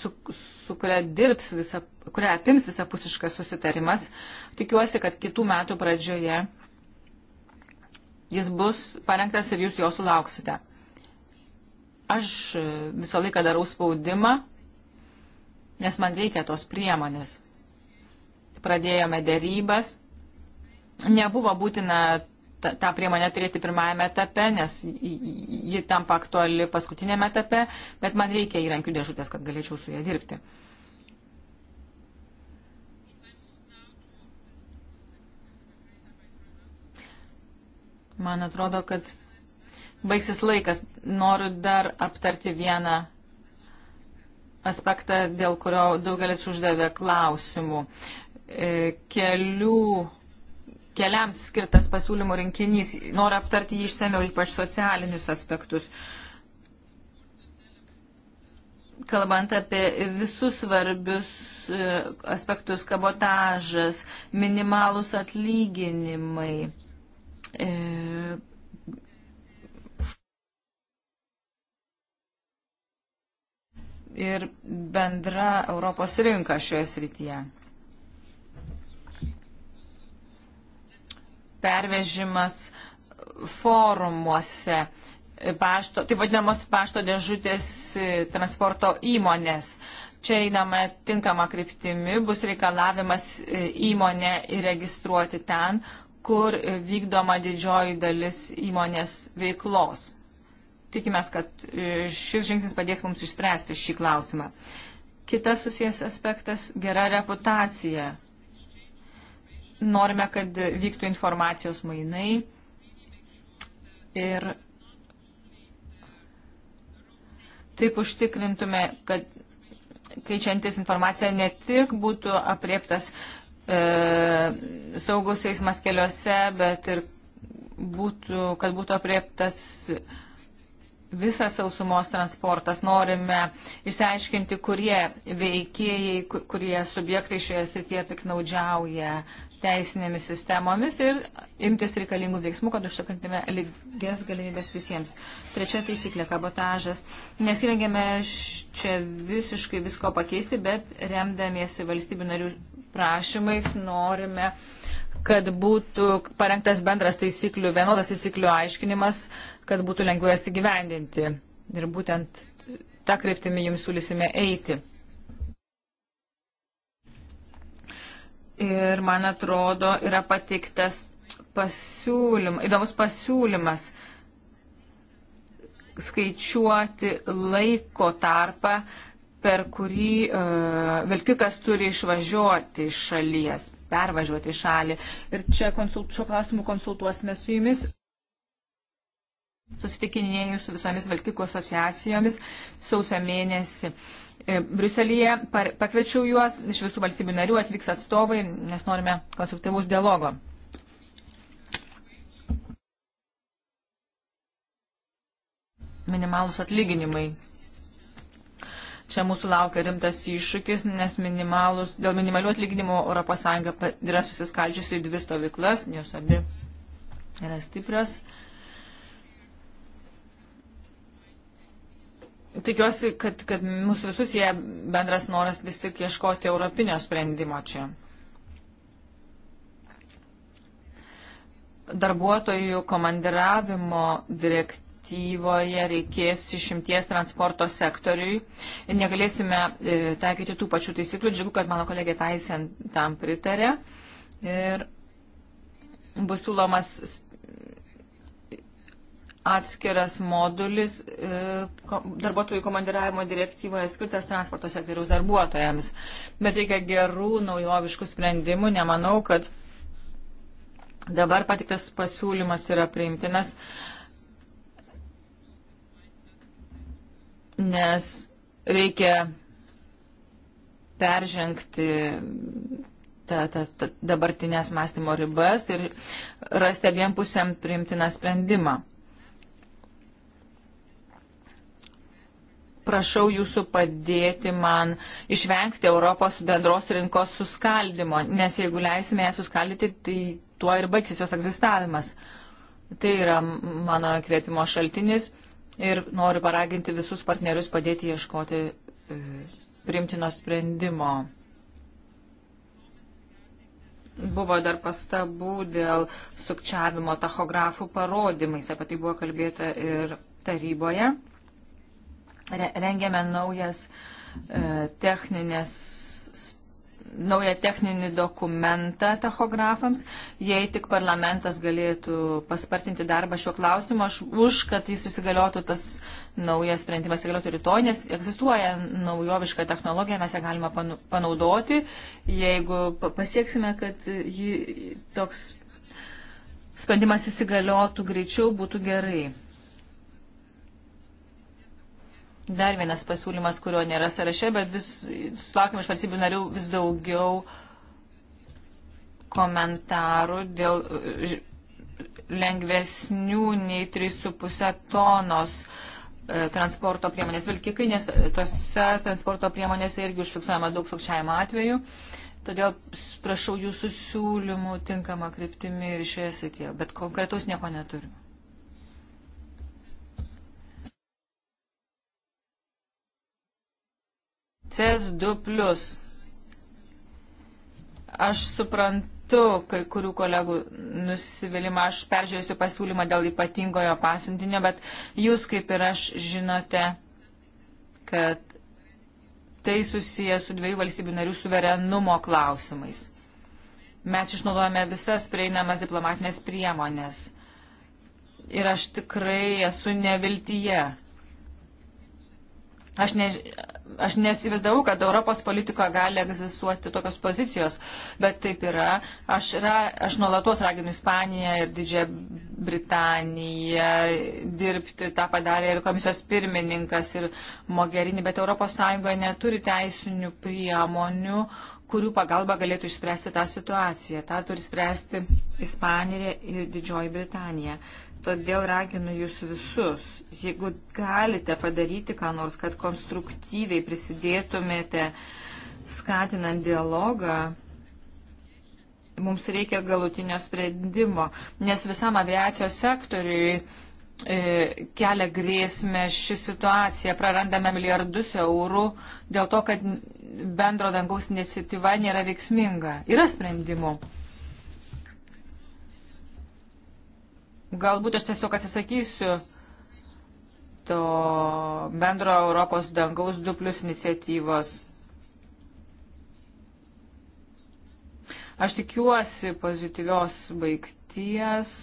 su, su kuria dirbs visa, kuria apims visapusiškas susitarimas, tikiuosi, kad kitų metų pradžioje jis bus parengtas ir jūs jo sulauksite. Aš e, visą laiką darau spaudimą, nes man reikia tos priemonės. Pradėjome dėrybas. Nebuvo būtina tą priemonę turėti pirmajame etape, nes ji tampa aktuali paskutinėme etape, bet man reikia įrankių dėžutės, kad galėčiau su ją dirbti. Man atrodo, kad baigsis laikas. Noriu dar aptarti vieną aspektą, dėl kurio daugelis uždavė klausimų. E, kelių, keliams skirtas pasiūlymų rinkinys. Noriu aptarti jį išsameu, ypač socialinius aspektus. Kalbant apie visus svarbius e, aspektus, kabotažas, minimalus atlyginimai, e, ir bendra Europos rinka šioje srityje. Pervežimas forumuose, pašto, tai vadinamos pašto dėžutės e, transporto įmonės. Čia einama tinkama kryptimi, bus reikalavimas e, įmonę įregistruoti ten, kur vykdoma didžioji dalis įmonės veiklos tikimės, kad e, šis žingsnis padės mums išspręsti šį klausimą. Kitas susijęs aspektas - gera reputacija. Norime, kad vyktų informacijos mainai ir taip užtikrintume, kad keičiantis informacija ne tik būtų apriektas e, saugus eismas keliuose, bet ir būtų, kad būtų apriektas e, visas sausumos transportas, norime išsiaiškinti, kurie veikėjai, kurie subjektai šioje srityje piknaudžiauja teisinėmis sistemomis ir imtis reikalingų veiksmų, kad užsakantume lygias galimybės visiems. Trečia taisyklė - kabotažas. Nesirengėme čia visiškai visko pakeisti, bet remdamiesi valstybių narių prašymais norime kad būtų parengtas bendras taisyklių, vienodas taisyklių aiškinimas, kad būtų lengviau jas įgyvendinti. Ir būtent tą kryptimį jums siūlysime eiti. Ir man atrodo, yra patiktas pasiūlymas, įdomus pasiūlymas skaičiuoti laiko tarpą, per kurį uh, vilkikas turi išvažiuoti iš šalies, pervažiuoti šalį. Ir čia konsult, šiuo klausimu konsultuosime su jumis susitikinėjau su visomis Valkikų asociacijomis sausio mėnesį. E, Briuselėje pakviečiau juos, iš visų valstybių narių atvyks atstovai, nes norime konstruktyvus dialogo. Minimalus atlyginimai. Čia mūsų laukia rimtas iššūkis, nes minimalus, dėl minimalių atlyginimų ES yra susiskaldžiusi į dvi stovyklas, jos abi yra stiprios. Uh, tikiuosi, kad, kad mūsų visus jie bendras noras vis tik ieškoti europinio sprendimo čia. Darbuotojų komandiravimo direktyvoje reikės išimties transporto sektoriui. Negalėsime e, taikyti tų pačių taisyklių. Džiugu, kad mano kolegė Taisen tam pritarė. Ir bus siūlomas atskiras modulis e, darbuotojų komandiravimo direktyvoje skirtas transporto sektoriaus darbuotojams. Bet reikia gerų naujoviškų sprendimų. Nemanau, kad dabar patiktas pasiūlymas yra priimtinas, nes reikia peržengti ta, ta, ta, dabartinės mąstymo ribas ir rasti abiem pusėm priimtiną sprendimą. prašau jūsų padėti man išvengti Europos bendros rinkos suskaldimo, nes jeigu leisime ją suskaldyti, tai tuo ir baigsis jos egzistavimas. Tai yra mano kvėpimo šaltinis ir noriu paraginti visus partnerius padėti ieškoti e, primtino sprendimo. Buvo dar pastabų dėl sukčiavimo tachografų parodymais, apie tai buvo kalbėta ir taryboje rengiame naujas e, techninės naują techninį dokumentą tachografams. Jei tik parlamentas galėtų paspartinti darbą šiuo klausimu, aš už, kad jis įsigaliotų tas naujas sprendimas, įsigaliotų rytoj, nes egzistuoja naujoviška technologija, mes ją galime panaudoti, jeigu pasieksime, kad ji toks sprendimas įsigaliotų greičiau, būtų gerai. Dar vienas pasiūlymas, kurio nėra sąraše, bet vis sulaukime iš valstybių narių vis daugiau komentarų dėl e, lengvesnių nei 3,5 tonos e, transporto priemonės vilkikai, nes tose transporto priemonėse irgi užfiksuojama daug sukčiavimo atvejų. Todėl prašau jūsų siūlymų tinkamą kryptimį ir šioje srityje, bet konkretaus nieko neturiu. CS2. Aš suprantu kai kurių kolegų nusivylimą, aš peržiūrėsiu pasiūlymą dėl ypatingojo pasiuntinio, bet jūs kaip ir aš žinote, kad tai susiję su dviejų valstybių narių suverenumo klausimais. Mes išnaudojame visas prieinamas diplomatinės priemonės. Ir aš tikrai esu neviltyje. Aš, ne, aš nesivaizdavau, kad Europos politikoje gali egzistuoti tokios pozicijos, bet taip yra. Aš, ra, aš nuolatos raginu Ispaniją ir Didžiąją Britaniją dirbti, tą padarė ir komisijos pirmininkas ir Mogherini, bet ES neturi teisinių priemonių kurių pagalba galėtų išspręsti tą situaciją. Ta turi spręsti Ispanija ir Didžioji Britanija. Todėl raginu jūs visus, jeigu galite padaryti ką nors, kad konstruktyviai prisidėtumėte skatinant dialogą, mums reikia galutinio sprendimo, nes visam aviacijos sektoriui e, kelia grėsmę ši situacija, prarandame milijardus eurų dėl to, kad bendro dangaus iniciatyva nėra veiksminga. Yra sprendimų Galbūt aš tiesiog atsisakysiu to bendro Europos dangaus 2 plus iniciatyvos. Aš tikiuosi pozityvios baigties.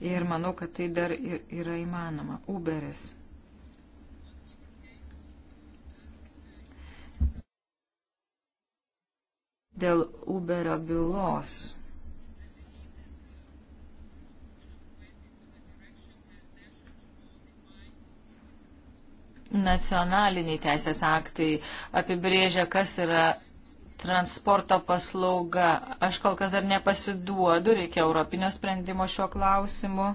Ir manau, kad tai dar yra įmanoma. Uberis. dėl Uberio bylos. Nacionaliniai teisės aktai apibrėžia, kas yra transporto paslauga. Aš kol kas dar nepasiduodu, reikia europinio sprendimo šiuo klausimu.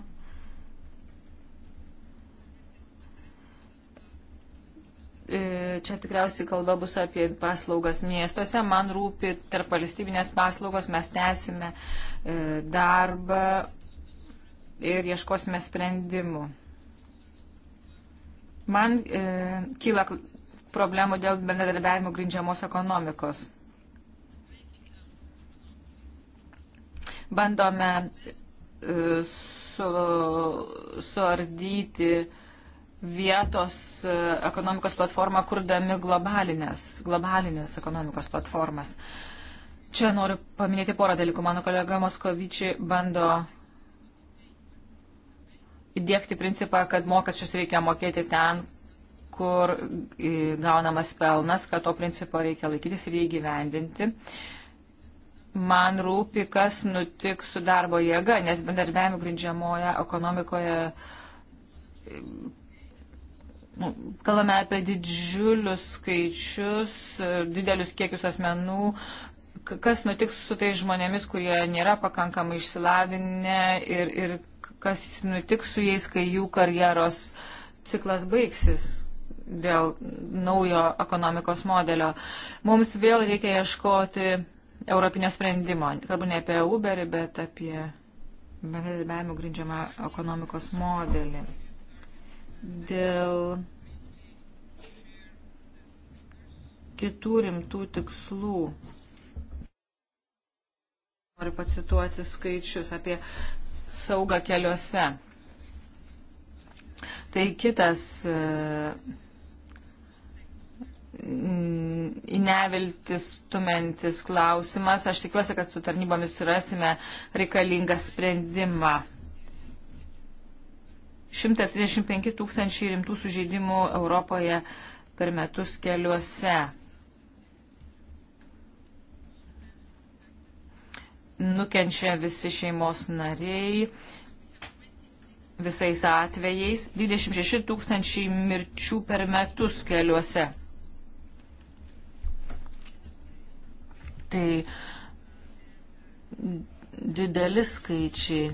E, čia tikriausiai kalba bus apie paslaugas miestuose. Man rūpi tarp valstybinės paslaugos, mes tęsime e, darbą ir ieškosime sprendimų. Man e, kyla problemų dėl bendradarbiavimo grindžiamos ekonomikos. Bandome e, su, suardyti e, vietos e, ekonomikos platformą, kurdami globalinės, globalinės ekonomikos platformas. Čia noriu paminėti porą dalykų. Mano kolega Moskovičiai bando įdėkti principą, kad mokesčius reikia mokėti ten, kur e, gaunamas pelnas, kad to principo reikia laikytis ir jį gyvendinti. Man rūpi, kas nutiks su darbo jėga, nes bendarbiavimo grindžiamoje ekonomikoje Nu, kalbame apie didžiulius skaičius, didelius kiekius asmenų, kas nutiks su tais žmonėmis, kurie nėra pakankamai išsilavinę ir, ir kas nutiks su jais, kai jų karjeros ciklas baigsis dėl naujo ekonomikos modelio. Mums vėl reikia ieškoti europinio sprendimo. Kalbu ne apie Uberį, bet apie bendradarbiavimų grindžiamą ekonomikos modelį dėl kitų rimtų tikslų. Noriu pacituoti skaičius apie saugą keliuose. Tai kitas e, į neviltį stumantis klausimas. Aš tikiuosi, kad su tarnybomis surasime reikalingą sprendimą. 125 tūkstančiai rimtų sužeidimų Europoje per metus keliuose. Nukenčia visi šeimos nariai, visais atvejais 26 tūkstančiai mirčių per metus keliuose. Tai dideli skaičiai.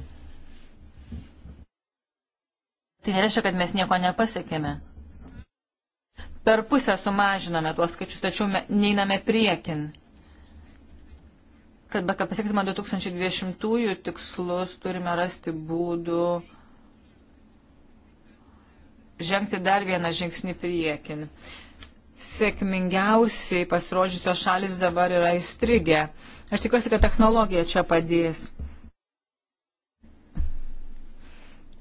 Tai nereiškia, kad mes nieko nepasiekėme. Per pusę sumažiname tuos skaičius, tačiau neiname priekin. Kad be ką pasiektume 2020-ųjų tikslus, turime rasti būdų žengti dar vieną žingsnį priekin. Sėkmingiausiai pasirodžiusios šalis dabar yra įstrigę. Aš tikiuosi, kad technologija čia padės.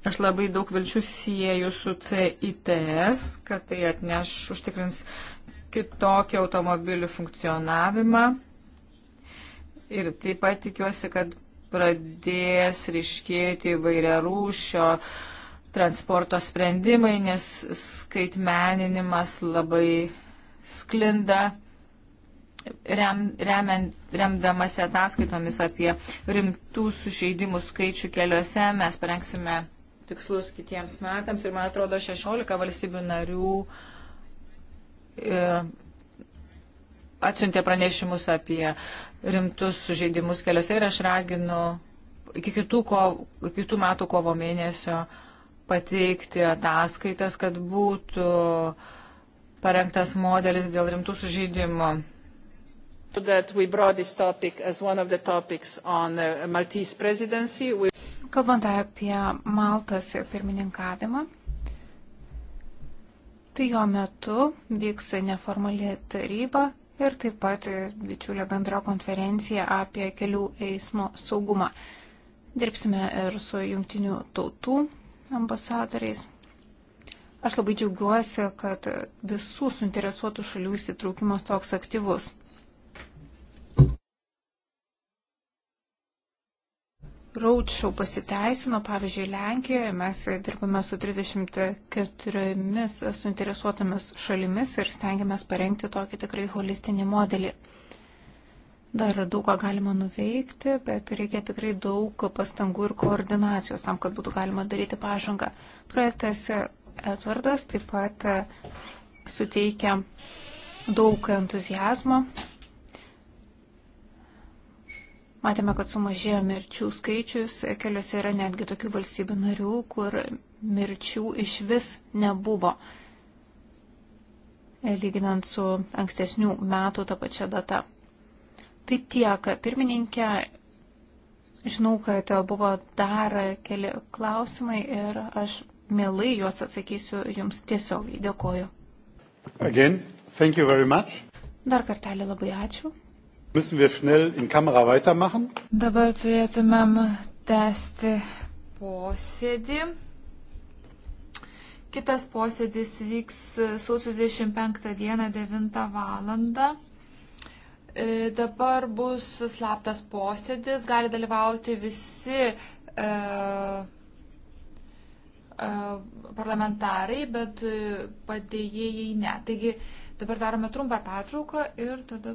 Aš labai daug vilčių sieju su CITS, kad tai atneš, užtikrins kitokį automobilių funkcionavimą. Ir taip pat tikiuosi, kad pradės ryškėti įvairia rūšio transporto sprendimai, nes skaitmeninimas labai sklinda rem, remiant, remdamasi ataskaitomis apie rimtų sužeidimų skaičių keliuose, mes parengsime tikslus kitiems metams ir man atrodo 16 valstybių narių e, atsiuntė pranešimus apie rimtus sužeidimus keliuose ir aš raginu iki kitų, ko, kitų metų kovo mėnesio pateikti ataskaitas, kad būtų parengtas modelis dėl rimtų sužeidimų. That we brought this topic as one of the topics on uh, Maltese presidency. We Kalbant apie Maltos pirmininkavimą, tai jo metu vyks neformali taryba ir taip pat didžiulė bendra konferencija apie kelių eismo saugumą. Dirbsime ir su jungtinių tautų ambasadoriais. Aš labai džiaugiuosi, kad visų suinteresuotų šalių įsitraukimas toks aktyvus. Raučiau pasiteisino, pavyzdžiui, Lenkijoje mes dirbame su 34 suinteresuotomis šalimis ir stengiamės parengti tokį tikrai holistinį modelį. Dar daug ką galima nuveikti, bet reikia tikrai daug pastangų ir koordinacijos tam, kad būtų galima daryti pažangą. Projektas Edvardas taip pat suteikia daug entuzijazmo Matėme, kad sumažėjo mirčių skaičius, keliuose yra netgi tokių valstybių narių, kur mirčių iš vis nebuvo, lyginant su ankstesnių metų tą pačią datą. Tai tiek, pirmininkė, žinau, kad buvo dar keli klausimai ir aš mielai juos atsakysiu jums tiesiogiai. Dėkoju. Again, Dar kartelį labai ačiū. Dabar turėtumėm tęsti posėdį. Kitas posėdis vyks sausio 25 dieną 9 valandą. E, dabar bus slaptas posėdis, gali dalyvauti visi e, e, parlamentarai, bet padėjėjai ne. Taigi dabar darome trumpą pertrauką ir tada.